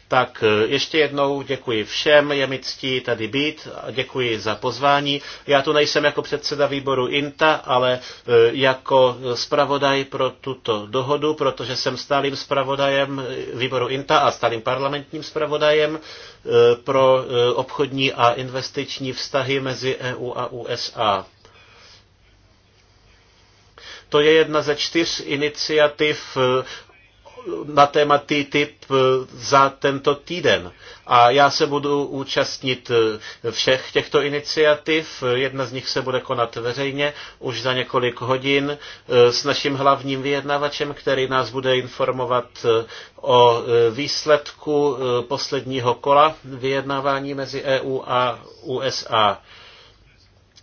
Tak eh, ještě jednou děkuji všem, je mi ctí tady být, děkuji za pozvání. Já tu nejsem jako předseda výboru INTA, ale eh, jako zpravodaj pro tuto dohodu, protože jsem stálým zpravodajem eh, výboru INTA a stálým parlamentním zpravodajem pro obchodní a investiční vztahy mezi EU a USA. To je jedna ze čtyř iniciativ na téma TTIP eh, za tento týden. A já se budu účastnit eh, všech těchto iniciativ. Jedna z nich se bude konat veřejně už za několik hodin eh, s naším hlavním vyjednavačem, který nás bude informovat o výsledku posledního kola vyjednávání mezi EU a USA.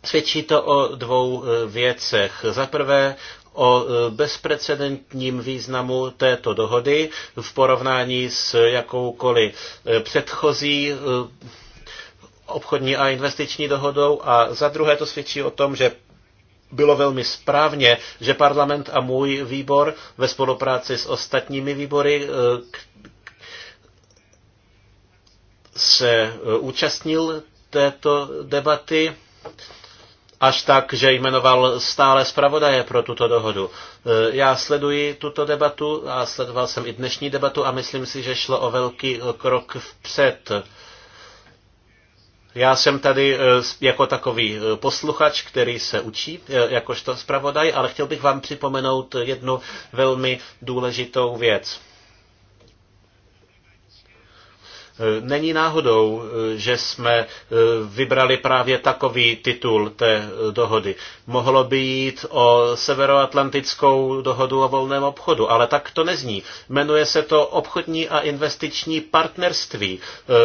Svědčí to o dvou věcech. Za prvé o e, bezprecedentním významu této dohody v porovnání s jakoukoliv e, předchozí e, obchodní a investiční dohodou a za druhé to svědčí o tom, že bylo velmi správně, že parlament a můj výbor ve spolupráci s ostatními výbory se účastnil této debaty až tak, že jmenoval stále zpravodaje pro tuto dohodu. E, já sleduji tuto debatu a sledoval jsem i dnešní debatu a myslím si, že šlo o velký krok vpřed. Já jsem tady e, jako takový e, posluchač, který se učí jakožto zpravodaj, ale chtěl bych vám připomenout jednu velmi důležitou věc. Eh, není náhodou, eh, že jsme eh, vybrali právě takový titul té dohody. Mohlo by jít o severoatlantickou dohodu o volném obchodu, ale tak to nezní. Jmenuje se to obchodní a investiční partnerství,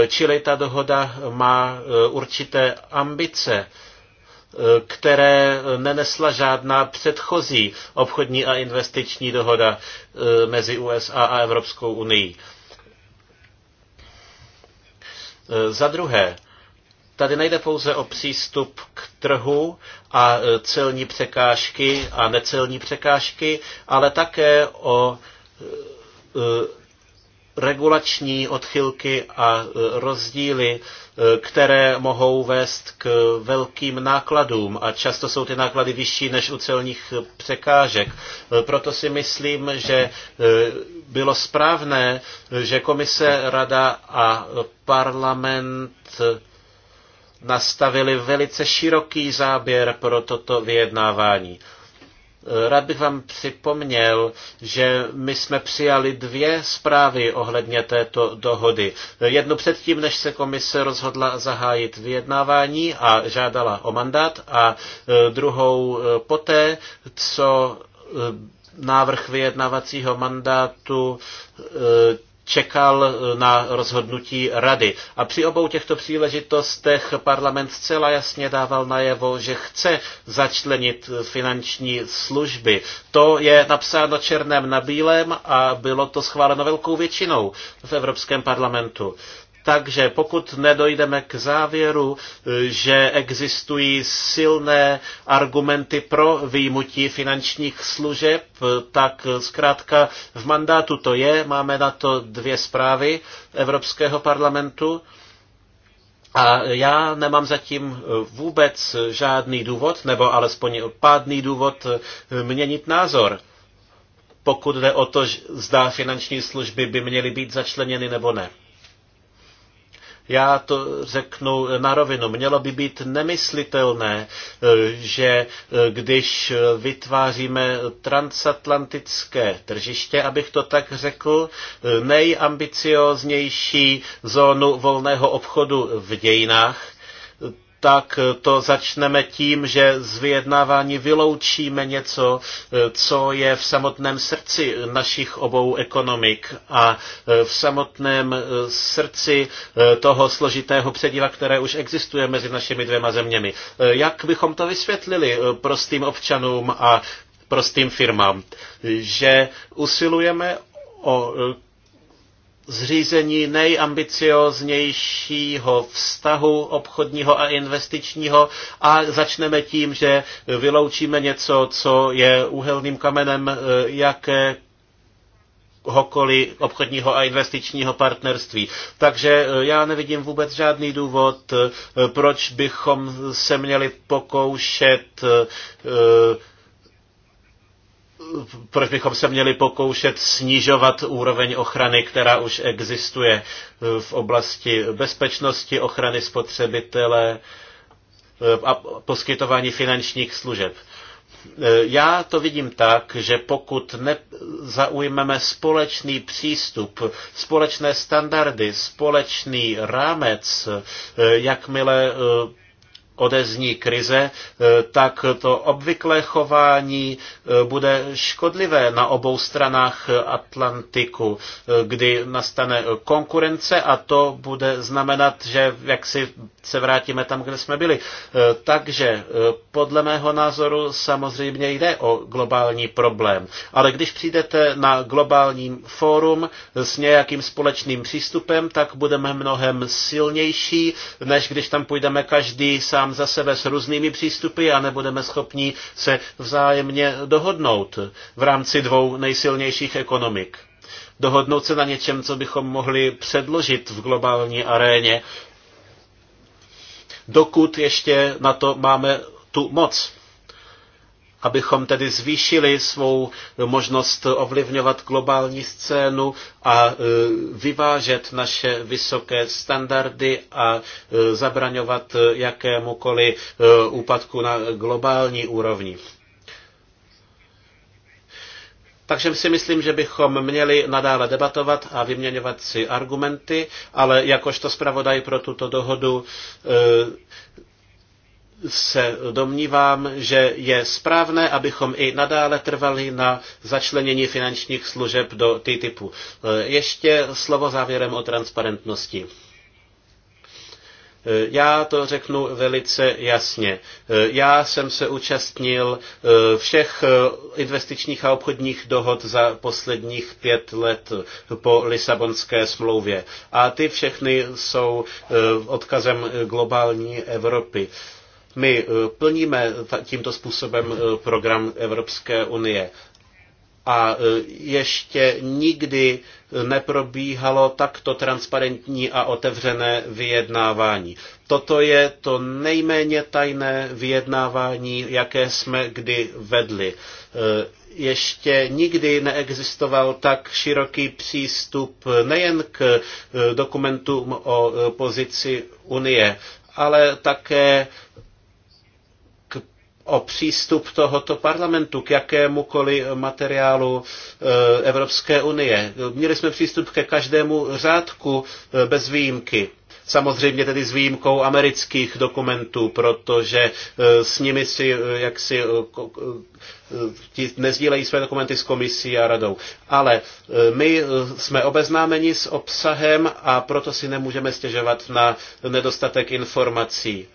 čili ta dohoda má určité ambice které nenesla žádná předchozí obchodní a investiční dohoda mezi USA a Evropskou unii. E, za druhé, tady nejde pouze o přístup k trhu a e, celní překážky a necelní překážky, ale také o e, regulační odchylky a e, rozdíly, e, které mohou vést k velkým nákladům a často jsou ty náklady vyšší než u celních překážek. E, proto si myslím, že bylo správné, že komise, rada a parlament nastavili velice široký záběr pro toto vyjednávání. Rád bych vám připomněl, že my jsme přijali dvě zprávy ohledně této dohody. Jednu předtím, než se komise rozhodla zahájit vyjednávání a žádala o mandát a e, druhou e, poté, co e, návrh vyjednavacího mandátu čekal e, na rozhodnutí rady. A při obou těchto příležitostech parlament zcela jasně dával najevo, že chce začlenit finanční služby. To je napsáno černém na bílém a bylo to schváleno velkou většinou v Evropském parlamentu. Takže pokud nedojdeme k závěru, že existují silné argumenty pro výjimutí finančních služeb, tak zkrátka v mandátu to je, máme na to dvě zprávy Evropského parlamentu. A já nemám zatím vůbec žádný důvod, nebo alespoň pádný důvod měnit názor, pokud jde o to, zda finanční služby by měly být začleněny nebo ne. Já to řeknu na rovinu. Mělo by být nemyslitelné, e, že e, když vytváříme transatlantické tržiště, abych to tak řekl, e, nejambicioznější zónu volného obchodu v dějinách, tak to začneme tím, že z vyjednávání vyloučíme něco, co je v samotném srdci našich obou ekonomik a e, v samotném e, srdci e, toho složitého předíva, které už existuje mezi našimi dvěma zeměmi. Jak bychom to vysvětlili prostým občanům a prostým firmám? Že usilujeme o zřízení nejambicioznějšího vztahu obchodního a investičního a začneme tím, že vyloučíme něco, co je úhelným kamenem eh, jaké obchodního a investičního partnerství. Takže eh, já nevidím vůbec žádný důvod, eh, proč bychom se měli pokoušet proč bychom se měli pokoušet snižovat úroveň ochrany, která už existuje e, v oblasti bezpečnosti, ochrany spotřebitele e, a poskytování finančních služeb. E, já to vidím tak, že pokud nezaujmeme společný přístup, společné standardy, společný rámec, jakmile odezní krize, eh, tak to obvyklé chování eh, bude škodlivé na obou stranách Atlantiku, eh, kdy nastane konkurence a to bude znamenat, že jak si se vrátíme tam, kde jsme byli. Takže podle mého názoru samozřejmě jde o globální problém. Ale když přijdete na globální fórum s nějakým společným přístupem, tak budeme mnohem silnější, než když tam půjdeme každý sám sám za sebe s různými přístupy a nebudeme schopni se vzájemně dohodnout v rámci dvou nejsilnějších ekonomik. Dohodnout se na něčem, co bychom mohli předložit v globální aréně, dokud ještě na to máme tu moc abychom tedy zvýšili svou možnost ovlivňovat globální scénu a e, vyvážet naše vysoké standardy a e, zabraňovat jakémukoli e, úpadku na globální úrovni. Takže si myslím, že bychom měli nadále debatovat a vyměňovat si argumenty, ale jakožto zpravodaj pro tuto dohodu se domnívám, že je správné, abychom i nadále trvali na začlenění finančních služeb do TTIPu. Eh, ještě slovo závěrem o transparentnosti. Eh, já to řeknu velice jasně. Eh, já jsem se účastnil všech investičních a obchodních dohod za posledních pět let po Lisabonské smlouvě. A ty všechny jsou odkazem globální Evropy. My eh, plníme tímto způsobem eh, program Evropské unie a eh, ještě nikdy neprobíhalo takto transparentní a otevřené vyjednávání. Toto je to nejméně tajné vyjednávání, jaké jsme kdy vedli. Ještě nikdy neexistoval tak široký přístup nejen k dokumentům o pozici Unie, ale také o přístup tohoto parlamentu k jakémukoliv materiálu eh, Evropské unie. Měli jsme přístup ke každému řádku eh, bez výjimky. Samozřejmě tedy s výjimkou amerických dokumentů, protože eh, s nimi si jaksi ti nezdílejí své dokumenty s komisí a radou. Ale my jsme obeznámeni s obsahem a proto si nemůžeme stěžovat na nedostatek informací.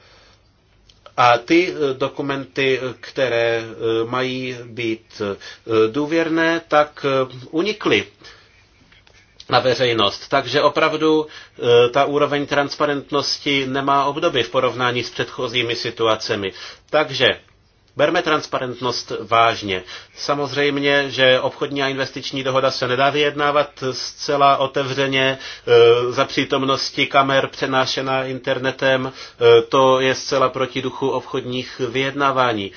A ty eh, dokumenty, eh, které eh, mají být důvěrné, tak unikly na veřejnost. Takže opravdu ta úroveň transparentnosti nemá obdoby v porovnání s předchozími situacemi. Takže Berme transparentnost vážně. Samozřejmě, že obchodní a investiční dohoda se nedá vyjednávat zcela otevřeně e, za přítomnosti kamer přenášená internetem. E, to je zcela proti duchu obchodních vyjednávání, e,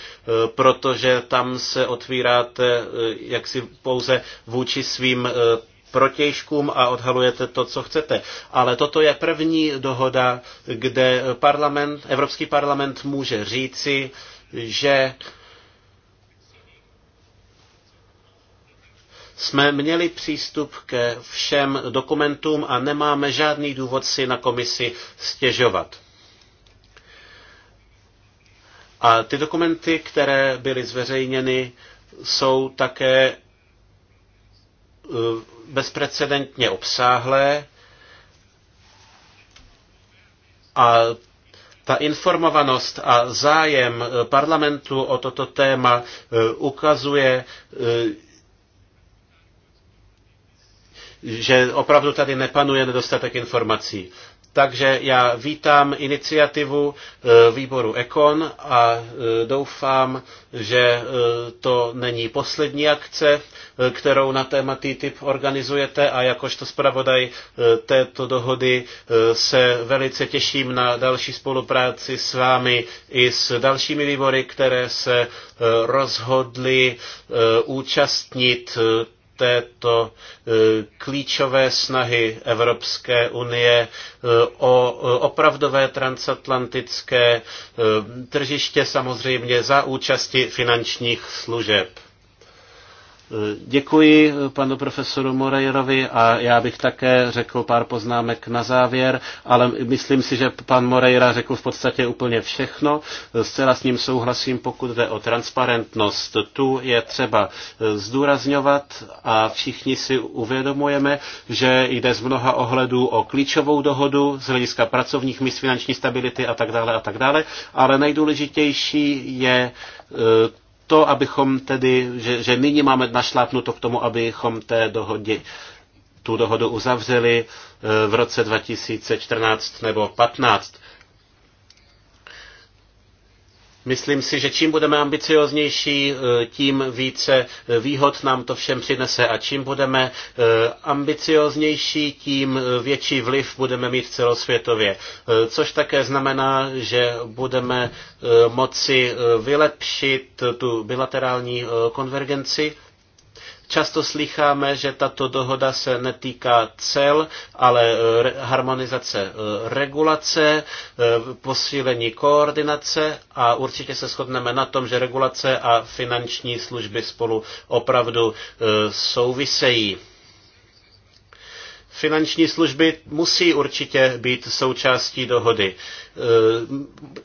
protože tam se otvíráte jaksi pouze vůči svým protějškům a odhalujete to, co chcete. Ale toto je první dohoda, kde parlament, Evropský parlament může říci, že jsme měli přístup ke všem dokumentům a nemáme žádný důvod si na komisi stěžovat. A ty dokumenty, které byly zveřejněny, jsou také eh, bezprecedentně obsáhlé a ta informovanost a zájem parlamentu o toto téma e, ukazuje, e, že opravdu tady nepanuje nedostatek informací. Takže já vítám iniciativu eh, výboru Ekon a eh, doufám, že eh, to není poslední akce, kterou na téma TTIP organizujete a jakožto zpravodaj této dohody se velice těším na další spolupráci s vámi i s dalšími výbory, které se rozhodly účastnit této e, klíčové snahy Evropské unie e, o e, opravdové transatlantické tržiště samozřejmě za účasti finančních služeb. Děkuji panu profesoru Moreirovi a já bych také řekl pár poznámek na závěr, ale myslím si, že pan Moreira řekl v podstatě úplně všechno. Zcela s ním souhlasím, pokud jde o transparentnost. Tu je třeba zdůrazňovat a všichni si uvědomujeme, že jde z mnoha ohledů o klíčovou dohodu z hlediska pracovních míst, finanční stability a tak dále a tak dále, ale nejdůležitější je eh, to, abychom tedy, že, že nyní máme našlápnuto k tomu, abychom té dohodě, tu dohodu uzavřeli eh, v roce 2014 nebo 15. Myslím si, že čím budeme ambicioznější, eh, tím více eh, výhod nám to všem přinese a čím budeme eh, ambicioznější, tím větší vliv budeme mít celosvětově. Což také znamená, že budeme moci vylepšit tu bilaterální konvergenci Často slycháme, že tato dohoda se netýká cel, ale e, harmonizace e, regulace, e, posílení koordinace a určitě se shodneme na tom, že regulace a finanční služby spolu opravdu souvisejí. Finanční služby musí určitě být součástí dohody. E,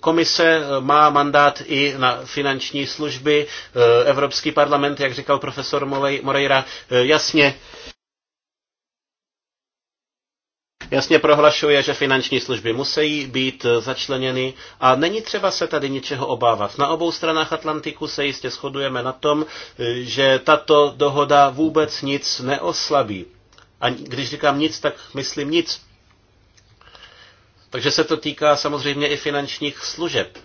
komise má mandát i na finanční služby. E, Evropský parlament, jak říkal profesor Moreira, e, jasně jasně prohlašuje, že finanční služby musí být začleněny a není třeba se tady ničeho obávat. Na obou stranách Atlantiku se jistě shodujeme na tom, že tato dohoda vůbec nic neoslabí. A když říkám nic, tak myslím nic. Takže se to týká samozřejmě i finančních služeb.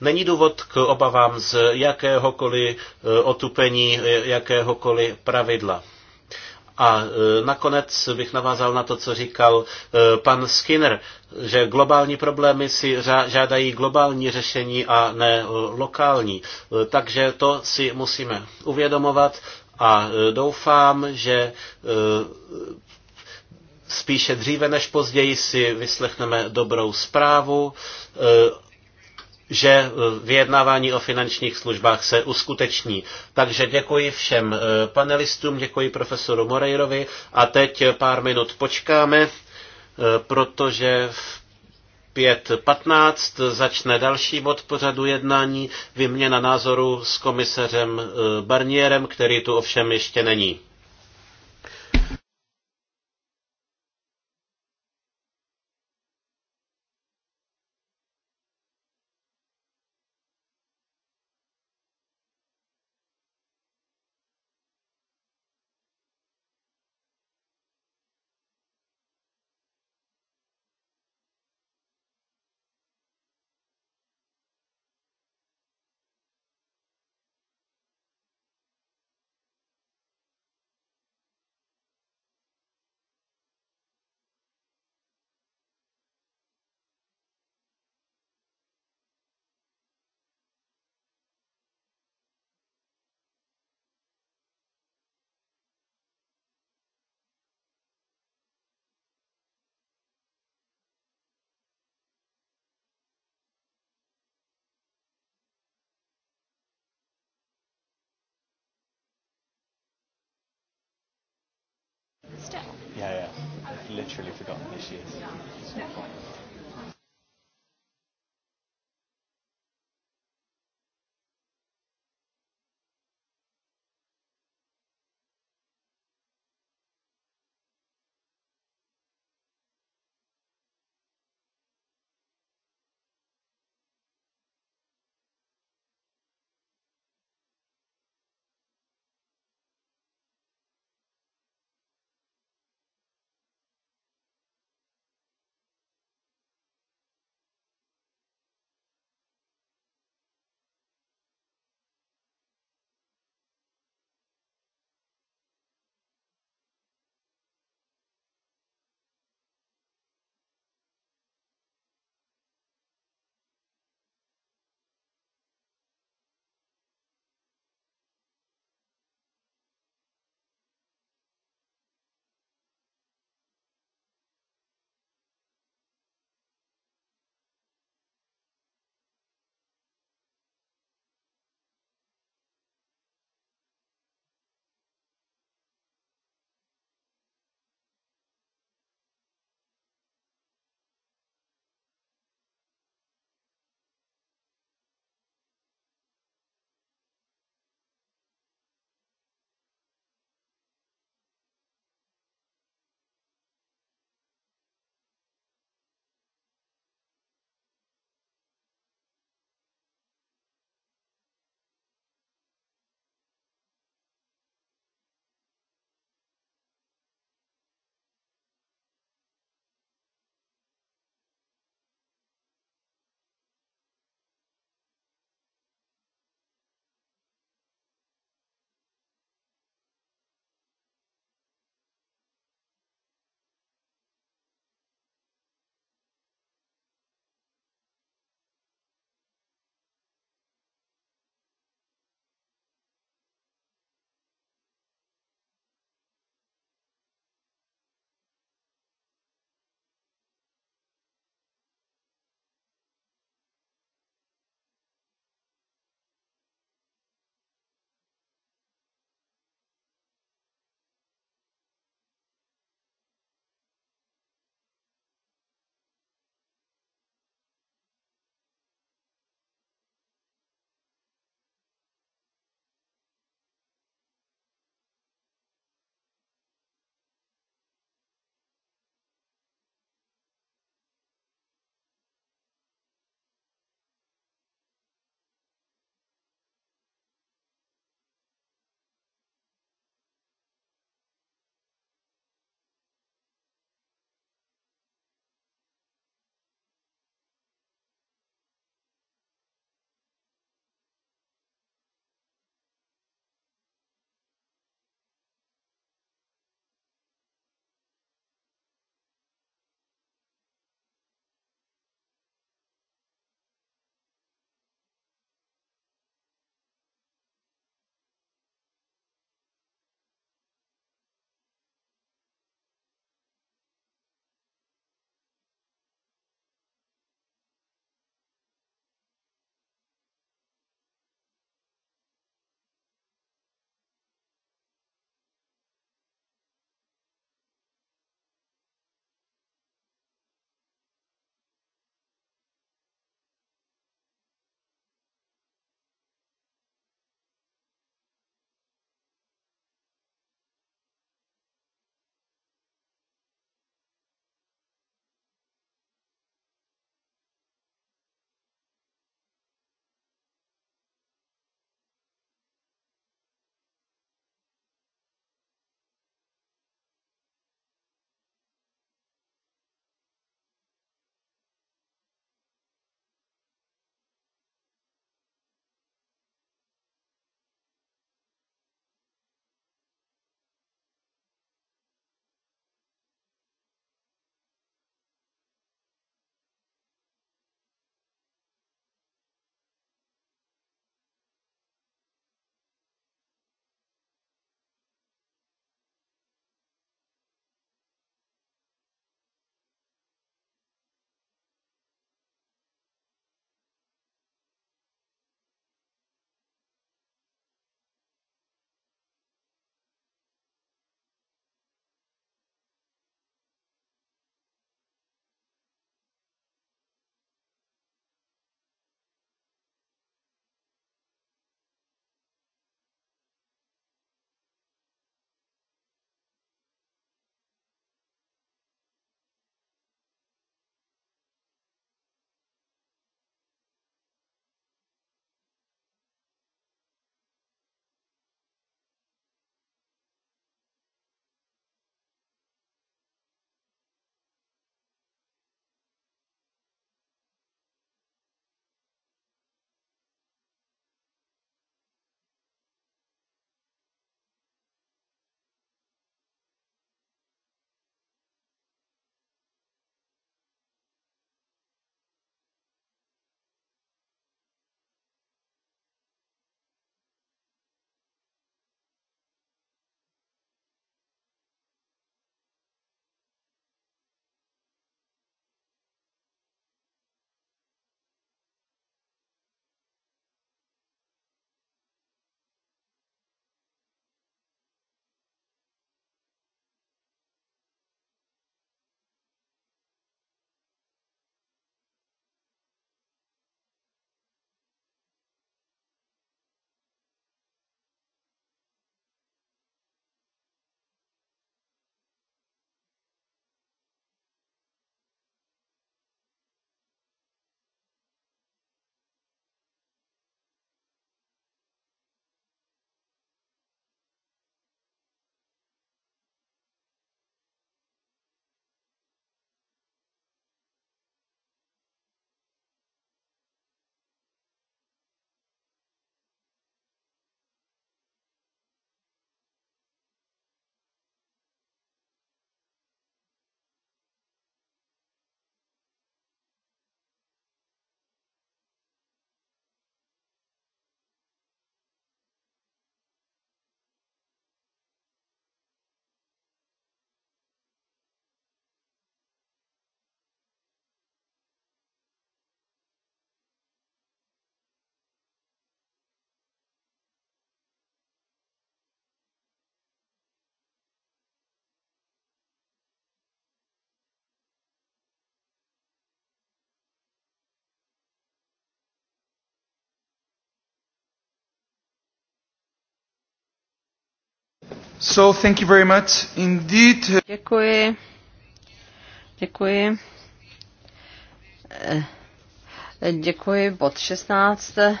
Není důvod k obavám z jakéhokoliv e, otupení, e, jakéhokoliv pravidla. A e, nakonec bych navázal na to, co říkal pan Skinner, že globální problémy si žádají globální řešení a ne lokální. Takže to si musíme uvědomovat a e, doufám, že e, spíše dříve než později si vyslechneme dobrou zprávu, e, že vyjednávání o finančních službách se uskuteční. Takže děkuji všem panelistům, děkuji profesoru Morejrovi a teď pár minut počkáme, protože v 5.15 začne další bod pořadu jednání, výměna názoru s komisařem eh, Barnierem, který tu ovšem ještě není. literally forgotten who she is. No. So, thank you very much indeed. Uh, děkuji. Děkuji. Eh, děkuji. Bod 16. Eh,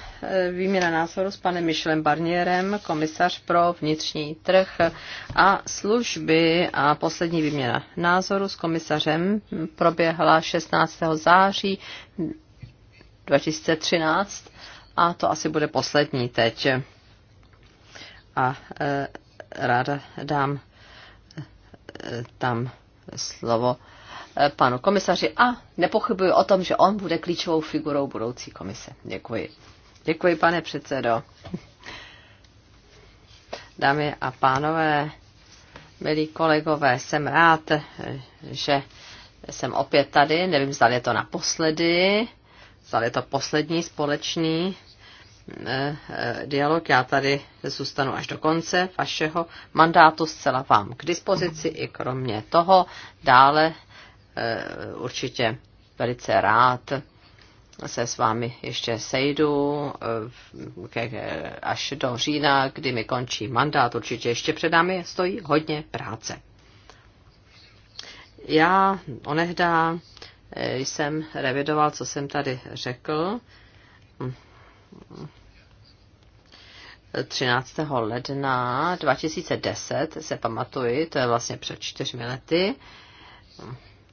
výměna názoru s panem Michelem Barnierem, komisař pro vnitřní trh a služby. A poslední výměna názoru s komisařem proběhla 16. září 2013 a to asi bude poslední teď. A eh, ráda dám eh, tam slovo eh, panu komisaři a nepochybuji o tom, že on bude klíčovou figurou budoucí komise. Děkuji. Děkuji, pane předsedo. Dámy a pánové, milí kolegové, jsem rád, eh, že jsem opět tady. Nevím, zda je to naposledy, zda je to poslední společný Eh, eh, dialog. Já tady zůstanu až do konce vašeho mandátu zcela vám k dispozici. I kromě toho dále eh, určitě velice rád se s vámi ještě sejdu až do října, kdy mi končí mandát. Určitě ještě před námi stojí hodně práce. Já onehdá jsem revidoval, co jsem tady řekl hm. 13. ledna 2010, se pamatuji, to je vlastně před čtyřmi lety,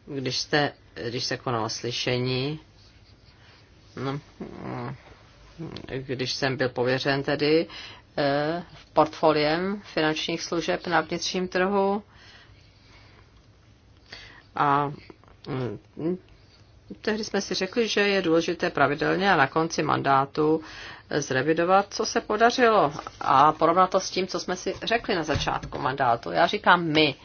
když, jste, když se konalo slyšení, no, když jsem byl pověřen tedy v eh, portfoliem finančních služeb na vnitřním trhu. A tehdy jsme si řekli, že je důležité pravidelně a na konci mandátu zrevidovat, co se podařilo a porovnat to s tím, co jsme si řekli na začátku mandátu. Já říkám my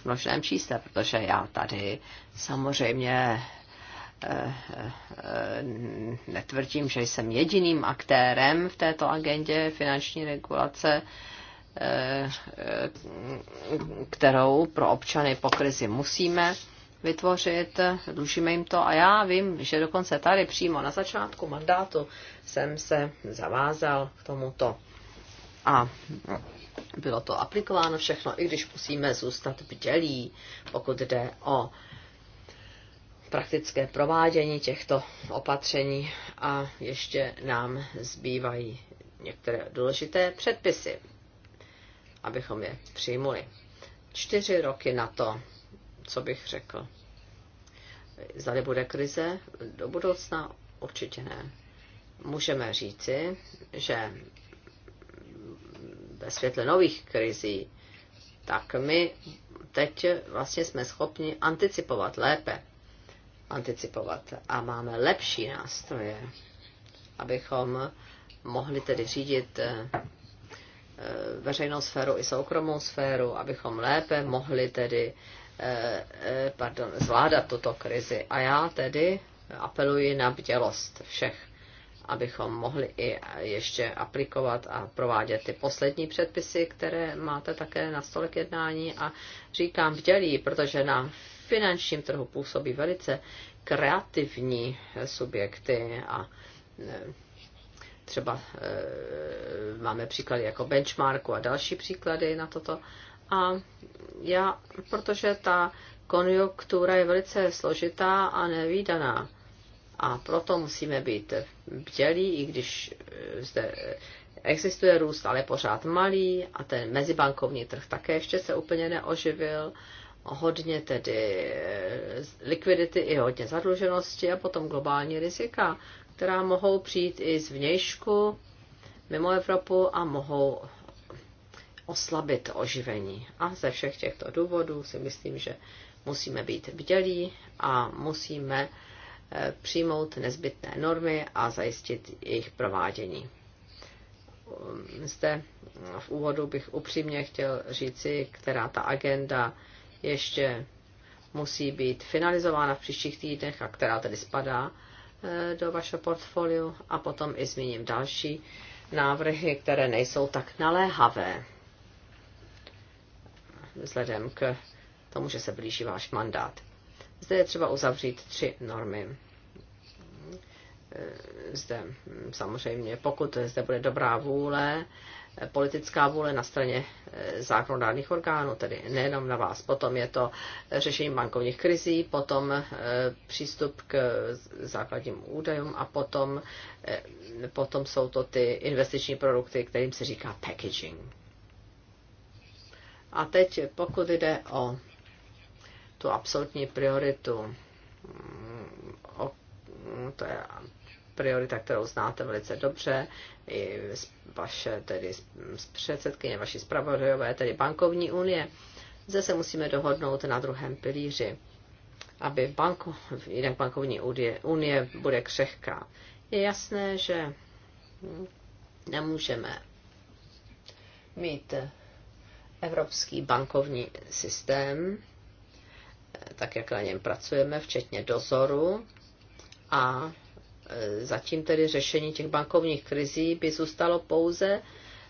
v množném čísle, protože já tady samozřejmě eh, eh, netvrdím, že jsem jediným aktérem v této agendě finanční regulace, eh, kterou pro občany po krizi musíme vytvořit, dlužíme jim to a já vím, že dokonce tady přímo na začátku mandátu jsem se zavázal k tomuto. A bylo to aplikováno všechno, i když musíme zůstat bdělí, pokud jde o praktické provádění těchto opatření a ještě nám zbývají některé důležité předpisy, abychom je přijmuli. Čtyři roky na to co bych řekl. Zdali bude krize do budoucna? Určitě ne. Můžeme říci, že ve světle nových krizí, tak my teď vlastně jsme schopni anticipovat lépe. Anticipovat. A máme lepší nástroje, abychom mohli tedy řídit eh, veřejnou sféru i soukromou sféru, abychom lépe mohli tedy Eh, eh, pardon, zvládat tuto krizi. A já tedy apeluji na bdělost všech, abychom mohli i ještě aplikovat a provádět ty poslední předpisy, které máte také na stole k jednání. A říkám vdělí, protože na finančním trhu působí velice kreativní subjekty a eh, třeba máme příklady jako benchmarku a další příklady na toto. A já, protože ta konjunktura je velice složitá a nevýdaná. A proto musíme být bdělí, i když eh, zde eh, existuje růst, ale pořád malý a ten mezibankovní trh také ještě se úplně neoživil. Hodně tedy eh, likvidity i hodně zadluženosti a potom globální rizika, která mohou přijít i z vnějšku mimo Evropu a mohou oslabit oživení. A ze všech těchto důvodů si myslím, že musíme být bdělí a musíme eh, přijmout nezbytné normy a zajistit jejich provádění. Um, zde mm, v úvodu bych upřímně chtěl říci, která ta agenda ještě musí být finalizována v příštích týdnech a která tedy spadá eh, do vašeho portfoliu a potom i zmíním další návrhy, které nejsou tak naléhavé vzhledem k tomu, že se blíží váš mandát. Zde je třeba uzavřít tři normy. Zde samozřejmě, pokud zde bude dobrá vůle, politická vůle na straně eh, zákonodárných orgánů, tedy nejenom na vás. Potom je to řešení bankovních krizí, potom eh, přístup k základním údajům a potom, eh, potom jsou to ty investiční produkty, kterým se říká packaging. A teď, pokud jde o tu absolutní prioritu, o, to je priorita, kterou znáte velice dobře, i vaše, tedy z předsedkyně vaší zpravodajové, tedy bankovní unie, zde se musíme dohodnout na druhém pilíři, aby banko, jinak bankovní unie, unie bude křehká. Je jasné, že nemůžeme mít Evropský bankovní systém, eh, tak jak na něm pracujeme, včetně dozoru a eh, zatím tedy řešení těch bankovních krizí by zůstalo pouze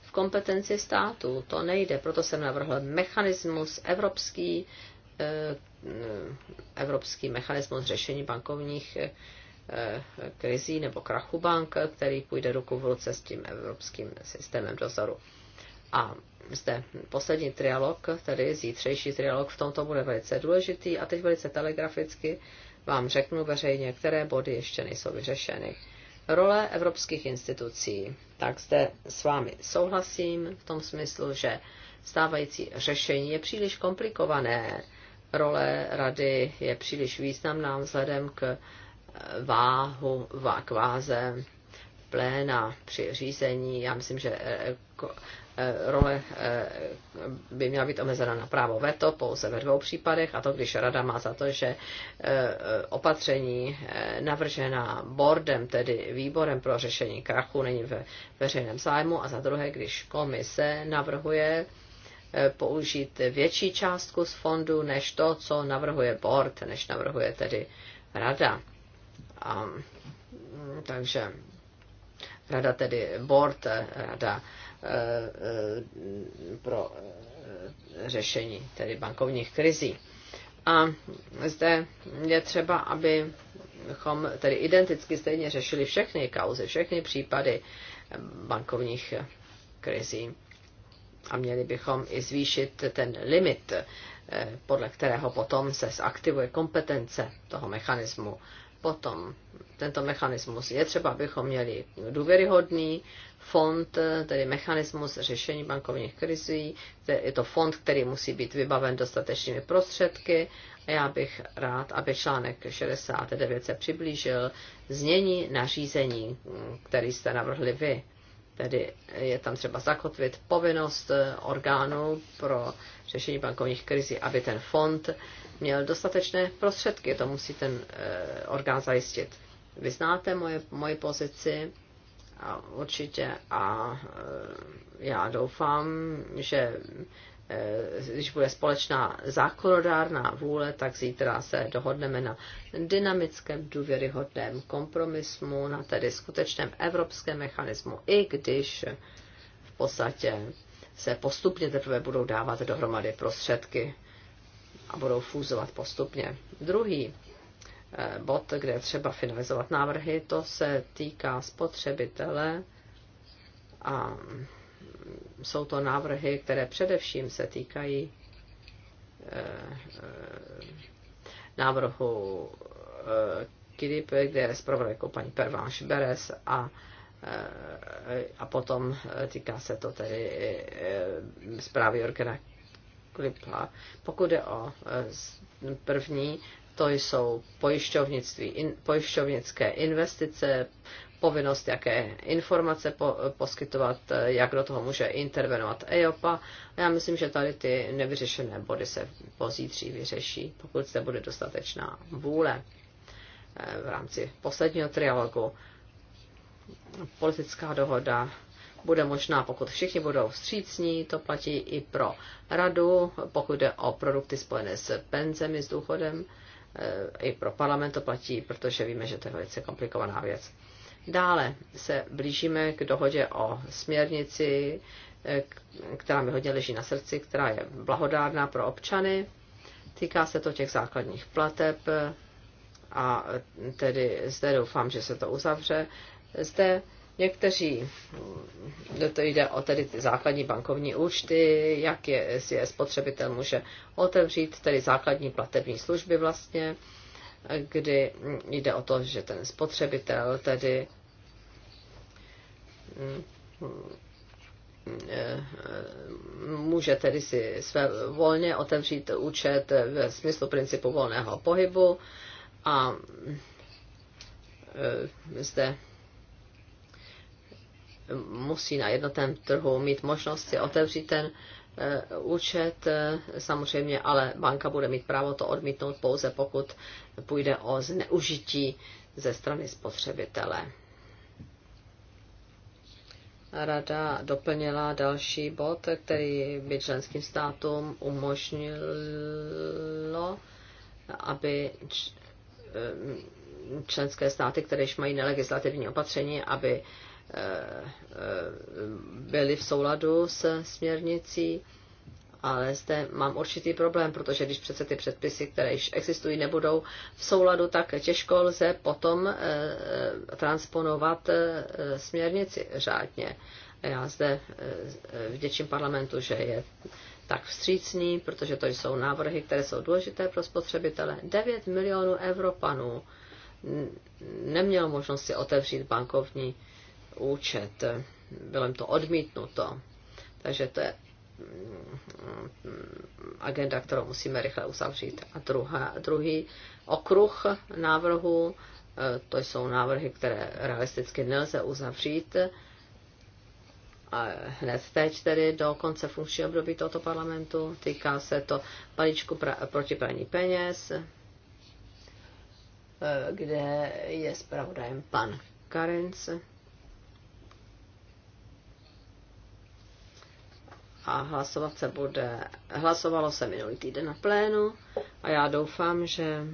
v kompetenci státu. To nejde, proto jsem navrhl mechanismus evropský, eh, evropský mechanismus řešení bankovních krizí nebo krachu bank, který půjde ruku v ruce s tím evropským systémem dozoru. A zde poslední trialog, tedy zítřejší trialog v tomto bude velice důležitý a teď velice telegraficky vám řeknu veřejně, které body ještě nejsou vyřešeny. Role evropských institucí. Tak zde s vámi souhlasím v tom smyslu, že stávající řešení je příliš komplikované. Role rady je příliš významná vzhledem k eh, váhu, k váze pléna při řízení. Já myslím, že eh, Eh, role eh, by měla být omezena na právo veto pouze ve dvou případech, a to když rada má za to, že eh, opatření navržená boardem, tedy výborem pro řešení krachu, není ve veřejném zájmu, a za druhé, když komise navrhuje použít větší částku z fondu než to, co navrhuje board, než navrhuje tedy rada. A, mm, takže rada tedy board, rada Eh, pro eh, řešení tedy bankovních krizí. A zde je třeba, abychom tedy identicky stejně řešili všechny kauzy, všechny případy bankovních krizí. A měli bychom i zvýšit ten limit, eh, podle kterého potom se zaktivuje kompetence toho mechanismu. Potom tento mechanismus je třeba, abychom měli důvěryhodný fond, tedy mechanismus řešení bankovních krizí. Je to fond, který musí být vybaven dostatečnými prostředky a já bych rád, aby článek 69 se přiblížil znění nařízení, který jste navrhli vy. Tedy je tam třeba zakotvit povinnost orgánů pro řešení bankovních krizí, aby ten fond měl dostatečné prostředky. To musí ten eh, orgán zajistit. Vy znáte moje, moje pozici a určitě a eh, já doufám, že eh, když bude společná zákonodárná vůle, tak zítra se dohodneme na dynamickém, důvěryhodném kompromismu, na tedy skutečném evropském mechanismu, i když v podstatě se postupně teprve budou dávat dohromady prostředky a budou fúzovat postupně. Druhý eh, bod, kde je třeba finalizovat návrhy, to se týká spotřebitele a jsou to návrhy, které především se týkají eh, eh, návrhu KIDIP, kde je zpravodajkou paní Perváš Beres a Eh, a potom eh, týká se to tedy eh, zprávy Jorgena Klipla. Pokud je o první, to jsou pojišťovnictví, in, pojišťovnické investice, povinnost, jaké informace po, poskytovat, jak do toho může intervenovat EIOPA. Já myslím, že tady ty nevyřešené body se pozítří vyřeší, pokud se bude dostatečná vůle v rámci posledního trialogu politická dohoda bude možná, pokud všichni budou vstřícní, to platí i pro radu, pokud jde o produkty spojené s penzemi, s důchodem, eh, i pro parlament to platí, protože víme, že to je velice komplikovaná věc. Dále se blížíme k dohodě o směrnici, eh, která mi hodně leží na srdci, která je blahodárná pro občany. Týká se to těch základních plateb eh, a tedy zde doufám, že se to uzavře zde někteří, no to jde o tedy ty základní bankovní účty, jak je, si je spotřebitel může otevřít, tedy základní platební služby vlastně, kdy jde o to, že ten spotřebitel tedy může tedy si své volně otevřít účet ve smyslu principu volného pohybu a e, zde musí na jednotném trhu mít možnost si otevřít ten eh, účet, eh, samozřejmě, ale banka bude mít právo to odmítnout pouze, pokud půjde o zneužití ze strany spotřebitele. Rada doplnila další bod, který by členským státům umožnilo, aby eh, členské státy, které již mají nelegislativní opatření, aby byly v souladu s směrnicí, ale zde mám určitý problém, protože když přece ty předpisy, které již existují, nebudou v souladu, tak těžko lze potom eh, transponovat eh, směrnici řádně. Já zde eh, vděčím parlamentu, že je tak vstřícný, protože to jsou návrhy, které jsou důležité pro spotřebitele. 9 milionů Evropanů nemělo možnost si otevřít bankovní účet. Bylo to odmítnuto. Takže to je mm, agenda, kterou musíme rychle uzavřít. A druhá, druhý okruh návrhu, e, to jsou návrhy, které realisticky nelze uzavřít a hned teď tedy do konce funkčního období tohoto parlamentu. Týká se to balíčku pra- proti praní peněz, e, kde je zpravodajem pan Karenc. a hlasovat se bude, hlasovalo se minulý týden na plénu a já doufám, že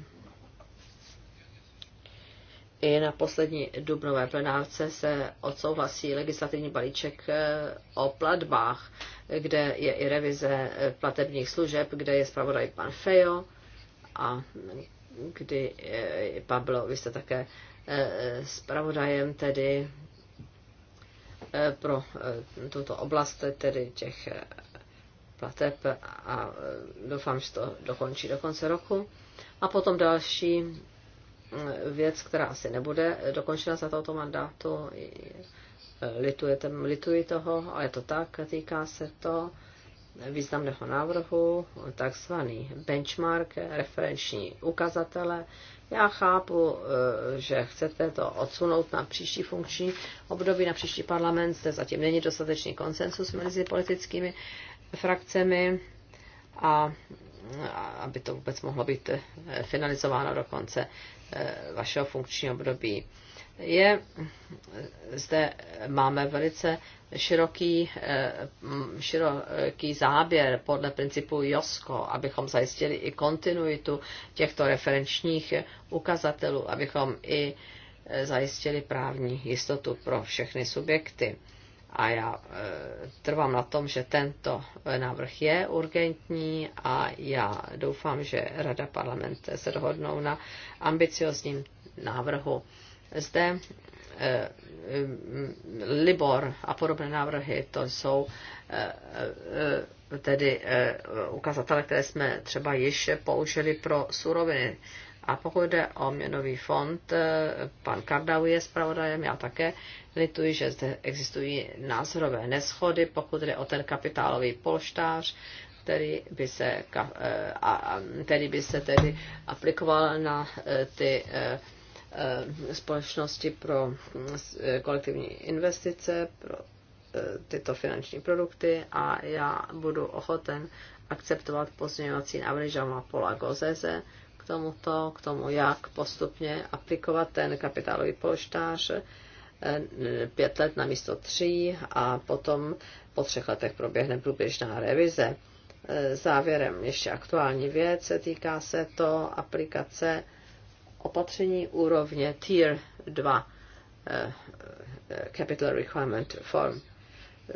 i na poslední dubnové plenárce se odsouhlasí legislativní balíček eh, o platbách, kde je i revize eh, platebních služeb, kde je zpravodaj pan Fejo a kdy eh, Pablo, vy jste také zpravodajem, tedy Eh, pro eh, tuto oblast, tedy těch eh, plateb a doufám, že to dokončí do konce roku. A potom další věc, která asi nebude dokončena za tohoto mandátu, lituje, lituji toho, ale je to tak, týká se to významného návrhu, takzvaný benchmark, referenční ukazatele. Já chápu, e, že chcete to odsunout na příští funkční období, na příští parlament, zde zatím není dostatečný konsensus mezi politickými frakcemi a aby to vůbec mohlo být e, finalizováno do konce e, vašeho funkčního období je, zde máme velice široký, eh, široký záběr podle principu JOSCO, abychom zajistili i kontinuitu těchto referenčních ukazatelů, abychom i eh, zajistili právní jistotu pro všechny subjekty. A já eh, trvám na tom, že tento návrh je urgentní a já doufám, že Rada parlament se dohodnou na ambiciozním návrhu zde eh, eh, Libor a podobné návrhy, to jsou eh, tedy ukazatele, které jsme třeba již použili pro suroviny. A pokud jde o měnový fond, pan Kardau je zpravodajem, já také lituji, že zde existují názorové neschody, pokud jde o ten kapitálový polštář, který by se, který by se tedy aplikoval na ty Eh, společnosti pro mm, eh, kolektivní investice, pro eh, tyto finanční produkty a já budu ochoten akceptovat pozměňovací návrhy Žalma Pola Gozeze k tomuto, k tomu, jak postupně aplikovat ten kapitálový polštář pět let na místo tří a potom po třech letech proběhne průběžná revize. Závěrem ještě aktuální věc, týká se to aplikace opatření úrovně Tier 2 eh, eh, Capital Requirement Form.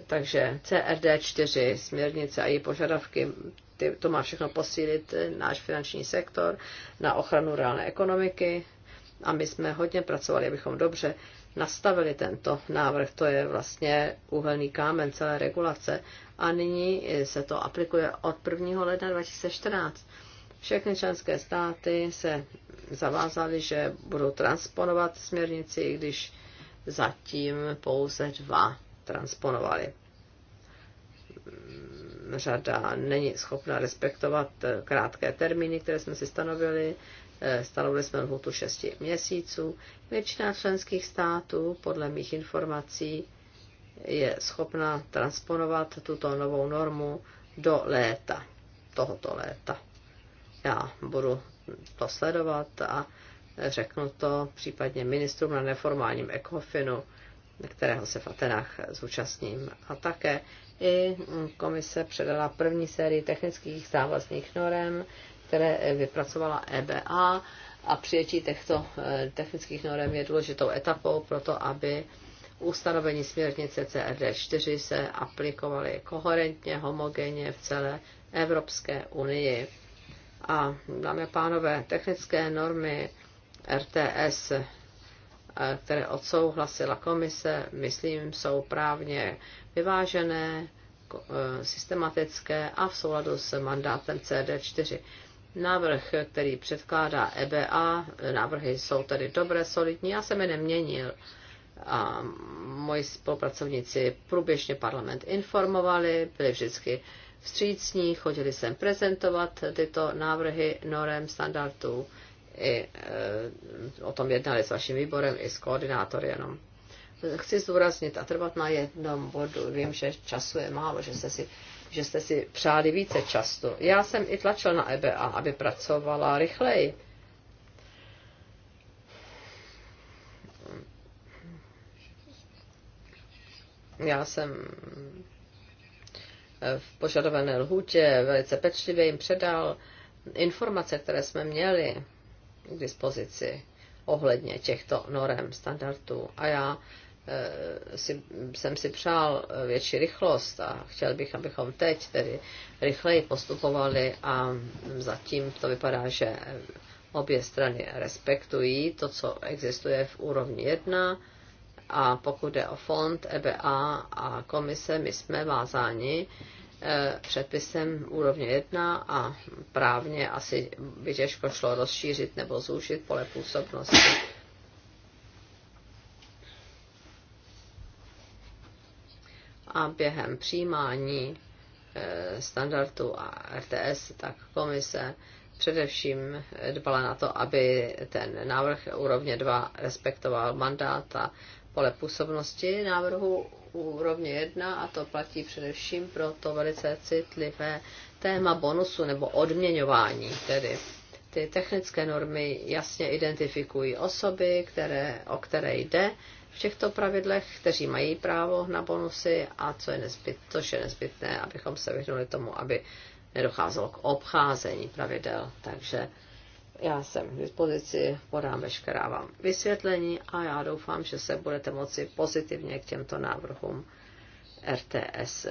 Takže CRD 4, směrnice a její požadavky, ty, to má všechno posílit náš finanční sektor na ochranu reálné ekonomiky a my jsme hodně pracovali, abychom dobře nastavili tento návrh. To je vlastně úhelný kámen celé regulace a nyní se to aplikuje od 1. ledna 2014. Všechny členské státy se zavázaly, že budou transponovat směrnici, i když zatím pouze dva transponovali. Mm, řada není schopna respektovat eh, krátké termíny, které jsme si stanovili. Eh, stanovili jsme lhůtu 6 měsíců. Většina členských států, podle mých informací, je schopna transponovat tuto novou normu do léta, tohoto léta. Já budu to sledovat a řeknu to případně ministrům na neformálním ECOFINu, kterého se v Atenách zúčastním. A také i komise předala první sérii technických závazných norem, které vypracovala EBA a přijetí těchto eh, technických norem je důležitou etapou pro to, aby ustanovení směrnice CRD 4 se aplikovaly koherentně, homogenně v celé Evropské unii a dámy a pánové, technické normy RTS, eh, které odsouhlasila komise, myslím, jsou právně vyvážené, eh, systematické a v souladu s mandátem CD4. Návrh, který předkládá EBA, návrhy jsou tedy dobré, solidní, já jsem je neměnil. A moji spolupracovníci průběžně parlament informovali, byli vždycky vstřícní, chodili sem prezentovat tyto návrhy norem standardů, i e, o tom jednali s vaším výborem i s koordinátory jenom. Chci zdůraznit a trvat na jednom bodu. Vím, že času je málo, že jste si, že jste si přáli více času. Já jsem i tlačil na EBA, aby pracovala rychleji. Já jsem v požadované lhůtě, velice pečlivě jim předal informace, které jsme měli k dispozici ohledně těchto norem, standardů. A já e, si, jsem si přál větší rychlost a chtěl bych, abychom teď tedy rychleji postupovali a zatím to vypadá, že obě strany respektují to, co existuje v úrovni 1 a pokud jde o fond EBA a komise, my jsme vázáni e, předpisem úrovně 1 a právně asi by těžko šlo rozšířit nebo zúžit pole působnosti. A během přijímání e, standardu a RTS, tak komise především dbala na to, aby ten návrh úrovně 2 respektoval mandát a pole působnosti návrhu úrovně 1 a to platí především pro to velice citlivé téma bonusu nebo odměňování tedy. Ty technické normy jasně identifikují osoby, které, o které jde v těchto pravidlech, kteří mají právo na bonusy a co je nezbyt, to, je nezbytné, abychom se vyhnuli tomu, aby nedocházelo k obcházení pravidel. Takže já jsem k dispozici, podám veškerá vám vysvětlení a já doufám, že se budete moci pozitivně k těmto návrhům RTS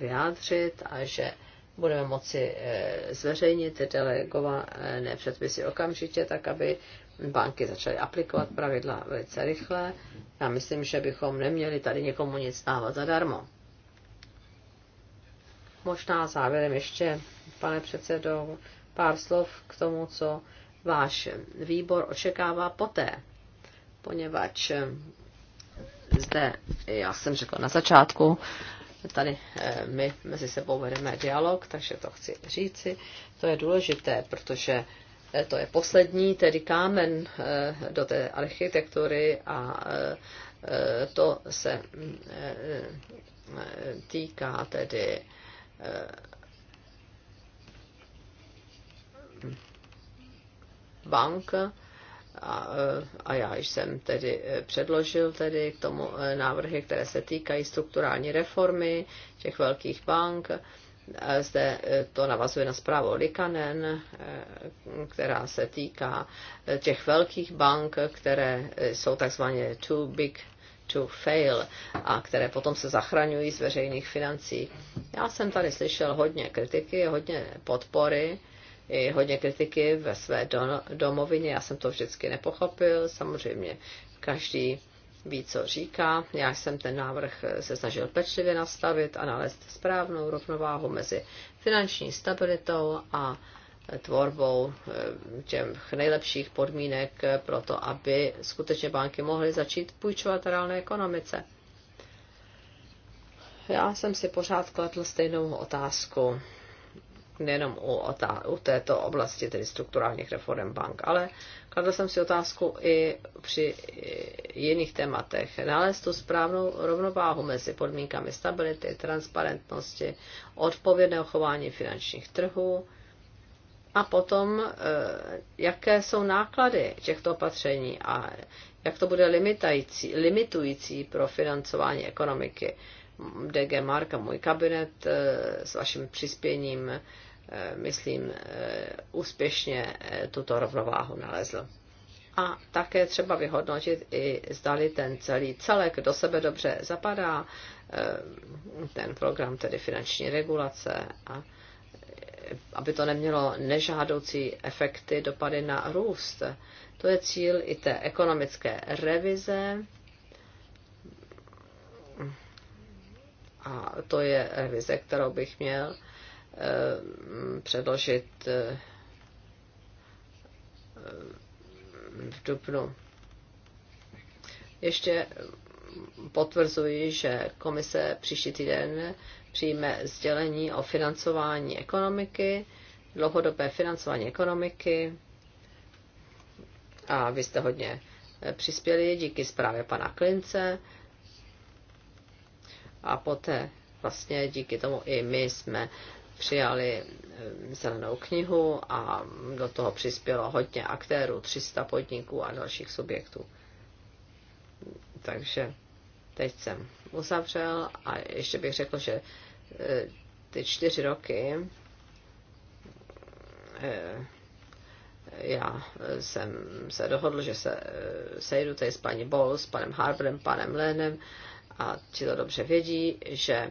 vyjádřit a že budeme moci eh, zveřejnit delegované předpisy okamžitě, tak aby banky začaly aplikovat pravidla velice rychle. Já myslím, že bychom neměli tady někomu nic dávat zadarmo. Možná závěrem ještě, pane předsedo, pár slov k tomu, co váš výbor očekává poté, poněvadž eh, zde, já jsem řekla na začátku, tady eh, my mezi sebou vedeme dialog, takže to chci říci. To je důležité, protože eh, to je poslední tedy kámen do té architektury a to se týká tedy bank. A, a já jsem tedy eh, předložil tedy k tomu eh, návrhy, které se týkají strukturální reformy těch velkých bank. Zde eh, to navazuje na zprávu Likanen, která se týká těch velkých bank, které jsou takzvaně too big to fail a které potom se zachraňují z veřejných financí. Já jsem tady slyšel hodně kritiky, hodně podpory i hodně kritiky ve své domovině. Já jsem to vždycky nepochopil. Samozřejmě každý ví, co říká. Já jsem ten návrh se snažil pečlivě nastavit a nalézt správnou rovnováhu mezi finanční stabilitou a tvorbou eh, těch nejlepších podmínek pro to, aby skutečně banky mohly začít půjčovat reálné ekonomice. Já jsem si pořád kladl stejnou otázku nejenom u, u této oblasti, tedy strukturálních reform bank, ale kladl jsem si otázku i při jiných tématech. Nalézt tu správnou rovnováhu mezi podmínkami stability, transparentnosti, odpovědného chování finančních trhů a potom, e, jaké jsou náklady těchto opatření a jak to bude limitající, limitující pro financování ekonomiky. DG Mark a můj kabinet e, s vaším přispěním Eh, myslím, eh, úspěšně eh, tuto rovnováhu nalezl. A také třeba vyhodnotit i zdali ten celý celek do sebe dobře zapadá, ten program tedy finanční regulace a aby to nemělo nežádoucí efekty, dopady na růst. To je cíl i té ekonomické revize. A to je revize, kterou bych měl Eh, předložit eh, v dubnu. Ještě potvrzuji, že komise příští týden přijme sdělení o financování ekonomiky, dlouhodobé financování ekonomiky a vy jste hodně eh, přispěli díky zprávě pana Klince a poté vlastně díky tomu i my jsme přijali eh, zelenou knihu a do toho přispělo hodně aktérů, 300 podniků a dalších subjektů. Takže teď jsem uzavřel a ještě bych řekl, že eh, ty čtyři roky eh, já jsem se dohodl, že se sejdu tady s paní Bol, s panem Harbrem, panem Lénem a ti to dobře vědí, že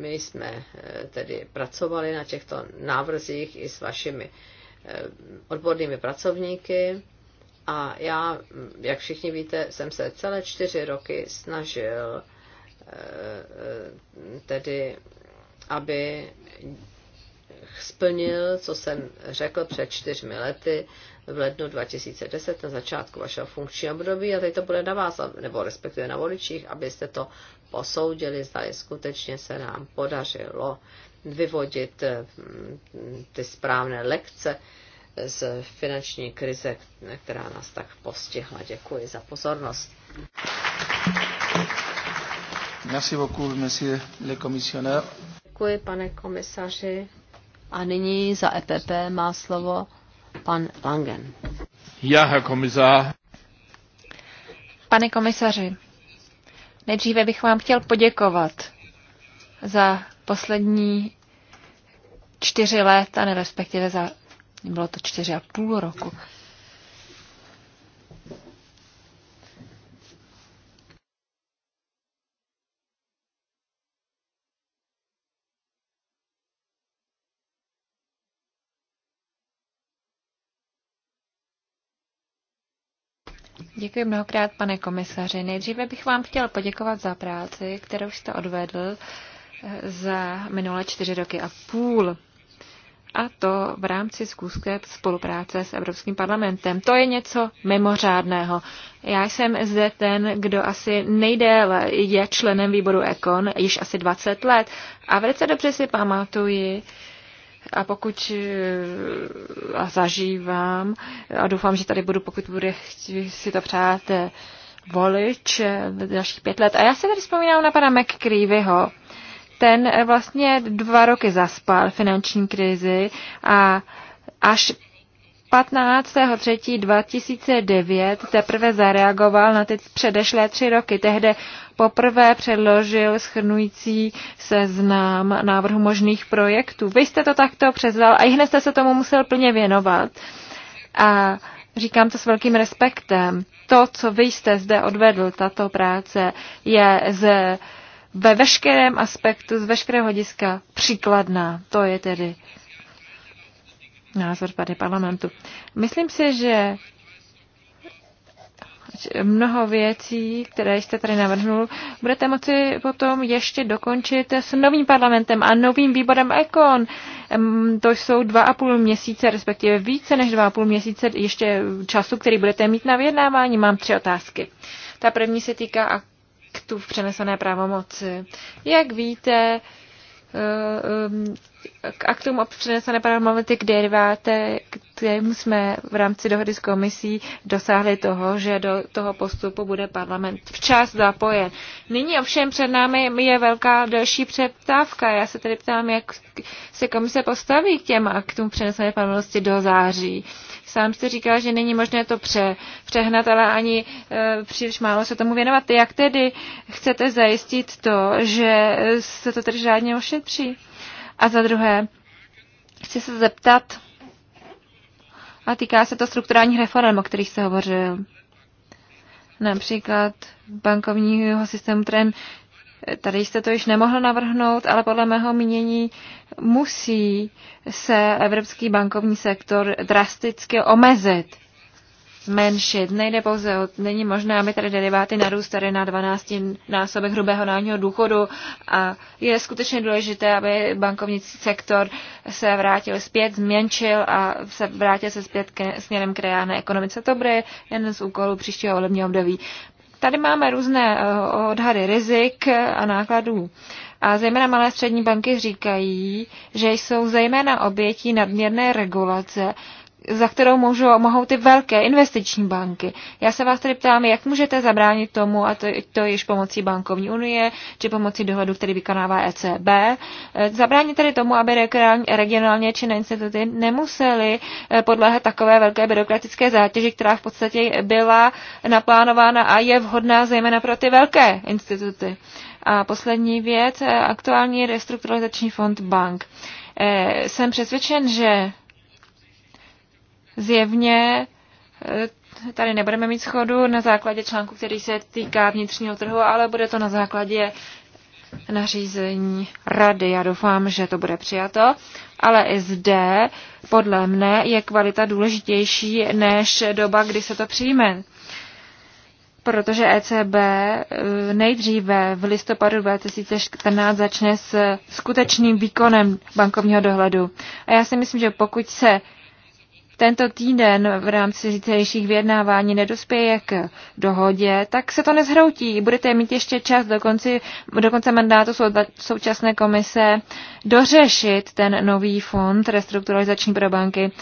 my jsme eh, tedy pracovali na těchto návrzích i s vašimi eh, odbornými pracovníky a já, mm, jak všichni víte, jsem se celé čtyři roky snažil eh, tedy, aby splnil, co jsem řekl před čtyřmi lety v lednu 2010 na začátku vašeho funkčního období a teď to bude na vás, nebo respektive na voličích, abyste to posoudili, zda je skutečně se nám podařilo vyvodit mm, ty správné lekce z finanční krize, která nás tak postihla. Děkuji za pozornost. Merci beaucoup, monsieur le commissionnaire. Děkuji, pane komisaři. A nyní za EPP má slovo pan Langen. Já, komisař. Pane komisaři, Nejdříve bych vám chtěl poděkovat za poslední čtyři léta, respektive za, bylo to čtyři a půl roku, Děkuji mnohokrát, pane komisaři. Nejdříve bych vám chtěl poděkovat za práci, kterou jste odvedl eh, za minulé čtyři roky a půl. A to v rámci zkuské spolupráce s Evropským parlamentem. To je něco mimořádného. Já jsem zde ten, kdo asi nejdéle je členem výboru Ekon, již asi 20 let. A velice dobře si pamatuji, a pokud eh, a zažívám a doufám, že tady budu, pokud bude si to přát eh, volič eh, dalších pět let. A já se tady vzpomínám na pana McCreevyho. Ten vlastně dva roky zaspal finanční krizi a až 15.3.2009 teprve zareagoval na ty předešlé tři roky. Tehdy poprvé předložil schrnující seznam návrhu možných projektů. Vy jste to takto přezval. a i hned jste se tomu musel plně věnovat. A říkám to s velkým respektem. To, co vy jste zde odvedl, tato práce, je z, ve veškerém aspektu, z veškerého hlediska příkladná. To je tedy názor tady parlamentu. Myslím si, že mnoho věcí, které jste tady navrhnul, budete moci potom ještě dokončit s novým parlamentem a novým výborem EKON. To jsou dva a půl měsíce, respektive více než dva a půl měsíce ještě času, který budete mít na vyjednávání. Mám tři otázky. Ta první se týká aktu v přenesené právomoci. Jak víte, eh, k aktům o přenesené pravomoci k deriváte, kterým jsme v rámci dohody s komisí dosáhli toho, že do toho postupu bude parlament včas zapojen. Nyní ovšem před námi je velká další přeptávka. Já se tedy ptám, jak se komise postaví k těm aktům přenesené pravomoci do září. Sám jste říkal, že není možné to pře, přehnat, ale ani e, příliš málo se tomu věnovat. Jak tedy chcete zajistit to, že se to tedy řádně ošetří? A za druhé, chci se zeptat, a týká se to strukturálních reform, o kterých se hovořil. Například bankovního systému, TREN, Tady jste to již nemohl navrhnout, ale podle mého mínění musí se evropský bankovní sektor drasticky omezit zmenšit. Nejde pouze o, není možné, aby tady deriváty narůstaly na 12 násobek hrubého národního důchodu a je skutečně důležité, aby bankovní sektor se vrátil zpět, změnčil a se vrátil se zpět ke, směrem k reálné ekonomice. To bude jeden z úkolů příštího volebního období. Tady máme různé eh, odhady rizik a nákladů. A zejména malé střední banky říkají, že jsou zejména obětí nadměrné regulace, za kterou můžou, mohou ty velké investiční banky. Já se vás tedy ptám, jak můžete zabránit tomu, a to, to již pomocí bankovní unie, či pomocí dohledu, který vykonává ECB, eh, zabránit tedy tomu, aby regionálně či instituty nemusely eh, podléhat takové velké byrokratické zátěži, která v podstatě byla naplánována a je vhodná zejména pro ty velké instituty. A poslední věc, eh, aktuální restrukturalizační fond bank. Jsem přesvědčen, že Zjevně eh, tady nebudeme mít schodu na základě článku, který se týká vnitřního trhu, ale bude to na základě nařízení rady. Já doufám, že to bude přijato, ale i zde podle mne je kvalita důležitější než doba, kdy se to přijme. Protože ECB eh, nejdříve v listopadu 2014 začne s skutečným výkonem bankovního dohledu. A já si myslím, že pokud se tento týden v rámci zítřejších vyjednávání nedospěje k dohodě, tak se to nezhroutí. Budete mít ještě čas do, konci, do konce mandátu současné komise dořešit ten nový fond restrukturalizační pro banky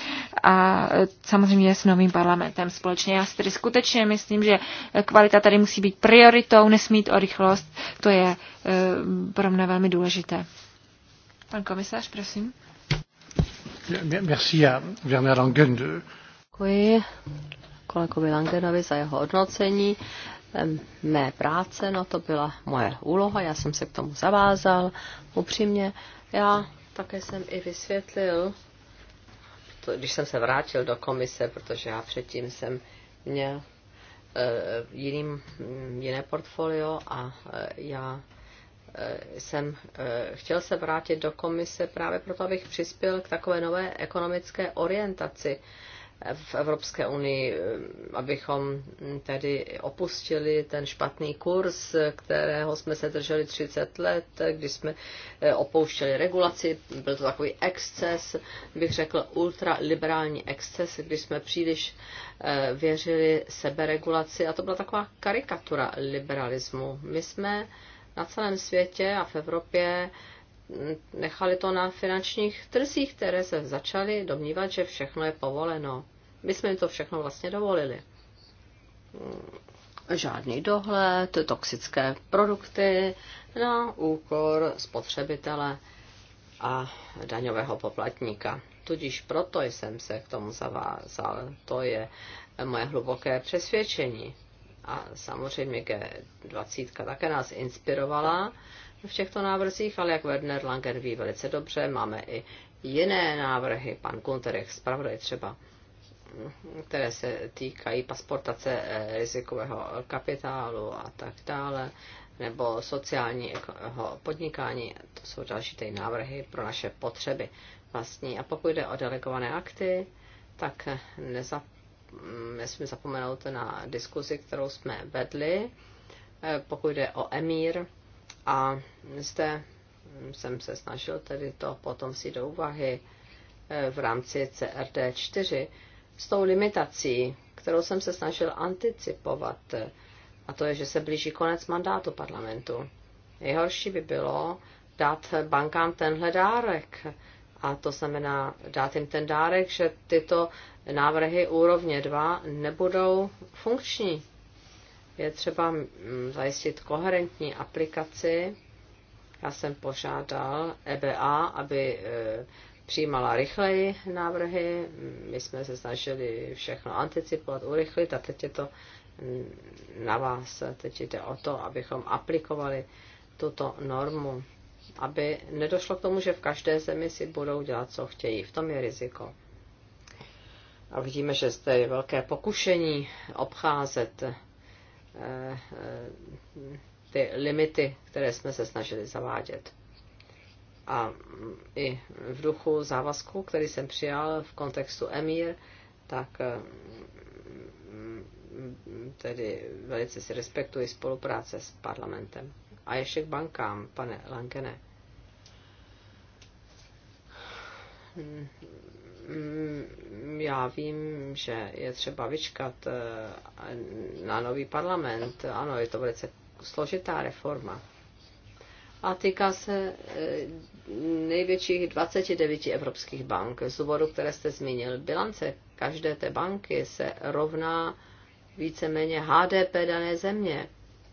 a e, samozřejmě s novým parlamentem společně. Já si tedy skutečně myslím, že kvalita tady musí být prioritou, nesmít o rychlost. To je e, pro mě velmi důležité. Pan komisař, prosím. Merci a Werner Langen. Děkuji kolegovi Langenovi za jeho hodnocení mé práce, no to byla moje úloha, já jsem se k tomu zavázal. Upřímně, já také jsem i vysvětlil, to, když jsem se vrátil do komise, protože já předtím jsem měl uh, jiným, jiné portfolio a uh, já Eh, jsem eh, chtěl se vrátit do komise právě proto, abych přispěl k takové nové ekonomické orientaci v Evropské unii, eh, abychom tedy opustili ten špatný kurz, kterého jsme se drželi 30 let, když jsme opouštěli regulaci, byl to takový exces, bych řekl ultraliberální exces, kdy jsme příliš věřili seberegulaci a to byla taková karikatura liberalismu. My jsme na celém světě a v Evropě nechali to na finančních trzích, které se začaly domnívat, že všechno je povoleno. My jsme jim to všechno vlastně dovolili. Žádný dohled, toxické produkty na úkor spotřebitele a daňového poplatníka. Tudíž proto jsem se k tomu zavázal. To je moje hluboké přesvědčení a samozřejmě G20 také nás inspirovala v těchto návrzích, ale jak Werner Langer ví velice dobře, máme i jiné návrhy, pan Gunter, jak zpravodaj třeba, které se týkají pasportace eh, rizikového kapitálu a tak dále, nebo sociálního podnikání, to jsou další ty návrhy pro naše potřeby vlastní. A pokud jde o delegované akty, tak nezapomeňte, Mm, nesmím zapomenout na diskuzi, kterou jsme vedli, eh, pokud jde o emír. A zde mm, jsem se snažil tedy to potom si do úvahy eh, v rámci CRD4 s tou limitací, kterou jsem se snažil anticipovat, eh, a to je, že se blíží konec mandátu parlamentu. Nejhorší by bylo dát bankám tenhle dárek, a to znamená dát jim ten dárek, že tyto návrhy úrovně 2 nebudou funkční. Je třeba mm, zajistit koherentní aplikaci. Já jsem požádal EBA, aby e, přijímala rychleji návrhy. My jsme se snažili všechno anticipovat, urychlit a teď je to mm, na vás. Teď jde o to, abychom aplikovali tuto normu aby nedošlo k tomu, že v každé zemi si budou dělat, co chtějí. V tom je riziko. A vidíme, že zde je velké pokušení obcházet eh, eh, ty limity, které jsme se snažili zavádět. A i v duchu závazku, který jsem přijal v kontextu EMIR, tak eh, tedy velice si respektuji spolupráce s parlamentem. A ještě k bankám, pane Lankene. Mm, já vím, že je třeba vyčkat eh, na nový parlament. Ano, je to velice složitá reforma. A týká se eh, největších 29 evropských bank. Z důvodu, které jste zmínil, bilance každé té banky se rovná víceméně HDP dané země.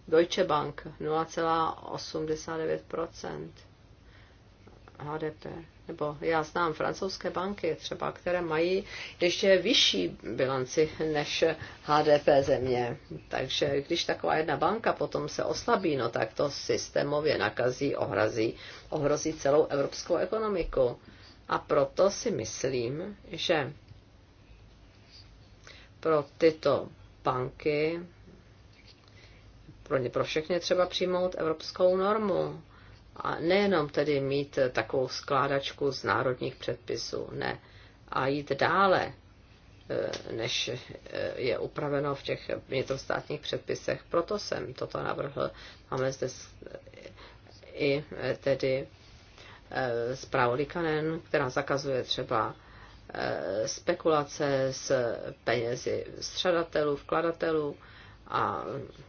Deutsche Bank 0,89%. HDP. Nebo já znám francouzské banky třeba, které mají ještě vyšší bilanci než HDP země. Takže když taková jedna banka potom se oslabí, no tak to systémově nakazí, ohrazí, ohrozí celou evropskou ekonomiku. A proto si myslím, že pro tyto banky pro ně pro všechny třeba přijmout evropskou normu a nejenom tedy mít takovou skládačku z národních předpisů, ne. A jít dále, eh, než eh, je upraveno v těch vnitrostátních předpisech. Proto jsem toto navrhl. Máme zde i eh, tedy zprávu Likanen, která zakazuje třeba spekulace s penězi střadatelů, vkladatelů a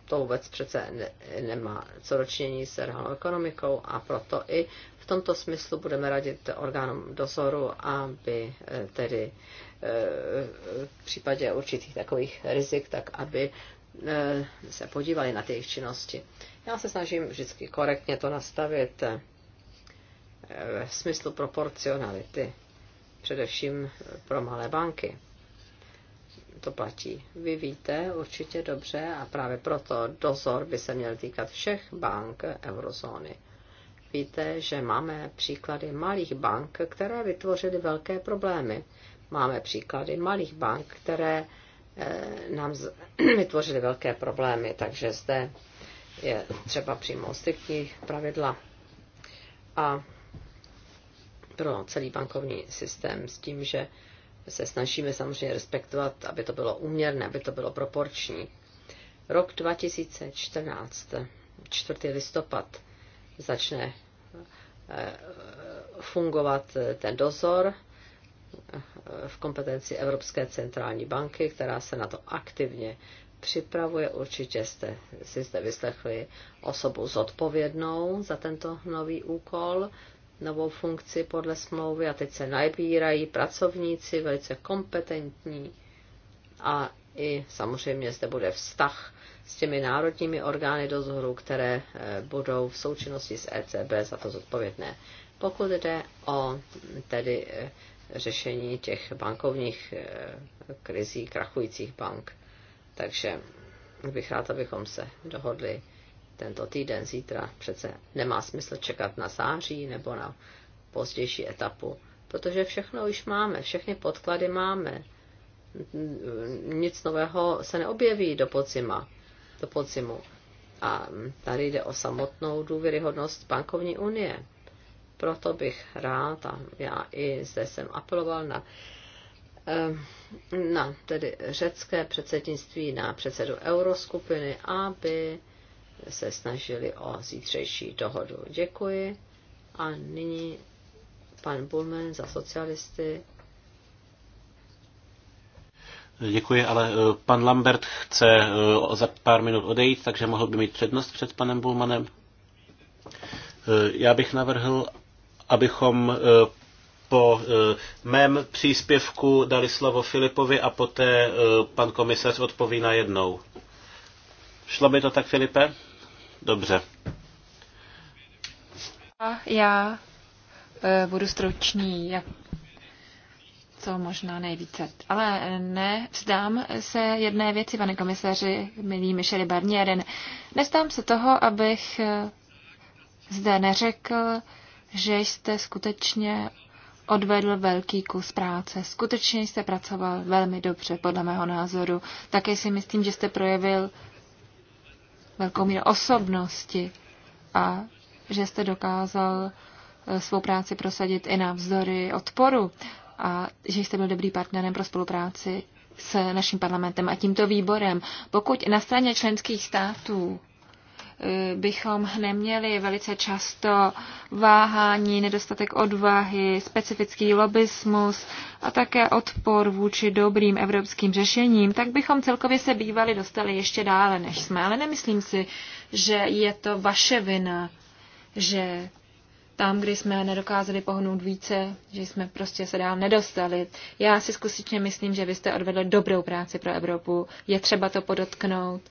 to vůbec přece ne, nemá co ročnění s reálnou ekonomikou a proto i v tomto smyslu budeme radit orgánům dozoru, aby eh, tedy eh, v případě určitých takových rizik, tak aby eh, se podívali na ty jejich činnosti. Já se snažím vždycky korektně to nastavit v smyslu proporcionality, především pro malé banky to platí. Vy víte určitě dobře a právě proto dozor by se měl týkat všech bank eurozóny. Víte, že máme příklady malých bank, které vytvořily velké problémy. Máme příklady malých bank, které eh, nám vytvořily velké problémy, takže zde je třeba přijmout striktní pravidla. A pro celý bankovní systém s tím, že se snažíme samozřejmě respektovat, aby to bylo úměrné, aby to bylo proporční. Rok 2014, 4. listopad, začne eh, fungovat ten dozor eh, v kompetenci Evropské centrální banky, která se na to aktivně připravuje. Určitě jste si zde vyslechli osobu zodpovědnou za tento nový úkol novou funkci podle smlouvy a teď se nabírají pracovníci velice kompetentní a i samozřejmě zde bude vztah s těmi národními orgány dozoru, které eh, budou v součinnosti s ECB za to zodpovědné. Pokud jde o tedy eh, řešení těch bankovních eh, krizí krachujících bank, takže bych rád, abychom se dohodli tento týden, zítra. Přece nemá smysl čekat na září nebo na pozdější etapu, protože všechno už máme, všechny podklady máme. Nic nového se neobjeví do podzima. Do podzimu. A tady jde o samotnou důvěryhodnost bankovní unie. Proto bych rád, a já i zde jsem apeloval na, eh, na tedy řecké předsednictví, na předsedu euroskupiny, aby se snažili o zítřejší dohodu. Děkuji. A nyní pan Bulmen za socialisty. Děkuji, ale e, pan Lambert chce e, za pár minut odejít, takže mohl by mít přednost před panem Bulmanem. E, já bych navrhl, abychom po mém příspěvku dali slovo Filipovi a poté pan komisař odpoví na jednou. Šlo by to tak, Filipe? Dobře. A já e, budu stručný, jak co možná nejvíce. Ale ne, vzdám se jedné věci, pane komisaři, milý Michel Barnier. Nestám se toho, abych e, zde neřekl, že jste skutečně odvedl velký kus práce. Skutečně jste pracoval velmi dobře, podle mého názoru. Také si myslím, že jste projevil velkou míru osobnosti a že jste dokázal eh, svou práci prosadit i vzory, odporu a že jste byl dobrý partnerem pro spolupráci s naším parlamentem a tímto výborem. Pokud na straně členských států Eh, bychom neměli velice často váhání, nedostatek odvahy, specifický lobismus a také odpor vůči dobrým evropským řešením, tak bychom celkově se bývali dostali ještě dále, než jsme. Ale nemyslím si, že je to vaše vina, že tam, kdy jsme nedokázali pohnout více, že jsme prostě se dál nedostali. Já si skutečně myslím, že vy jste odvedli dobrou práci pro Evropu. Je třeba to podotknout.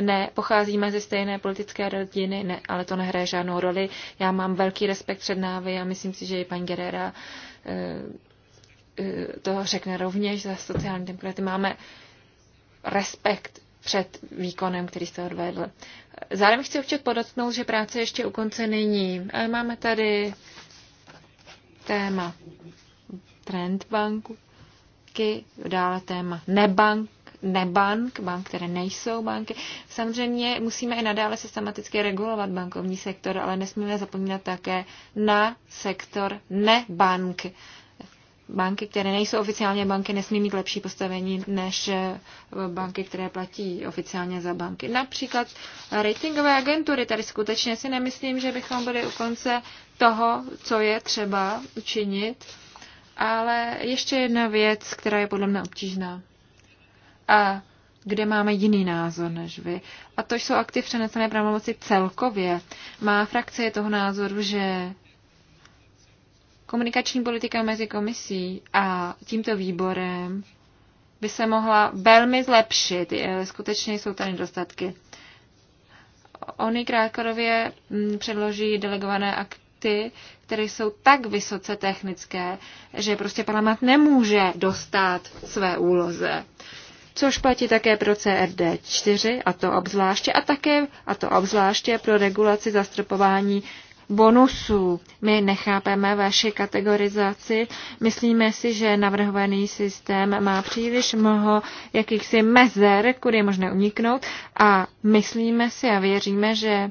Ne, pocházíme ze stejné politické rodiny, ne, ale to nehraje žádnou roli. Já mám velký respekt před návy a myslím si, že i paní Gerera eh, eh, to řekne rovněž za sociální demokraty. Máme respekt před výkonem, který jste odvedl. Zároveň chci určitě podotknout, že práce ještě u konce není. máme tady téma trend banku, dále téma nebank, nebank, bank, které nejsou banky. Samozřejmě musíme i nadále systematicky regulovat bankovní sektor, ale nesmíme zapomínat také na sektor nebank banky, které nejsou oficiálně banky, nesmí mít lepší postavení než eh, banky, které platí oficiálně za banky. Například ratingové agentury. Tady skutečně si nemyslím, že bychom byli u konce toho, co je třeba učinit. Ale ještě jedna věc, která je podle mě obtížná. A kde máme jiný názor než vy. A to jsou aktiv přenesené pravomoci celkově. Má frakce je toho názoru, že Komunikační politika mezi komisí a tímto výborem by se mohla velmi zlepšit. Skutečně jsou tady nedostatky. Oni krátkodobě mm, předloží delegované akty, které jsou tak vysoce technické, že prostě parlament nemůže dostat své úloze. Což platí také pro CRD 4, a to obzvláště, a také, a to obzvláště pro regulaci zastropování bonusů. My nechápeme vaši kategorizaci. Myslíme si, že navrhovaný systém má příliš mnoho jakýchsi mezer, kudy je možné uniknout a myslíme si a věříme, že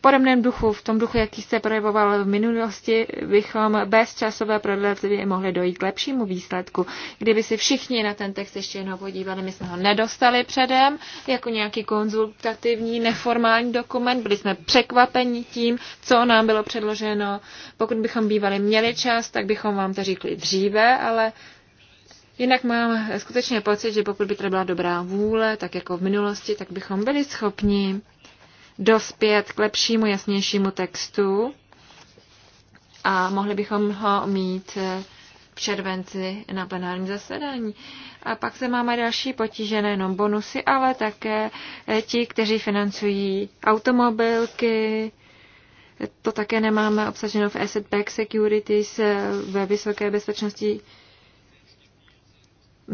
podobném duchu, v tom duchu, jaký se projevoval v minulosti, bychom bez časové prodlevy mohli dojít k lepšímu výsledku. Kdyby si všichni na ten text ještě jednou podívali, my jsme ho nedostali předem, jako nějaký konzultativní, neformální dokument, byli jsme překvapeni tím, co nám bylo předloženo. Pokud bychom bývali měli čas, tak bychom vám to řekli dříve, ale Jinak mám skutečně pocit, že pokud by to byla dobrá vůle, tak jako v minulosti, tak bychom byli schopni dospět k lepšímu, jasnějšímu textu a mohli bychom ho mít v červenci na plenárním zasedání. A pak se máme další potíže, nejenom bonusy, ale také ti, kteří financují automobilky. To také nemáme obsaženo v Asset Back Securities ve vysoké bezpečnosti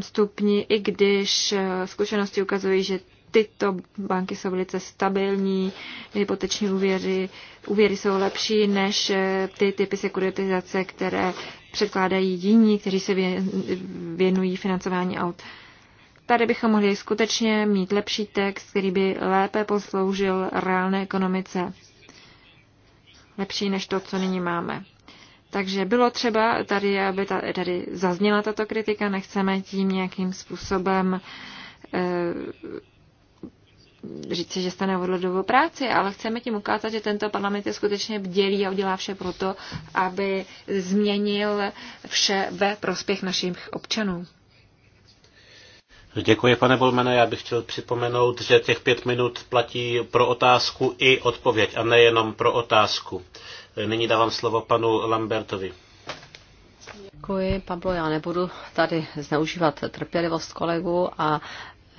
stupni, i když zkušenosti ukazují, že tyto banky jsou velice stabilní, hypoteční úvěry, úvěry jsou lepší než eh, ty typy sekuritizace, které předkládají jiní, kteří se věnují financování aut. Tady bychom mohli skutečně mít lepší text, který by lépe posloužil reálné ekonomice. Lepší než to, co nyní máme. Takže bylo třeba tady, aby ta, tady zazněla tato kritika, nechceme tím nějakým způsobem eh, říci, že jste nevodl dlouhou práci, ale chceme tím ukázat, že tento parlament je skutečně bdělý a udělá vše proto, aby změnil vše ve prospěch našich občanů. Děkuji, pane Bolmene. Já bych chtěl připomenout, že těch pět minut platí pro otázku i odpověď, a nejenom pro otázku. Nyní dávám slovo panu Lambertovi. Děkuji, Pablo. Já nebudu tady zneužívat trpělivost kolegu a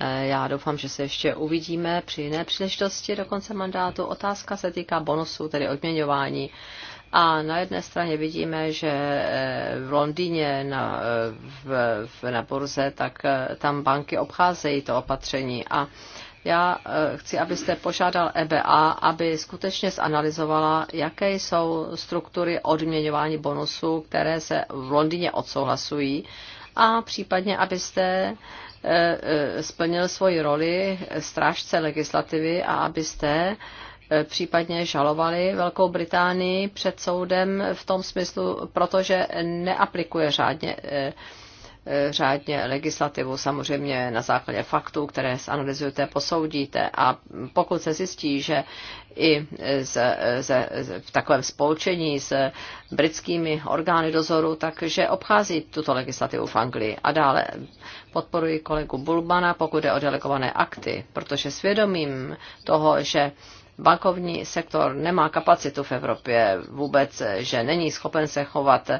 Eh, já doufám, že se ještě uvidíme při jiné příležitosti do konce mandátu. Otázka se týká bonusů, tedy odměňování. A na jedné straně vidíme, že eh, v Londýně na, eh, v, v, na burze, tak tam banky obcházejí to opatření. A já chci, abyste požádal EBA, aby skutečně zanalizovala, jaké jsou struktury odměňování bonusů, které se v Londýně odsouhlasují a případně, abyste Eh, eh, splnil svoji roli strážce legislativy a abyste eh, případně žalovali Velkou Británii před soudem v tom smyslu, protože neaplikuje řádně Eh, řádně legislativu, samozřejmě na základě faktů, které zanalizujete, posoudíte. A pokud se zjistí, že i z, z, z, v takovém spolčení s britskými orgány dozoru, takže obchází tuto legislativu v Anglii. A dále podporuji kolegu Bulbana, pokud je o delegované akty, protože svědomím toho, že bankovní sektor nemá kapacitu v Evropě vůbec, že není schopen se chovat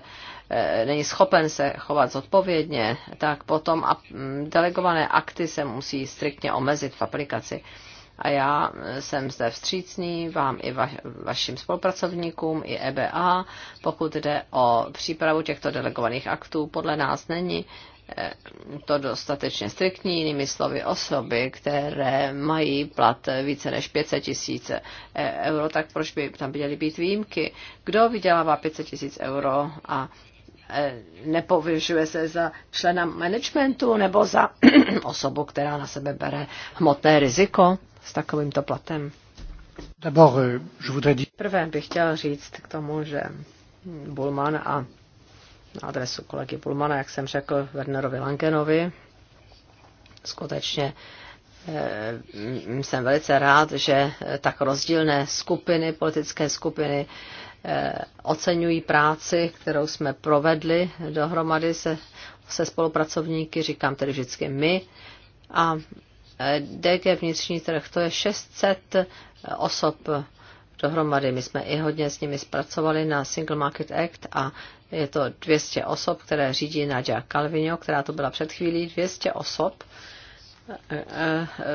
Eh, není schopen se chovat zodpovědně, tak potom mm, delegované akty se musí striktně omezit v aplikaci. A já eh, jsem zde vstřícný vám i va- vašim spolupracovníkům, i EBA, pokud jde o přípravu těchto delegovaných aktů. Podle nás není eh, to dostatečně striktní, jinými slovy osoby, které mají plat více než 500 tisíc e-, euro, tak proč by tam měly být výjimky? Kdo vydělává 500 tisíc euro a Eh, nepovyžuje se za člena managementu nebo za osobu, která na sebe bere hmotné riziko s takovýmto platem? Eh, Prvé bych chtěl říct k tomu, že Bulman a na adresu kolegy Bulmana, jak jsem řekl Wernerovi Langenovi, skutečně eh, jsem velice rád, že tak rozdílné skupiny, politické skupiny Eh, oceňují práci, kterou jsme provedli dohromady se, se spolupracovníky, říkám tedy vždycky my. A eh, DG vnitřní trh, to je 600 eh, osob dohromady. My jsme i hodně s nimi zpracovali na Single Market Act a je to 200 osob, které řídí Nadia Calvino, která to byla před chvílí, 200 osob,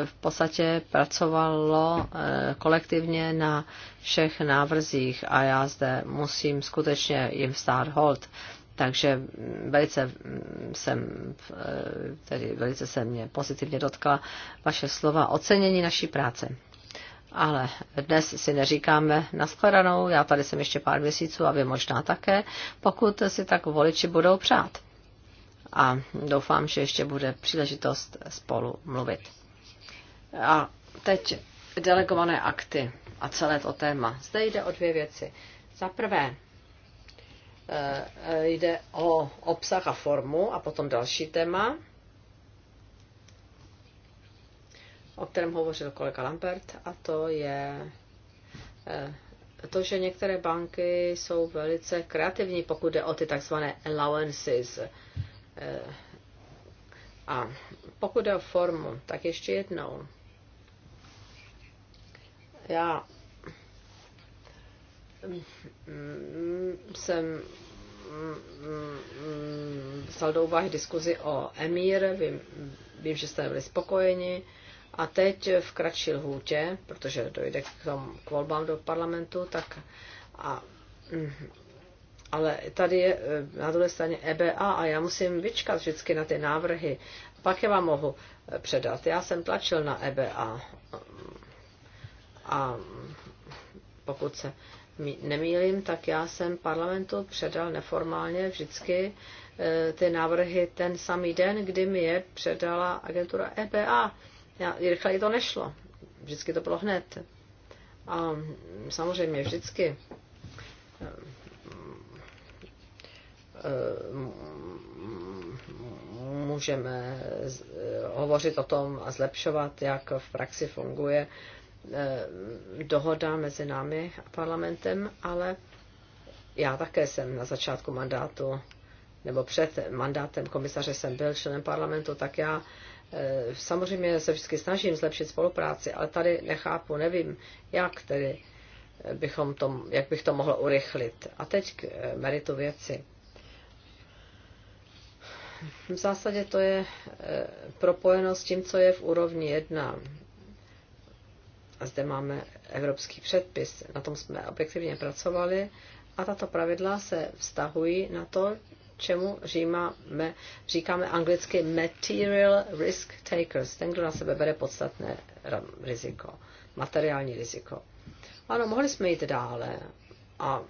v podstatě pracovalo eh, kolektivně na všech návrzích a já zde musím skutečně jim stát hold. Takže velice jsem, eh, tedy velice se mě pozitivně dotkla vaše slova ocenění naší práce. Ale dnes si neříkáme nashledanou, já tady jsem ještě pár měsíců a vy možná také, pokud si tak voliči budou přát a doufám, že ještě bude příležitost spolu mluvit. A teď delegované akty a celé to téma. Zde jde o dvě věci. Za prvé, eh, eh, jde o obsah a formu a potom další téma, o kterém hovořil kolega Lambert, a to je eh, to, že některé banky jsou velice kreativní, pokud jde o ty takzvané allowances, a pokud jde o formu, tak ještě jednou. Já jsem vzal do úvahy diskuzi o Emír, vím, vím, že jste byli spokojeni. A teď v kratší lhůtě, protože dojde k, tomu, k volbám do parlamentu, tak a ale tady je eh, na druhé straně EBA a já musím vyčkat vždycky na ty návrhy. Pak je vám mohu eh, předat. Já jsem tlačil na EBA a pokud se nemýlím, tak já jsem parlamentu předal neformálně vždycky eh, ty návrhy ten samý den, kdy mi je předala agentura EBA. Já, rychleji to nešlo. Vždycky to bylo hned. A samozřejmě vždycky Eh, můžeme eh, hovořit o tom a zlepšovat, jak v praxi funguje eh, dohoda mezi námi a parlamentem, ale já také jsem na začátku mandátu, nebo před mandátem komisaře jsem byl členem parlamentu, tak já samozřejmě se vždycky snažím zlepšit spolupráci, ale tady nechápu, nevím, jak tedy bychom to, jak bych to mohl urychlit. A teď k meritu věci v zásadě to je eh, propojeno s tím, co je v úrovni 1. A zde máme evropský předpis, na tom jsme objektivně pracovali a tato pravidla se vztahují na to, čemu říjíme, říkáme anglicky material risk takers, ten, kdo na sebe bere podstatné riziko, materiální riziko. Ano, mohli jsme jít dále a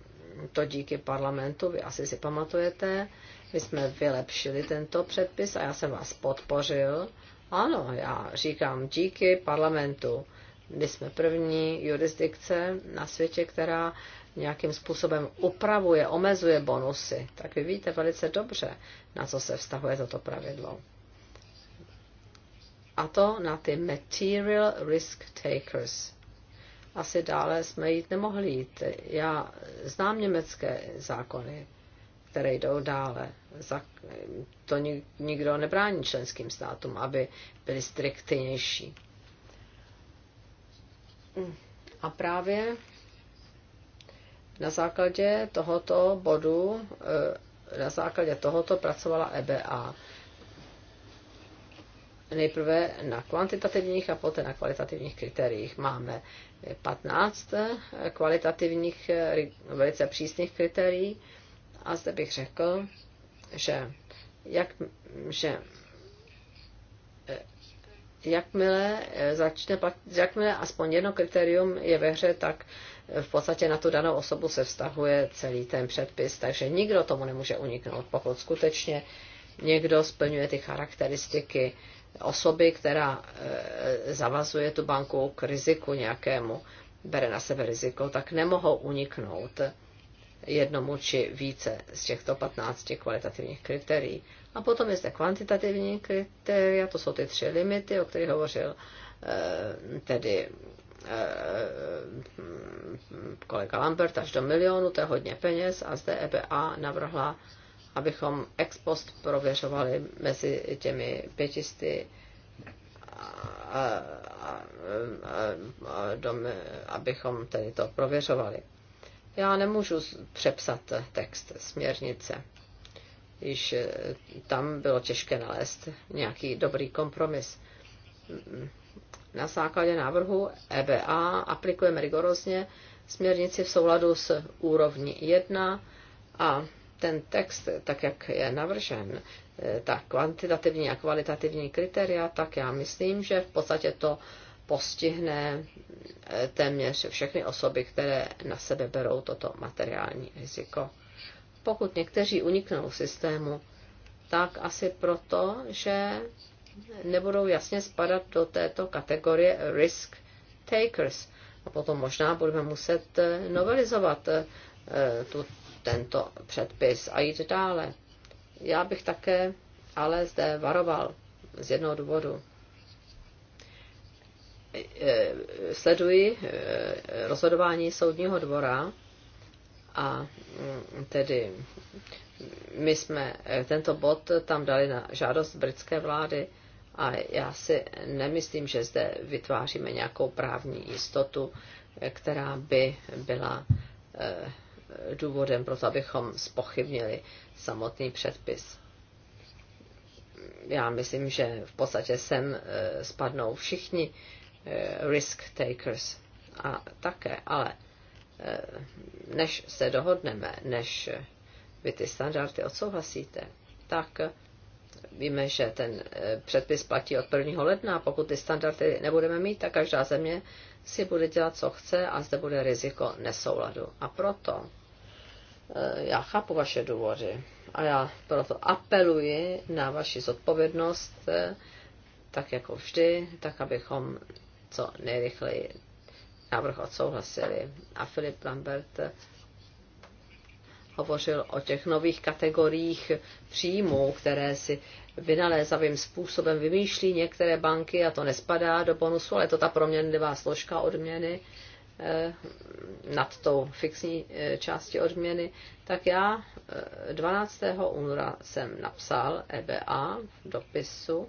to díky parlamentu, vy asi si pamatujete, my jsme vylepšili tento předpis a já jsem vás podpořil. Ano, já říkám díky parlamentu. My jsme první jurisdikce na světě, která nějakým způsobem upravuje, omezuje bonusy. Tak vy víte velice dobře, na co se vztahuje toto pravidlo. A to na ty material risk takers. Asi dále jsme jít nemohli jít. Já znám německé zákony, které jdou dále. To nikdo nebrání členským státům, aby byly striktnější. A právě na základě tohoto bodu, eh, na základě tohoto pracovala EBA. Nejprve na kvantitativních a poté na kvalitativních kritériích. Máme 15 kvalitativních, eh, velice přísných kritérií a zde bych řekl, že, jak, že eh, jakmile eh, začne platit, jakmile aspoň jedno kritérium je ve hře, tak eh, v podstatě na tu danou osobu se vztahuje celý ten předpis, takže nikdo tomu nemůže uniknout, pokud skutečně někdo splňuje ty charakteristiky osoby, která zavazuje tu banku k riziku nějakému, bere na sebe riziko, tak nemohou uniknout jednomu či více z těchto 15 kvalitativních kritérií. A potom je zde kvantitativní kritéria, to jsou ty tři limity, o kterých hovořil eh, tedy eh, kolega Lambert až do milionu, to je hodně peněz a zde EBA navrhla, abychom ex post prověřovali mezi těmi pětisty abychom tedy to prověřovali. Já nemůžu přepsat text směrnice. Již eh, tam bylo těžké nalézt nějaký dobrý kompromis. Na základě návrhu EBA aplikujeme rigorózně směrnici v souladu s úrovní 1 a ten text, tak jak je navržen, eh, ta kvantitativní a kvalitativní kritéria, tak já myslím, že v podstatě to postihne eh, téměř všechny osoby, které na sebe berou toto materiální riziko. Pokud někteří uniknou systému, tak asi proto, že nebudou jasně spadat do této kategorie risk takers. A potom možná budeme muset eh, novelizovat eh, tu, tento předpis a jít dále. Já bych také ale zde varoval z jednoho důvodu Eh, sleduji eh, rozhodování soudního dvora a mm, tedy my jsme eh, tento bod tam dali na žádost britské vlády a já si nemyslím, že zde vytváříme nějakou právní jistotu, která by byla důvodem pro to, abychom spochybnili samotný předpis. Já myslím, že v podstatě sem spadnou všichni Eh, risk takers. A také, ale eh, než se dohodneme, než vy ty standardy odsouhlasíte, tak víme, že ten eh, předpis platí od 1. ledna. Pokud ty standardy nebudeme mít, tak každá země si bude dělat, co chce a zde bude riziko nesouladu. A proto já chápu vaše důvody a já proto apeluji na vaši zodpovědnost, tak jako vždy, tak abychom co nejrychleji návrh odsouhlasili. A Filip Lambert hovořil o těch nových kategoriích příjmů, které si vynalézavým způsobem vymýšlí některé banky a to nespadá do bonusu, ale to ta proměnlivá složka odměny eh, nad tou fixní eh, části odměny, tak já 12. Eh, února jsem napsal EBA v dopisu,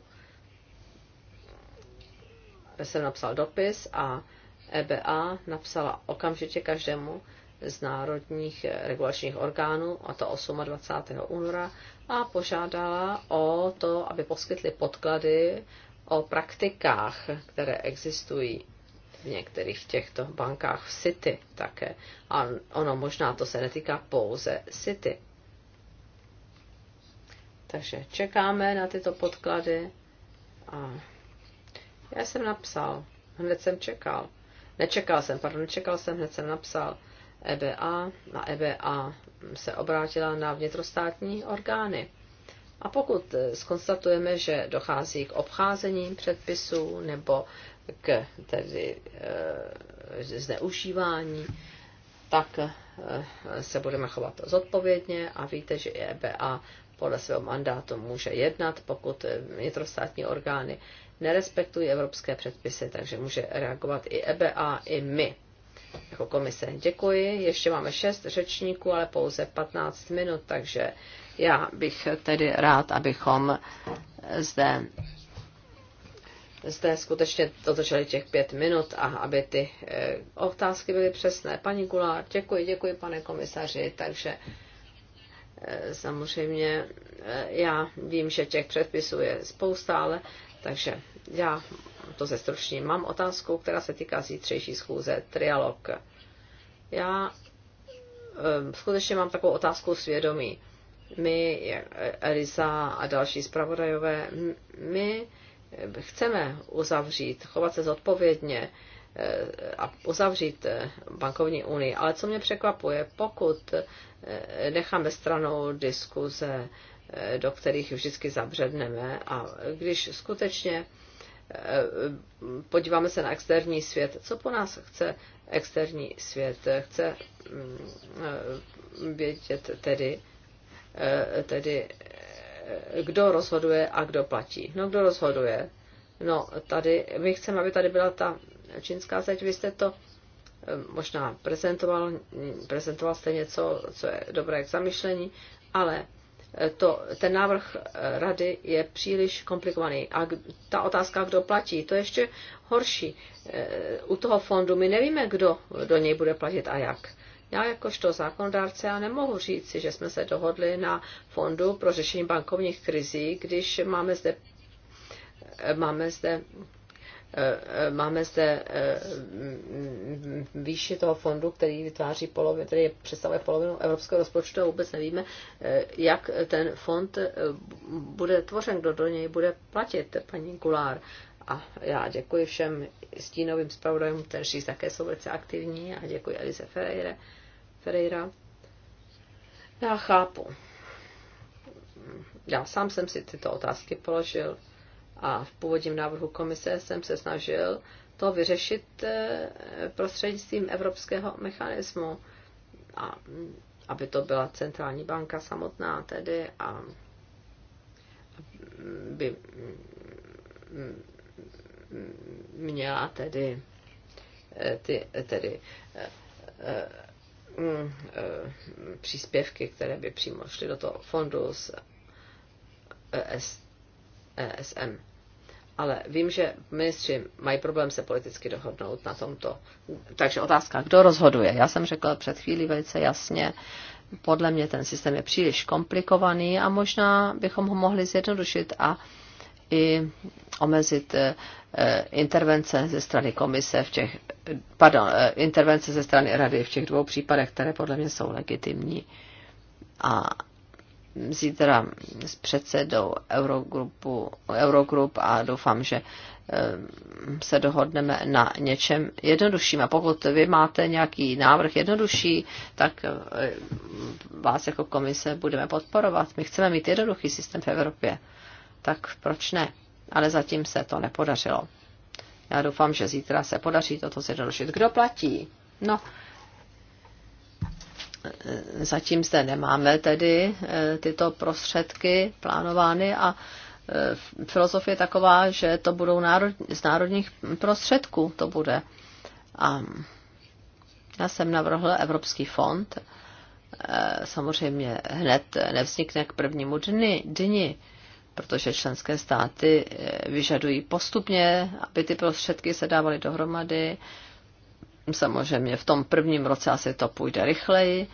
jsem napsal dopis a EBA napsala okamžitě každému z národních eh, regulačních orgánů, a to 28. února, a požádala o to, aby poskytli podklady o praktikách, které existují v některých těchto bankách v City také. A ono možná to se netýká pouze City. Takže čekáme na tyto podklady a já jsem napsal, hned jsem čekal. Nečekal jsem, pardon, nečekal jsem, hned jsem napsal EBA a EBA e se obrátila na vnitrostátní orgány. A pokud e, skonstatujeme, že dochází k obcházení předpisů nebo k tedy e, zneužívání, tak e, se budeme chovat zodpovědně a víte, že EBA podle svého mandátu může jednat, pokud e, vnitrostátní orgány nerespektují evropské předpisy, takže může reagovat i EBA, i my jako komise. Děkuji, ještě máme šest řečníků, ale pouze 15 minut, takže já bych tedy rád, abychom zde zde skutečně dotočili těch pět minut a aby ty eh, otázky byly přesné. Paní Gulár, děkuji, děkuji, pane komisaři, takže eh, samozřejmě eh, já vím, že těch předpisů je spousta, ale takže já to ze Mám otázku, která se týká zítřejší schůze, trialog. Já skutečně mám takovou otázku svědomí. My, Elisa a další zpravodajové, my chceme uzavřít, chovat se zodpovědně e, a uzavřít e, bankovní unii. Ale co mě překvapuje, pokud e, necháme stranou diskuze, do kterých vždycky zabředneme. A když skutečně e, podíváme se na externí svět, co po nás chce externí svět? Chce mm, e, vědět tedy, e, tedy kdo rozhoduje a kdo platí. No, kdo rozhoduje? No, tady, my chceme, aby tady byla ta čínská zeď. Vy jste to možná prezentoval, prezentoval jste něco, co je dobré k zamyšlení, ale to, ten návrh eh, rady je příliš komplikovaný. A ta otázka, kdo platí, to je ještě horší. Eh, u toho fondu my nevíme, kdo do něj bude platit a jak. Já jakožto zákonodárce já nemohu říci, že jsme se dohodli na fondu pro řešení bankovních krizí, když máme zde, eh, máme zde Eh, máme zde eh, výši toho fondu, který vytváří polovinu, který představuje polovinu evropského rozpočtu a vůbec nevíme, eh, jak ten fond bude tvořen, kdo do něj bude platit, paní Gulár. A já děkuji všem stínovým zpravodajům, kteří také jsou velice aktivní a děkuji Elise Ferreira. Ferreira. Já chápu. Já sám jsem si tyto otázky položil a v původním návrhu komise jsem se snažil to vyřešit eh, prostřednictvím evropského mechanismu, a, mm, aby to byla centrální banka samotná tedy a mm, by mm, měla tedy eh, ty, tedy eh, příspěvky, které by přímo šly do toho fondu z ESM. Ale vím, že ministři mají problém se politicky dohodnout na tomto. Takže otázka, kdo rozhoduje? Já jsem řekla před chvílí velice jasně, podle mě ten systém je příliš komplikovaný a možná bychom ho mohli zjednodušit a i omezit e, intervence ze strany komise v těch, pardon, e, intervence ze strany rady v těch dvou případech, které podle mě jsou legitimní. A zítra s předsedou Eurogrupu, Eurogrup a doufám, že eh, se dohodneme na něčem jednodušším. A pokud vy máte nějaký návrh jednodušší, tak eh, vás jako komise budeme podporovat. My chceme mít jednoduchý systém v Evropě. Tak proč ne? Ale zatím se to nepodařilo. Já doufám, že zítra se podaří toto zjednodušit. Kdo platí? No, Eh, zatím zde nemáme tedy eh, tyto prostředky plánovány a eh, filozofie je taková, že to budou národ, z národních prostředků to bude. A já jsem navrhl Evropský fond. Samozřejmě hned nevznikne k prvnímu dni, dni protože členské státy vyžadují postupně, aby ty prostředky se dávaly dohromady Samozřejmě v tom prvním roce asi to půjde rychleji.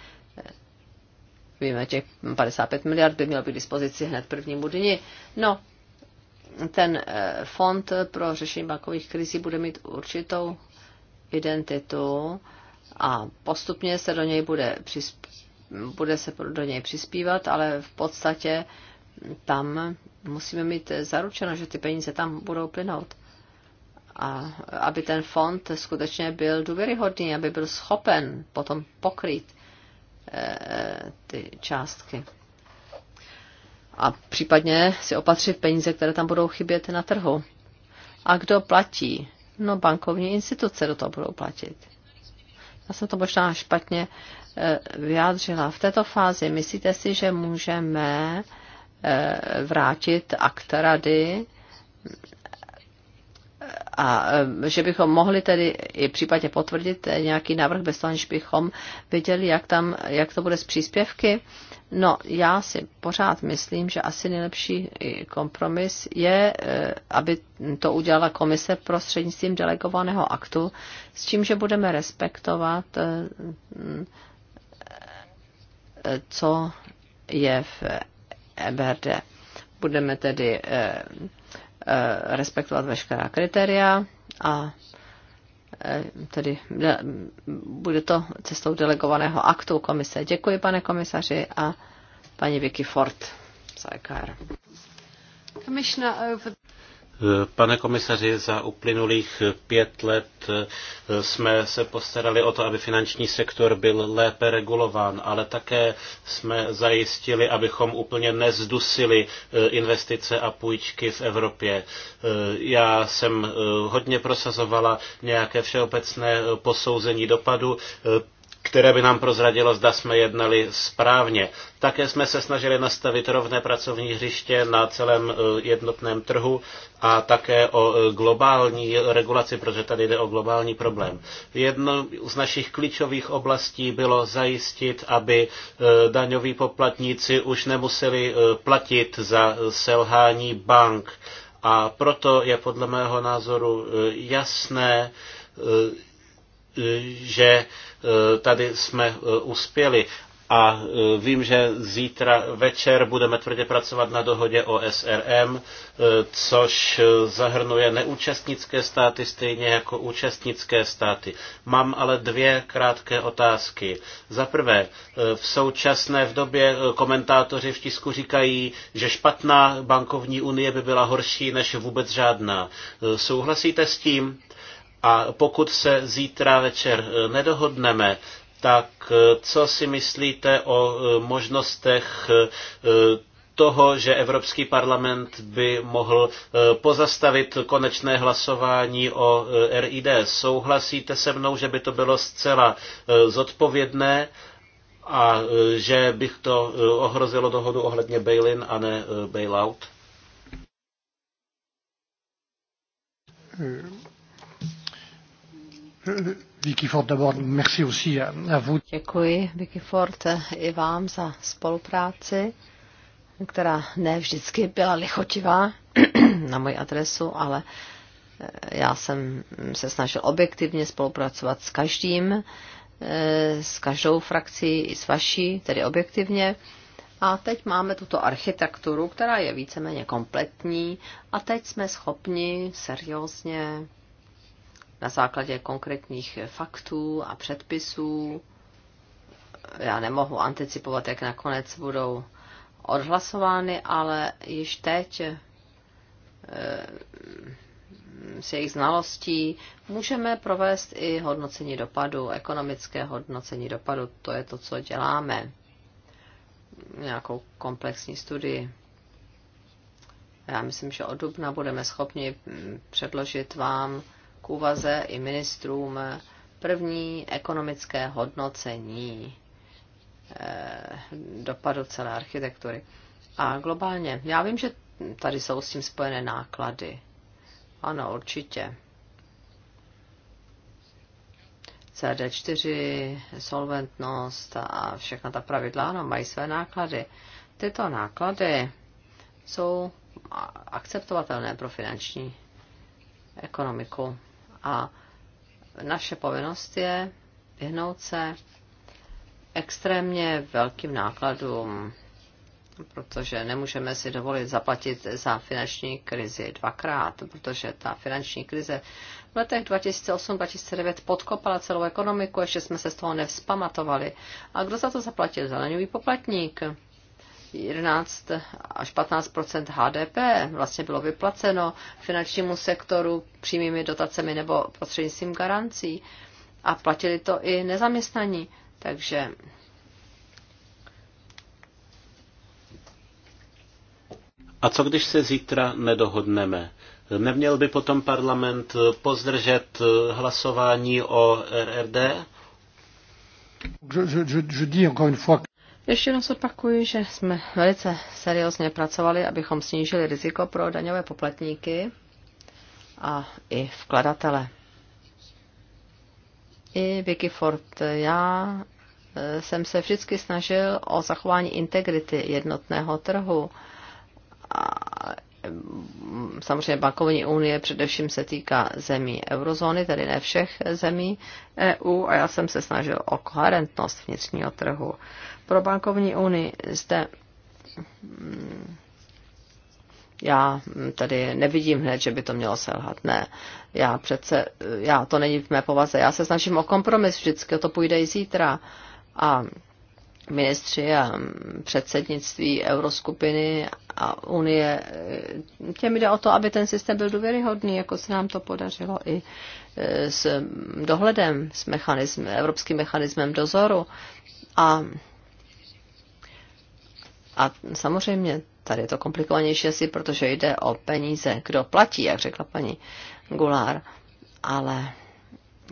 Víme, těch 55 miliard by mělo být k dispozici hned prvnímu dni. No, ten eh, fond pro řešení bankových krizí bude mít určitou identitu a postupně se do něj bude, přisp... bude se do něj přispívat, ale v podstatě tam musíme mít zaručeno, že ty peníze tam budou plynout a aby ten fond skutečně byl důvěryhodný, aby byl schopen potom pokryt eh, ty částky. A případně si opatřit peníze, které tam budou chybět na trhu. A kdo platí? No bankovní instituce do toho budou platit. Já jsem to možná špatně eh, vyjádřila. V této fázi myslíte si, že můžeme eh, vrátit akt rady a eh, že bychom mohli tedy i případně potvrdit eh, nějaký návrh bez toho, než bychom viděli, jak, tam, jak to bude s příspěvky. No, já si pořád myslím, že asi nejlepší eh, kompromis je, aby to udělala komise prostřednictvím delegovaného aktu, s tím, že budeme respektovat, co je v EBRD. Budeme tedy Eh, respektovat veškerá kritéria a eh, tedy bude to cestou delegovaného aktu komise. Děkuji, pane komisaři, a paní Vicky Ford z IKR. E Pane komisaři, za uplynulých pět let eh, jsme se postarali o to, aby finanční sektor byl lépe regulován, ale také jsme zajistili, abychom úplně nezdusili eh, investice a půjčky v Evropě. Eh, já jsem hodně prosazovala nějaké všeobecné posouzení dopadu, které by nám prozradilo, zda jsme jednali správně. Také jsme se snažili nastavit rovné pracovní hřiště na celém eh, jednotném trhu a také o eh, globální regulaci, protože tady jde o globální problém. Jedno z našich klíčových oblastí bylo zajistit, aby eh, daňoví poplatníci už nemuseli platit za selhání bank. A proto je podle mého názoru jasné, že e, tady jsme e, uspěli a e, vím, že zítra večer budeme tvrdě pracovat na dohodě o SRM, což zahrnuje neúčastnické státy stejně jako účastnické státy. Mám ale dvě krátké otázky. Za prvé, v současné v době komentátoři v tisku říkají, že špatná bankovní unie by byla horší než vůbec žádná. Souhlasíte s tím? A pokud se zítra večer eh, nedohodneme, tak eh, co si myslíte o eh, možnostech toho, že Evropský parlament by mohl pozastavit konečné hlasování o RID. Souhlasíte se mnou, že by to bylo zcela zodpovědné a že bych to ohrozilo dohodu ohledně bail-in a ne bail-out? Vicky Ford, merci aussi à vous. Děkuji, Vicky Ford, i vám za spolupráci, která ne vždycky byla lichotivá na moji adresu, ale eh, já jsem se snažil objektivně spolupracovat s každým, eh, s každou frakcí i s vaší, tedy objektivně. A teď máme tuto architekturu, která je víceméně kompletní a teď jsme schopni seriózně na základě konkrétních faktů a předpisů. Já nemohu anticipovat, jak nakonec budou odhlasovány, ale již teď eh, s jejich znalostí můžeme provést i hodnocení dopadu, ekonomické hodnocení dopadu. To je to, co děláme. Nějakou komplexní studii. Já myslím, že od dubna budeme schopni mm, předložit vám k úvaze i ministrům první ekonomické hodnocení eh, dopadu celé architektury. A globálně, já vím, že tady jsou s tím spojené náklady. Ano, určitě. CD4, solventnost a všechna ta pravidla, ano, mají své náklady. Tyto náklady jsou akceptovatelné pro finanční ekonomiku a naše povinnost je vyhnout se extrémně velkým nákladům, protože nemůžeme si dovolit zaplatit za finanční krizi dvakrát, protože ta finanční krize v letech 2008-2009 podkopala celou ekonomiku, ještě jsme se z toho nevzpamatovali. A kdo za to zaplatil? Zelený poplatník 11 až 15 HDP vlastně bylo vyplaceno finančnímu sektoru přímými dotacemi nebo prostřednictvím garancí a platili to i nezaměstnaní. Takže A co když se zítra nedohodneme? Neměl by potom parlament pozdržet hlasování o RRD? Je, je, je, je dis encore une fois ještě jednou opakuju, že jsme velice seriózně pracovali, abychom snížili riziko pro daňové poplatníky a i vkladatele. I Vicky Ford, já e, jsem se vždycky snažil o zachování integrity jednotného trhu. A mm, samozřejmě bankovní unie především se týká zemí eurozóny, tedy ne všech zemí EU, a já jsem se snažil o koherentnost vnitřního trhu. Pro bankovní unii zde mm, já tady nevidím hned, že by to mělo selhat. Ne, já přece, já to není v mé povaze. Já se snažím o kompromis vždycky, o to půjde i zítra. A ministři a předsednictví Euroskupiny a Unie, těm jde o to, aby ten systém byl důvěryhodný, jako se nám to podařilo i e, s dohledem, s mechanism, evropským mechanismem dozoru. A a samozřejmě tady je to komplikovanější asi, protože jde o peníze, kdo platí, jak řekla paní Gulár. Ale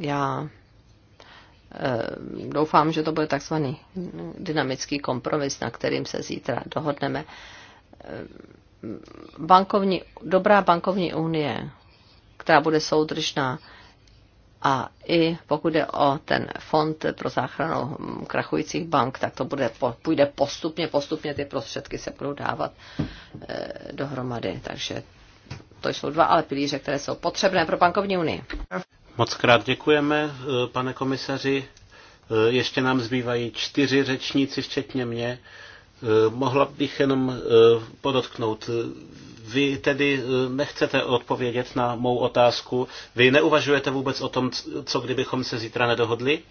já eh, doufám, že to bude takzvaný dynamický kompromis, na kterým se zítra dohodneme. Eh, bankovní, dobrá bankovní unie, která bude soudržná, a i pokud jde o ten fond pro záchranu krachujících bank, tak to bude, půjde postupně, postupně ty prostředky se budou dávat eh, dohromady. Takže to jsou dva ale pilíře, které jsou potřebné pro bankovní unii. Moc krát děkujeme, eh, pane komisaři. Eh, ještě nám zbývají čtyři řečníci, včetně mě. Eh, mohla bych jenom eh, podotknout, eh, vy tedy nechcete odpovědět na mou otázku. Vy neuvažujete vůbec o tom, co kdybychom se zítra nedohodli?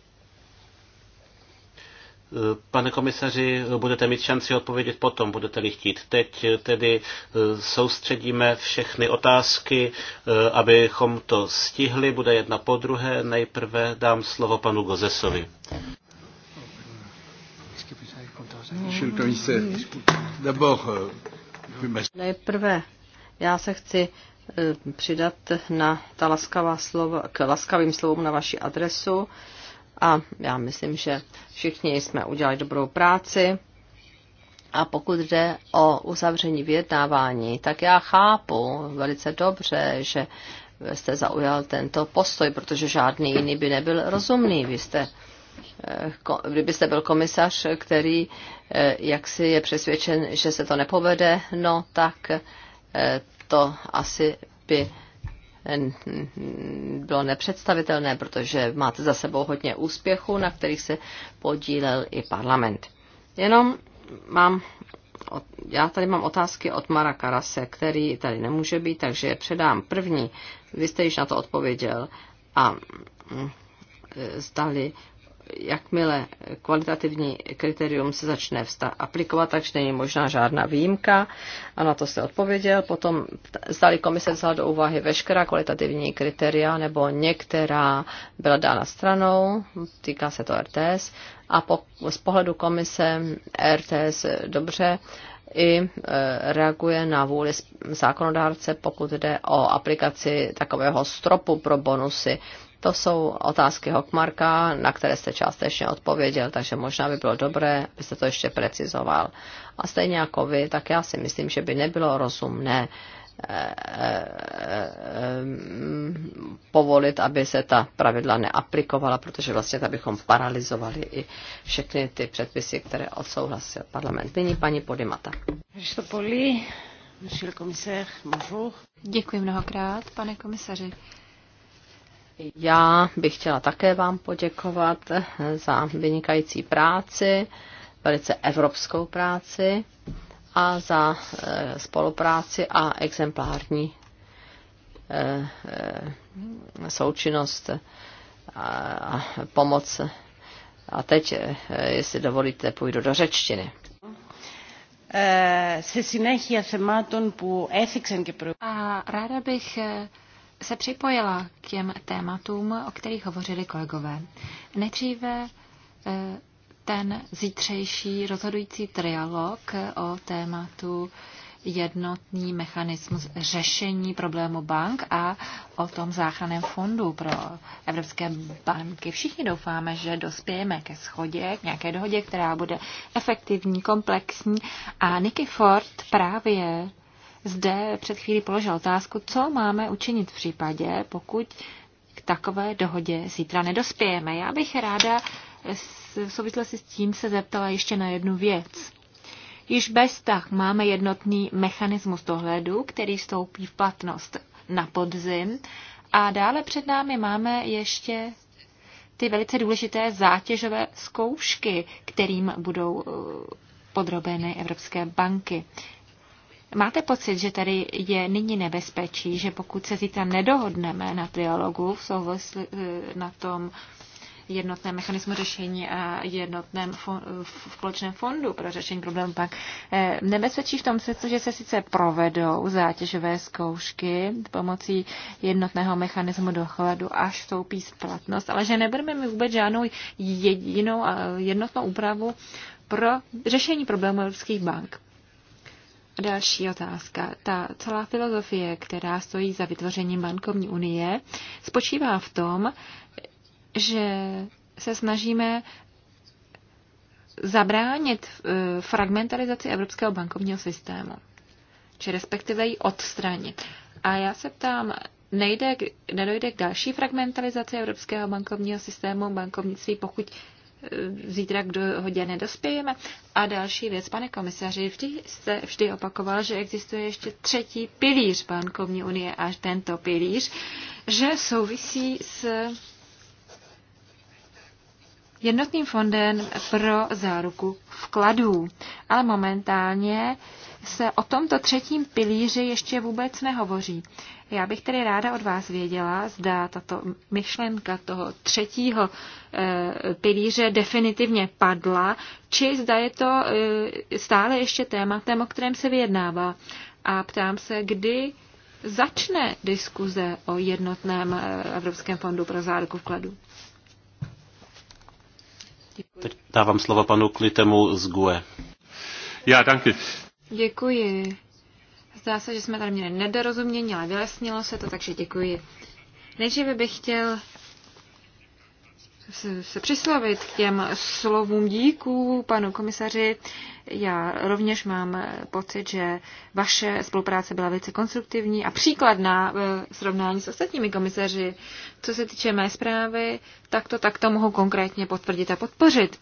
Pane komisaři, budete mít šanci odpovědět potom, budete-li chtít. Teď tedy soustředíme všechny otázky, abychom to stihli. Bude jedna po druhé. Nejprve dám slovo panu Gozesovi. Eh, Nejprve já se chci eh, přidat na ta laskavá slova, k laskavým slovům na vaši adresu a já myslím, že všichni jsme udělali dobrou práci. A pokud jde o uzavření vyjednávání, tak já chápu velice dobře, že jste zaujal tento postoj, protože žádný jiný by nebyl rozumný. Vy jste kdybyste byl komisař, který eh, jaksi je přesvědčen, že se to nepovede, no tak eh, to asi by bylo nepředstavitelné, protože máte za sebou hodně úspěchů, na kterých se podílel i parlament. Jenom mám, já tady mám otázky od Mara Karase, který tady nemůže být, takže je předám první. Vy jste již na to odpověděl a mm, zdali jakmile kvalitativní kritérium se začne vsta- aplikovat, takže není možná žádná výjimka. A na to jste odpověděl. Potom zdali komise vzala do úvahy veškerá kvalitativní kritéria nebo některá byla dána stranou, týká se to RTS. A po, z pohledu komise RTS dobře i e, reaguje na vůli zákonodárce, pokud jde o aplikaci takového stropu pro bonusy. To jsou otázky Hokmarka, na které jste částečně odpověděl, takže možná by bylo dobré, abyste to ještě precizoval. A stejně jako vy, tak já si myslím, že by nebylo rozumné eh, eh, eh, povolit, aby se ta pravidla neaplikovala, protože vlastně tak bychom paralizovali i všechny ty předpisy, které odsouhlasil parlament. Nyní paní Podimata. Děkuji mnohokrát, pane komisaři. Já bych chtěla také vám poděkovat za vynikající práci, velice evropskou práci a za eh, spolupráci a exemplární eh, eh, součinnost a pomoc. A teď, jestli dovolíte, půjdu do řečtiny. Se Ráda bych se připojila k těm tématům, o kterých hovořili kolegové. Nejdříve e, ten zítřejší rozhodující trialog o tématu jednotný mechanismus řešení problému bank a o tom záchranném fondu pro evropské banky. Všichni doufáme, že dospějeme ke schodě, k nějaké dohodě, která bude efektivní, komplexní. A Nicky Ford právě zde před chvílí položil otázku, co máme učinit v případě, pokud k takové dohodě zítra nedospějeme. Já bych ráda v souvislosti s tím se zeptala ještě na jednu věc. Již bez tak máme jednotný mechanismus dohledu, který vstoupí v platnost na podzim a dále před námi máme ještě ty velice důležité zátěžové zkoušky, kterým budou eh, podrobeny evropské banky. Máte pocit, že tady je nyní nebezpečí, že pokud se zítra nedohodneme na dialogu v souvislosti eh, na tom jednotném mechanismu řešení a jednotném v eh, společném fondu pro řešení problémů, pak eh, nebezpečí v tom smyslu, že se sice provedou zátěžové zkoušky pomocí jednotného mechanismu dochladu až vstoupí splatnost, ale že nebudeme mít vůbec žádnou jedinou jednotnou úpravu pro řešení problémů evropských bank. Další otázka. Ta celá filozofie, která stojí za vytvořením bankovní unie, spočívá v tom, že se snažíme zabránit eh, fragmentalizaci evropského bankovního systému, či respektive ji odstranit. A já se ptám, nejde, nedojde k další fragmentalizaci evropského bankovního systému, bankovnictví, pokud zítra k dohodě nedospějeme. A další věc, pane komisaři, vždy jste vždy opakoval, že existuje ještě třetí pilíř bankovní unie až tento pilíř, že souvisí s jednotným fondem pro záruku vkladů. Ale momentálně se o tomto třetím pilíři ještě vůbec nehovoří. Já bych tedy ráda od vás věděla, zda tato myšlenka toho třetího eh, pilíře definitivně padla, či zda je to eh, stále ještě tématem, o kterém se vyjednává. A ptám se, kdy začne diskuze o jednotném eh, Evropském fondu pro záruku vkladů. Teď dávám slovo panu Klitemu z GUE. Já, danke. Děkuji. Zdá se, že jsme tady měli nedorozumění, ale vylesnilo se to, takže děkuji. Nejdříve bych chtěl se přislavit k těm slovům díků panu komisaři. Já rovněž mám pocit, že vaše spolupráce byla velice konstruktivní a příkladná v srovnání s ostatními komisaři. Co se týče mé zprávy, tak to takto mohu konkrétně potvrdit a podpořit.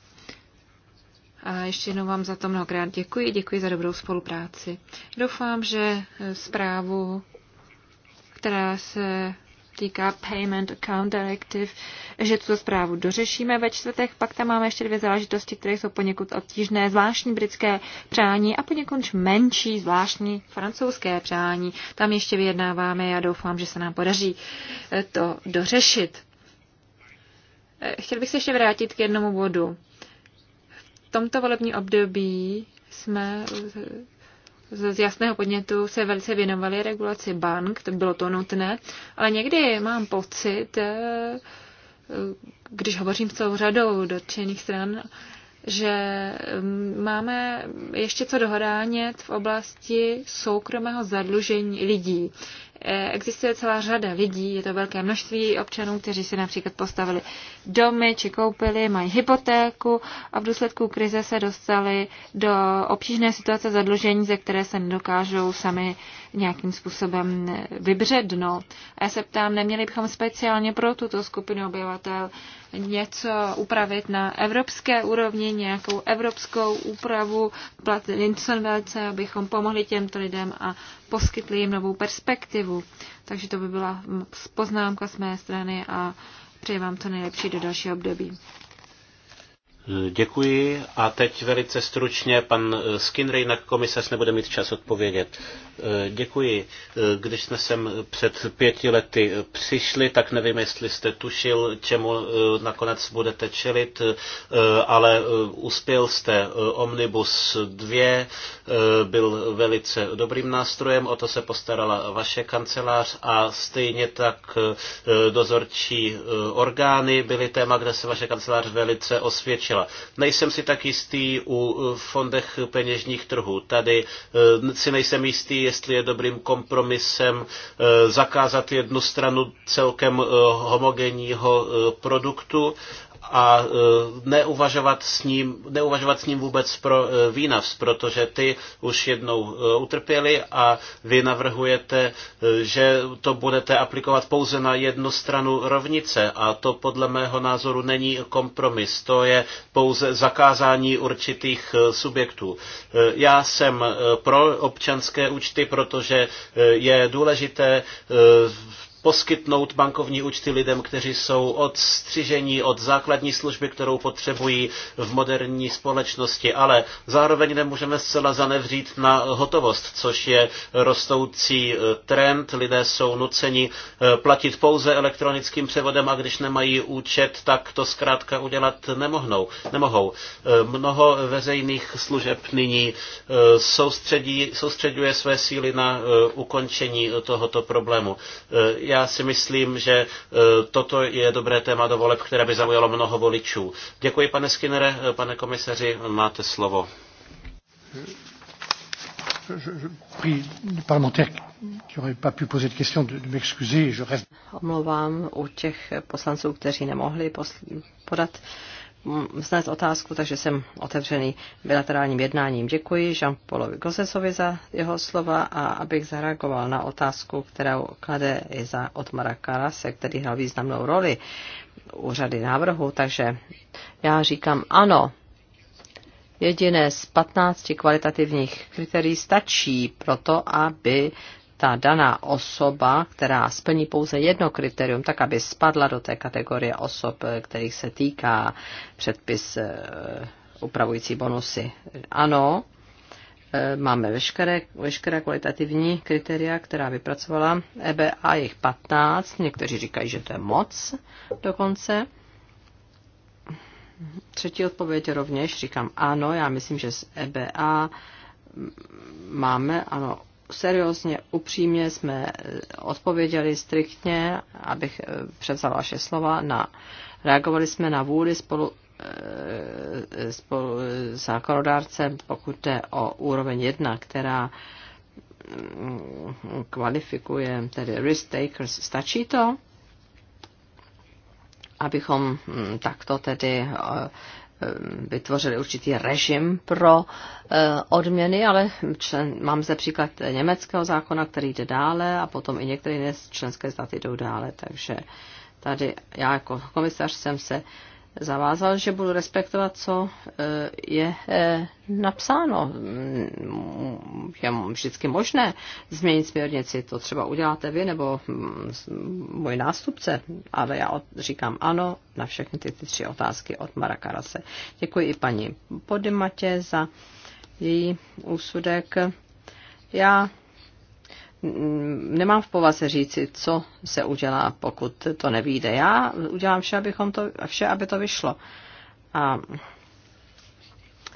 A ještě jednou vám za to mnohokrát děkuji. Děkuji za dobrou spolupráci. Doufám, že zprávu, která se týká Payment Account Directive, že tuto zprávu dořešíme ve čtvrtek. Pak tam máme ještě dvě záležitosti, které jsou poněkud obtížné. Zvláštní britské přání a poněkud menší zvláštní francouzské přání. Tam ještě vyjednáváme. Já doufám, že se nám podaří eh, to dořešit. Eh, chtěl bych se ještě vrátit k jednomu bodu. V tomto volební období jsme eh, z jasného podnětu se velice věnovali regulaci bank, to bylo to nutné, ale někdy mám pocit, eh, když hovořím s celou řadou dotčených stran, že mm, máme ještě co dohodánět v oblasti soukromého zadlužení lidí existuje celá řada lidí, je to velké množství občanů, kteří si například postavili domy či koupili, mají hypotéku a v důsledku krize se dostali do obtížné situace zadlužení, ze které se nedokážou sami nějakým způsobem vybřednout. A já se ptám, neměli bychom speciálně pro tuto skupinu obyvatel něco upravit na evropské úrovni, nějakou evropskou úpravu plat insolvence, abychom pomohli těmto lidem a poskytli jim novou perspektivu. Takže to by byla poznámka z mé strany a přeji vám to nejlepší do dalšího období. Děkuji a teď velice stručně pan Skinner, jinak komisař nebude mít čas odpovědět. Děkuji. Když jsme sem před pěti lety přišli, tak nevím, jestli jste tušil, čemu nakonec budete čelit, ale uspěl jste. Omnibus 2 byl velice dobrým nástrojem, o to se postarala vaše kancelář a stejně tak dozorčí orgány byly téma, kde se vaše kancelář velice osvědčila zlepšila. Nejsem si tak jistý u fondech peněžních trhů. Tady eh, si nejsem jistý, jestli je dobrým kompromisem eh, zakázat jednu stranu celkem eh, homogenního produktu a e, neuvažovat s ním, neuvažovat s ním vůbec pro e, výnavs, protože ty už jednou e, utrpěli a vy navrhujete, že to budete aplikovat pouze na jednu stranu rovnice a to podle mého názoru není kompromis, to je pouze zakázání určitých subjektů. Já jsem pro občanské účty, protože je důležité poskytnout bankovní účty lidem, kteří jsou odstřiženi od základní služby, kterou potřebují v moderní společnosti, ale zároveň nemůžeme zcela zanevřít na hotovost, což je rostoucí eh, trend. Lidé jsou nuceni eh, platit pouze elektronickým převodem a když nemají účet, tak to zkrátka udělat nemohnou, nemohou. Eh, mnoho veřejných služeb nyní soustředí, soustředuje své síly na ukončení tohoto problému. Já já si myslím, že e, toto je dobré téma do voleb, které by zaujalo mnoho voličů. Děkuji, pane Skinnere, e, pane komisaři, máte slovo. Omlouvám u těch poslanců, kteří nemohli podat vznést otázku, takže jsem otevřený bilaterálním jednáním. Děkuji Jean-Paulovi Gosesovi za jeho slova a abych zareagoval na otázku, kterou klade i za Otmara Karase, který hrál významnou roli u řady návrhu, takže já říkám ano, jediné z 15 kvalitativních kritérií stačí pro to, aby ta daná osoba, která splní pouze jedno kritérium, tak aby spadla do té kategorie osob, eh, kterých se týká předpis eh, upravující bonusy. Ano, eh, máme veškeré, veškeré kvalitativní kritéria, která vypracovala EBA, jich 15, někteří říkají, že to je moc dokonce. Třetí odpověď rovněž, říkám ano, já myslím, že z EBA máme, ano, seriózně, upřímně jsme eh, odpověděli striktně, abych eh, převzal vaše slova, na, reagovali jsme na vůli spolu, eh, spolu zákonodárce, pokud jde o úroveň 1, která mm, kvalifikuje tedy risk takers. Stačí to? abychom mm, takto tedy Eh, vytvořili určitý režim pro eh, odměny, ale člen, mám zde příklad německého zákona, který jde dále a potom i některé jiné členské státy jdou dále, takže tady já jako komisař jsem se zavázal, že budu respektovat, co eh, je eh, napsáno. Mm, je vždycky možné změnit směrnici, to třeba uděláte vy nebo mm, můj nástupce, ale já říkám ano na všechny ty, ty tři otázky od Mara Karase. Děkuji i paní Podimatě za její úsudek. Já Mm, nemám v povaze říci, co se udělá, pokud to nevíde. Já udělám vše, abychom to, vše aby to vyšlo. A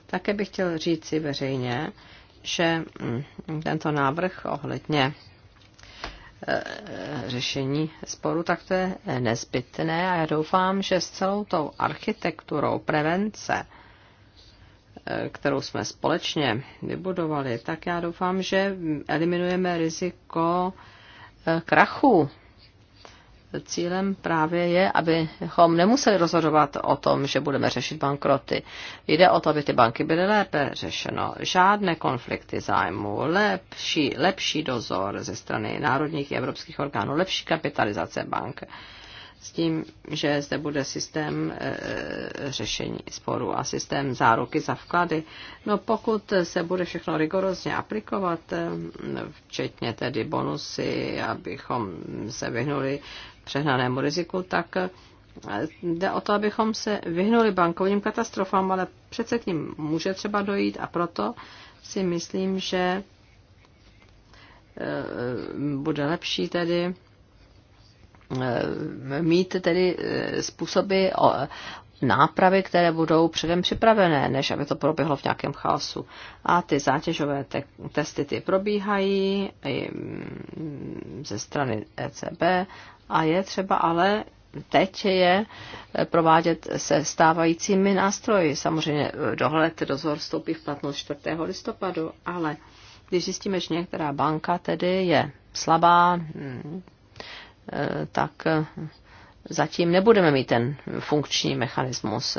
také bych chtěl říci veřejně, že mm, tento návrh ohledně eh, řešení sporu, tak to je nezbytné a já doufám, že s celou tou architekturou prevence Eh, kterou jsme společně vybudovali, tak já doufám, že eliminujeme riziko eh, krachu. Cílem právě je, abychom nemuseli rozhodovat o tom, že budeme řešit bankroty. Jde o to, aby ty banky byly lépe řešeno. Žádné konflikty zájmu, lepší, lepší dozor ze strany národních i evropských orgánů, lepší kapitalizace bank s tím, že zde bude systém e, řešení sporu a systém záruky za vklady. No pokud se bude všechno rigorozně aplikovat, e, včetně tedy bonusy, abychom se vyhnuli přehnanému riziku, tak e, jde o to, abychom se vyhnuli bankovním katastrofám, ale přece k ním může třeba dojít a proto si myslím, že bude lepší tedy mít tedy e, způsoby nápravy, které budou předem připravené, než aby to proběhlo v nějakém chaosu. A ty zátěžové te- testy ty probíhají mm, ze strany ECB a je třeba ale teď je e, provádět se stávajícími nástroji. Samozřejmě e, dohled, dozor vstoupí v platnost 4. listopadu, ale když zjistíme, že některá banka tedy je slabá, hmm, tak zatím nebudeme mít ten funkční mechanismus.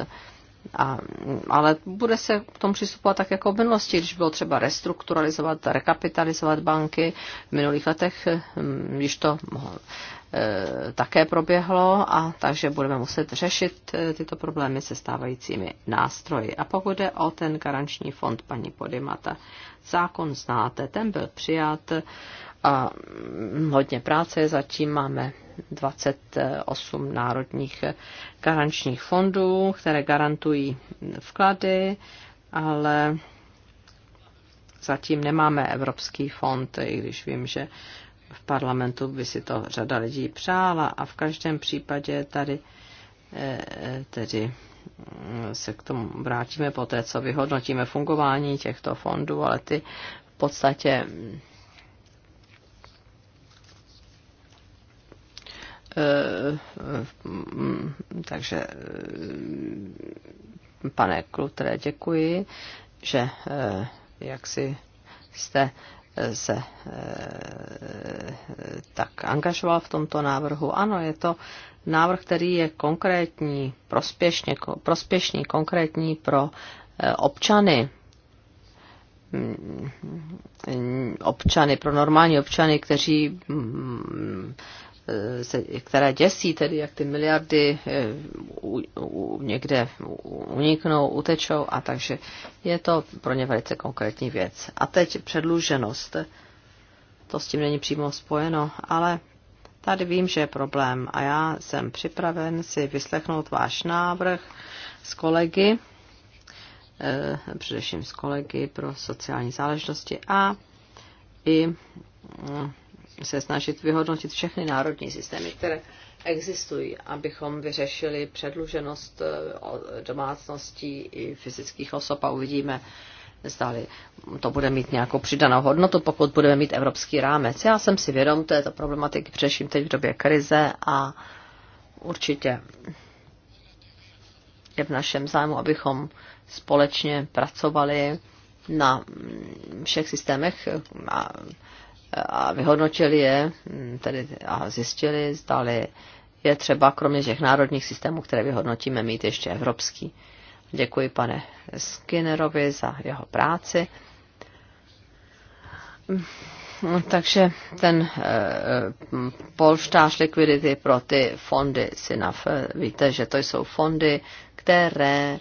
A, ale bude se k tomu přistupovat tak jako v minulosti, když bylo třeba restrukturalizovat, rekapitalizovat banky. V minulých letech hm, již to e, také proběhlo a takže budeme muset řešit eh, tyto problémy se stávajícími nástroji. A pokud jde o ten garanční fond paní Podimata, zákon znáte, ten byl přijat a hodně práce. Zatím máme 28 národních garančních fondů, které garantují vklady, ale zatím nemáme Evropský fond, i když vím, že v parlamentu by si to řada lidí přála a v každém případě tady eh, tedy eh, se k tomu vrátíme po té, co vyhodnotíme fungování těchto fondů, ale ty v podstatě Eh, takže eh, pane Klutre, děkuji, že eh, jak si jste se tak angažoval v tomto návrhu. Ano, je to návrh, který je konkrétní, prospěšně, prospěšný, konkrétní pro občany, mm, občany, pro normální občany, kteří mm, Eh, které děsí, tedy jak ty miliardy eh, někde uniknou, utečou a takže je to pro ně velice konkrétní věc. A teď předluženost. To s tím není přímo spojeno, ale tady vím, že je problém a já jsem připraven si vyslechnout váš návrh s kolegy, eh, především s kolegy pro sociální záležitosti a i mm, se snažit vyhodnotit všechny národní systémy, které existují, abychom vyřešili předluženost eh, domácností i fyzických osob a uvidíme, zdali to bude mít nějakou přidanou hodnotu, pokud budeme mít evropský rámec. Já jsem si vědom této problematiky, především teď v době krize a určitě je v našem zájmu, abychom společně pracovali na mm, všech systémech a a vyhodnotili je mm, tedy a zjistili, zdali je třeba kromě těch národních systémů, které vyhodnotíme, mít ještě evropský. Děkuji pane Skinnerovi za jeho práci. Mm, takže ten eh, eh, polštář likvidity pro ty fondy SINAF, eh, víte, že to jsou fondy, které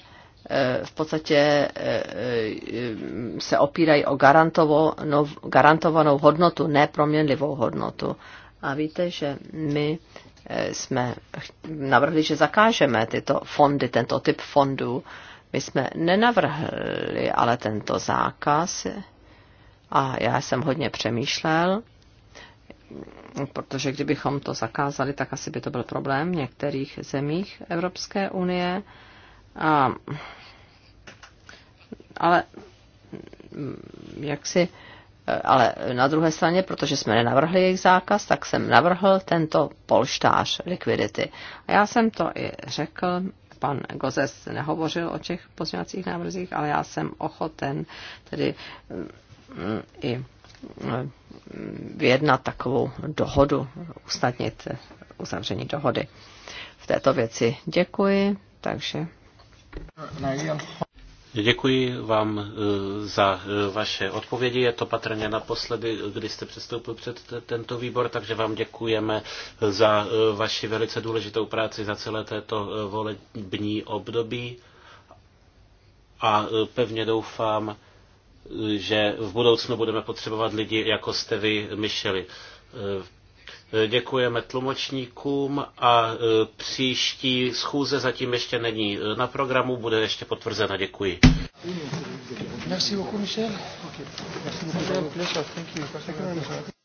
Eh, v podstatě eh, eh, se opírají o garantovanou hodnotu, ne proměnlivou hodnotu. A víte, že my jsme navrhli, že zakážeme tyto fondy, tento typ fondů. My jsme nenavrhli ale tento zákaz a já jsem hodně přemýšlel, protože kdybychom to zakázali, tak asi by to byl problém v některých zemích Evropské unie. A ale mm, jak si ale na druhé straně, protože jsme nenavrhli jejich zákaz, tak jsem navrhl tento polštář likvidity. A já jsem to i řekl, pan Gozes nehovořil o těch pozměňovacích návrzích, ale já jsem ochoten tedy mm, i mm, vyjednat takovou dohodu, usnadnit uzavření dohody. V této věci děkuji, takže... Děkuji vám eh, za eh, vaše odpovědi. Je to patrně naposledy, kdy jste přestoupil před tento výbor, takže vám děkujeme eh, za vaši velice důležitou práci za celé této volební období a pevně doufám, že v budoucnu budeme potřebovat lidi, jako jste vy, Micheli. Děkujeme tlumočníkům a e, příští schůze zatím ještě není e, na programu, bude ještě potvrzena. Děkuji. Merci beaucoup, Michel. Okay. Merci beaucoup.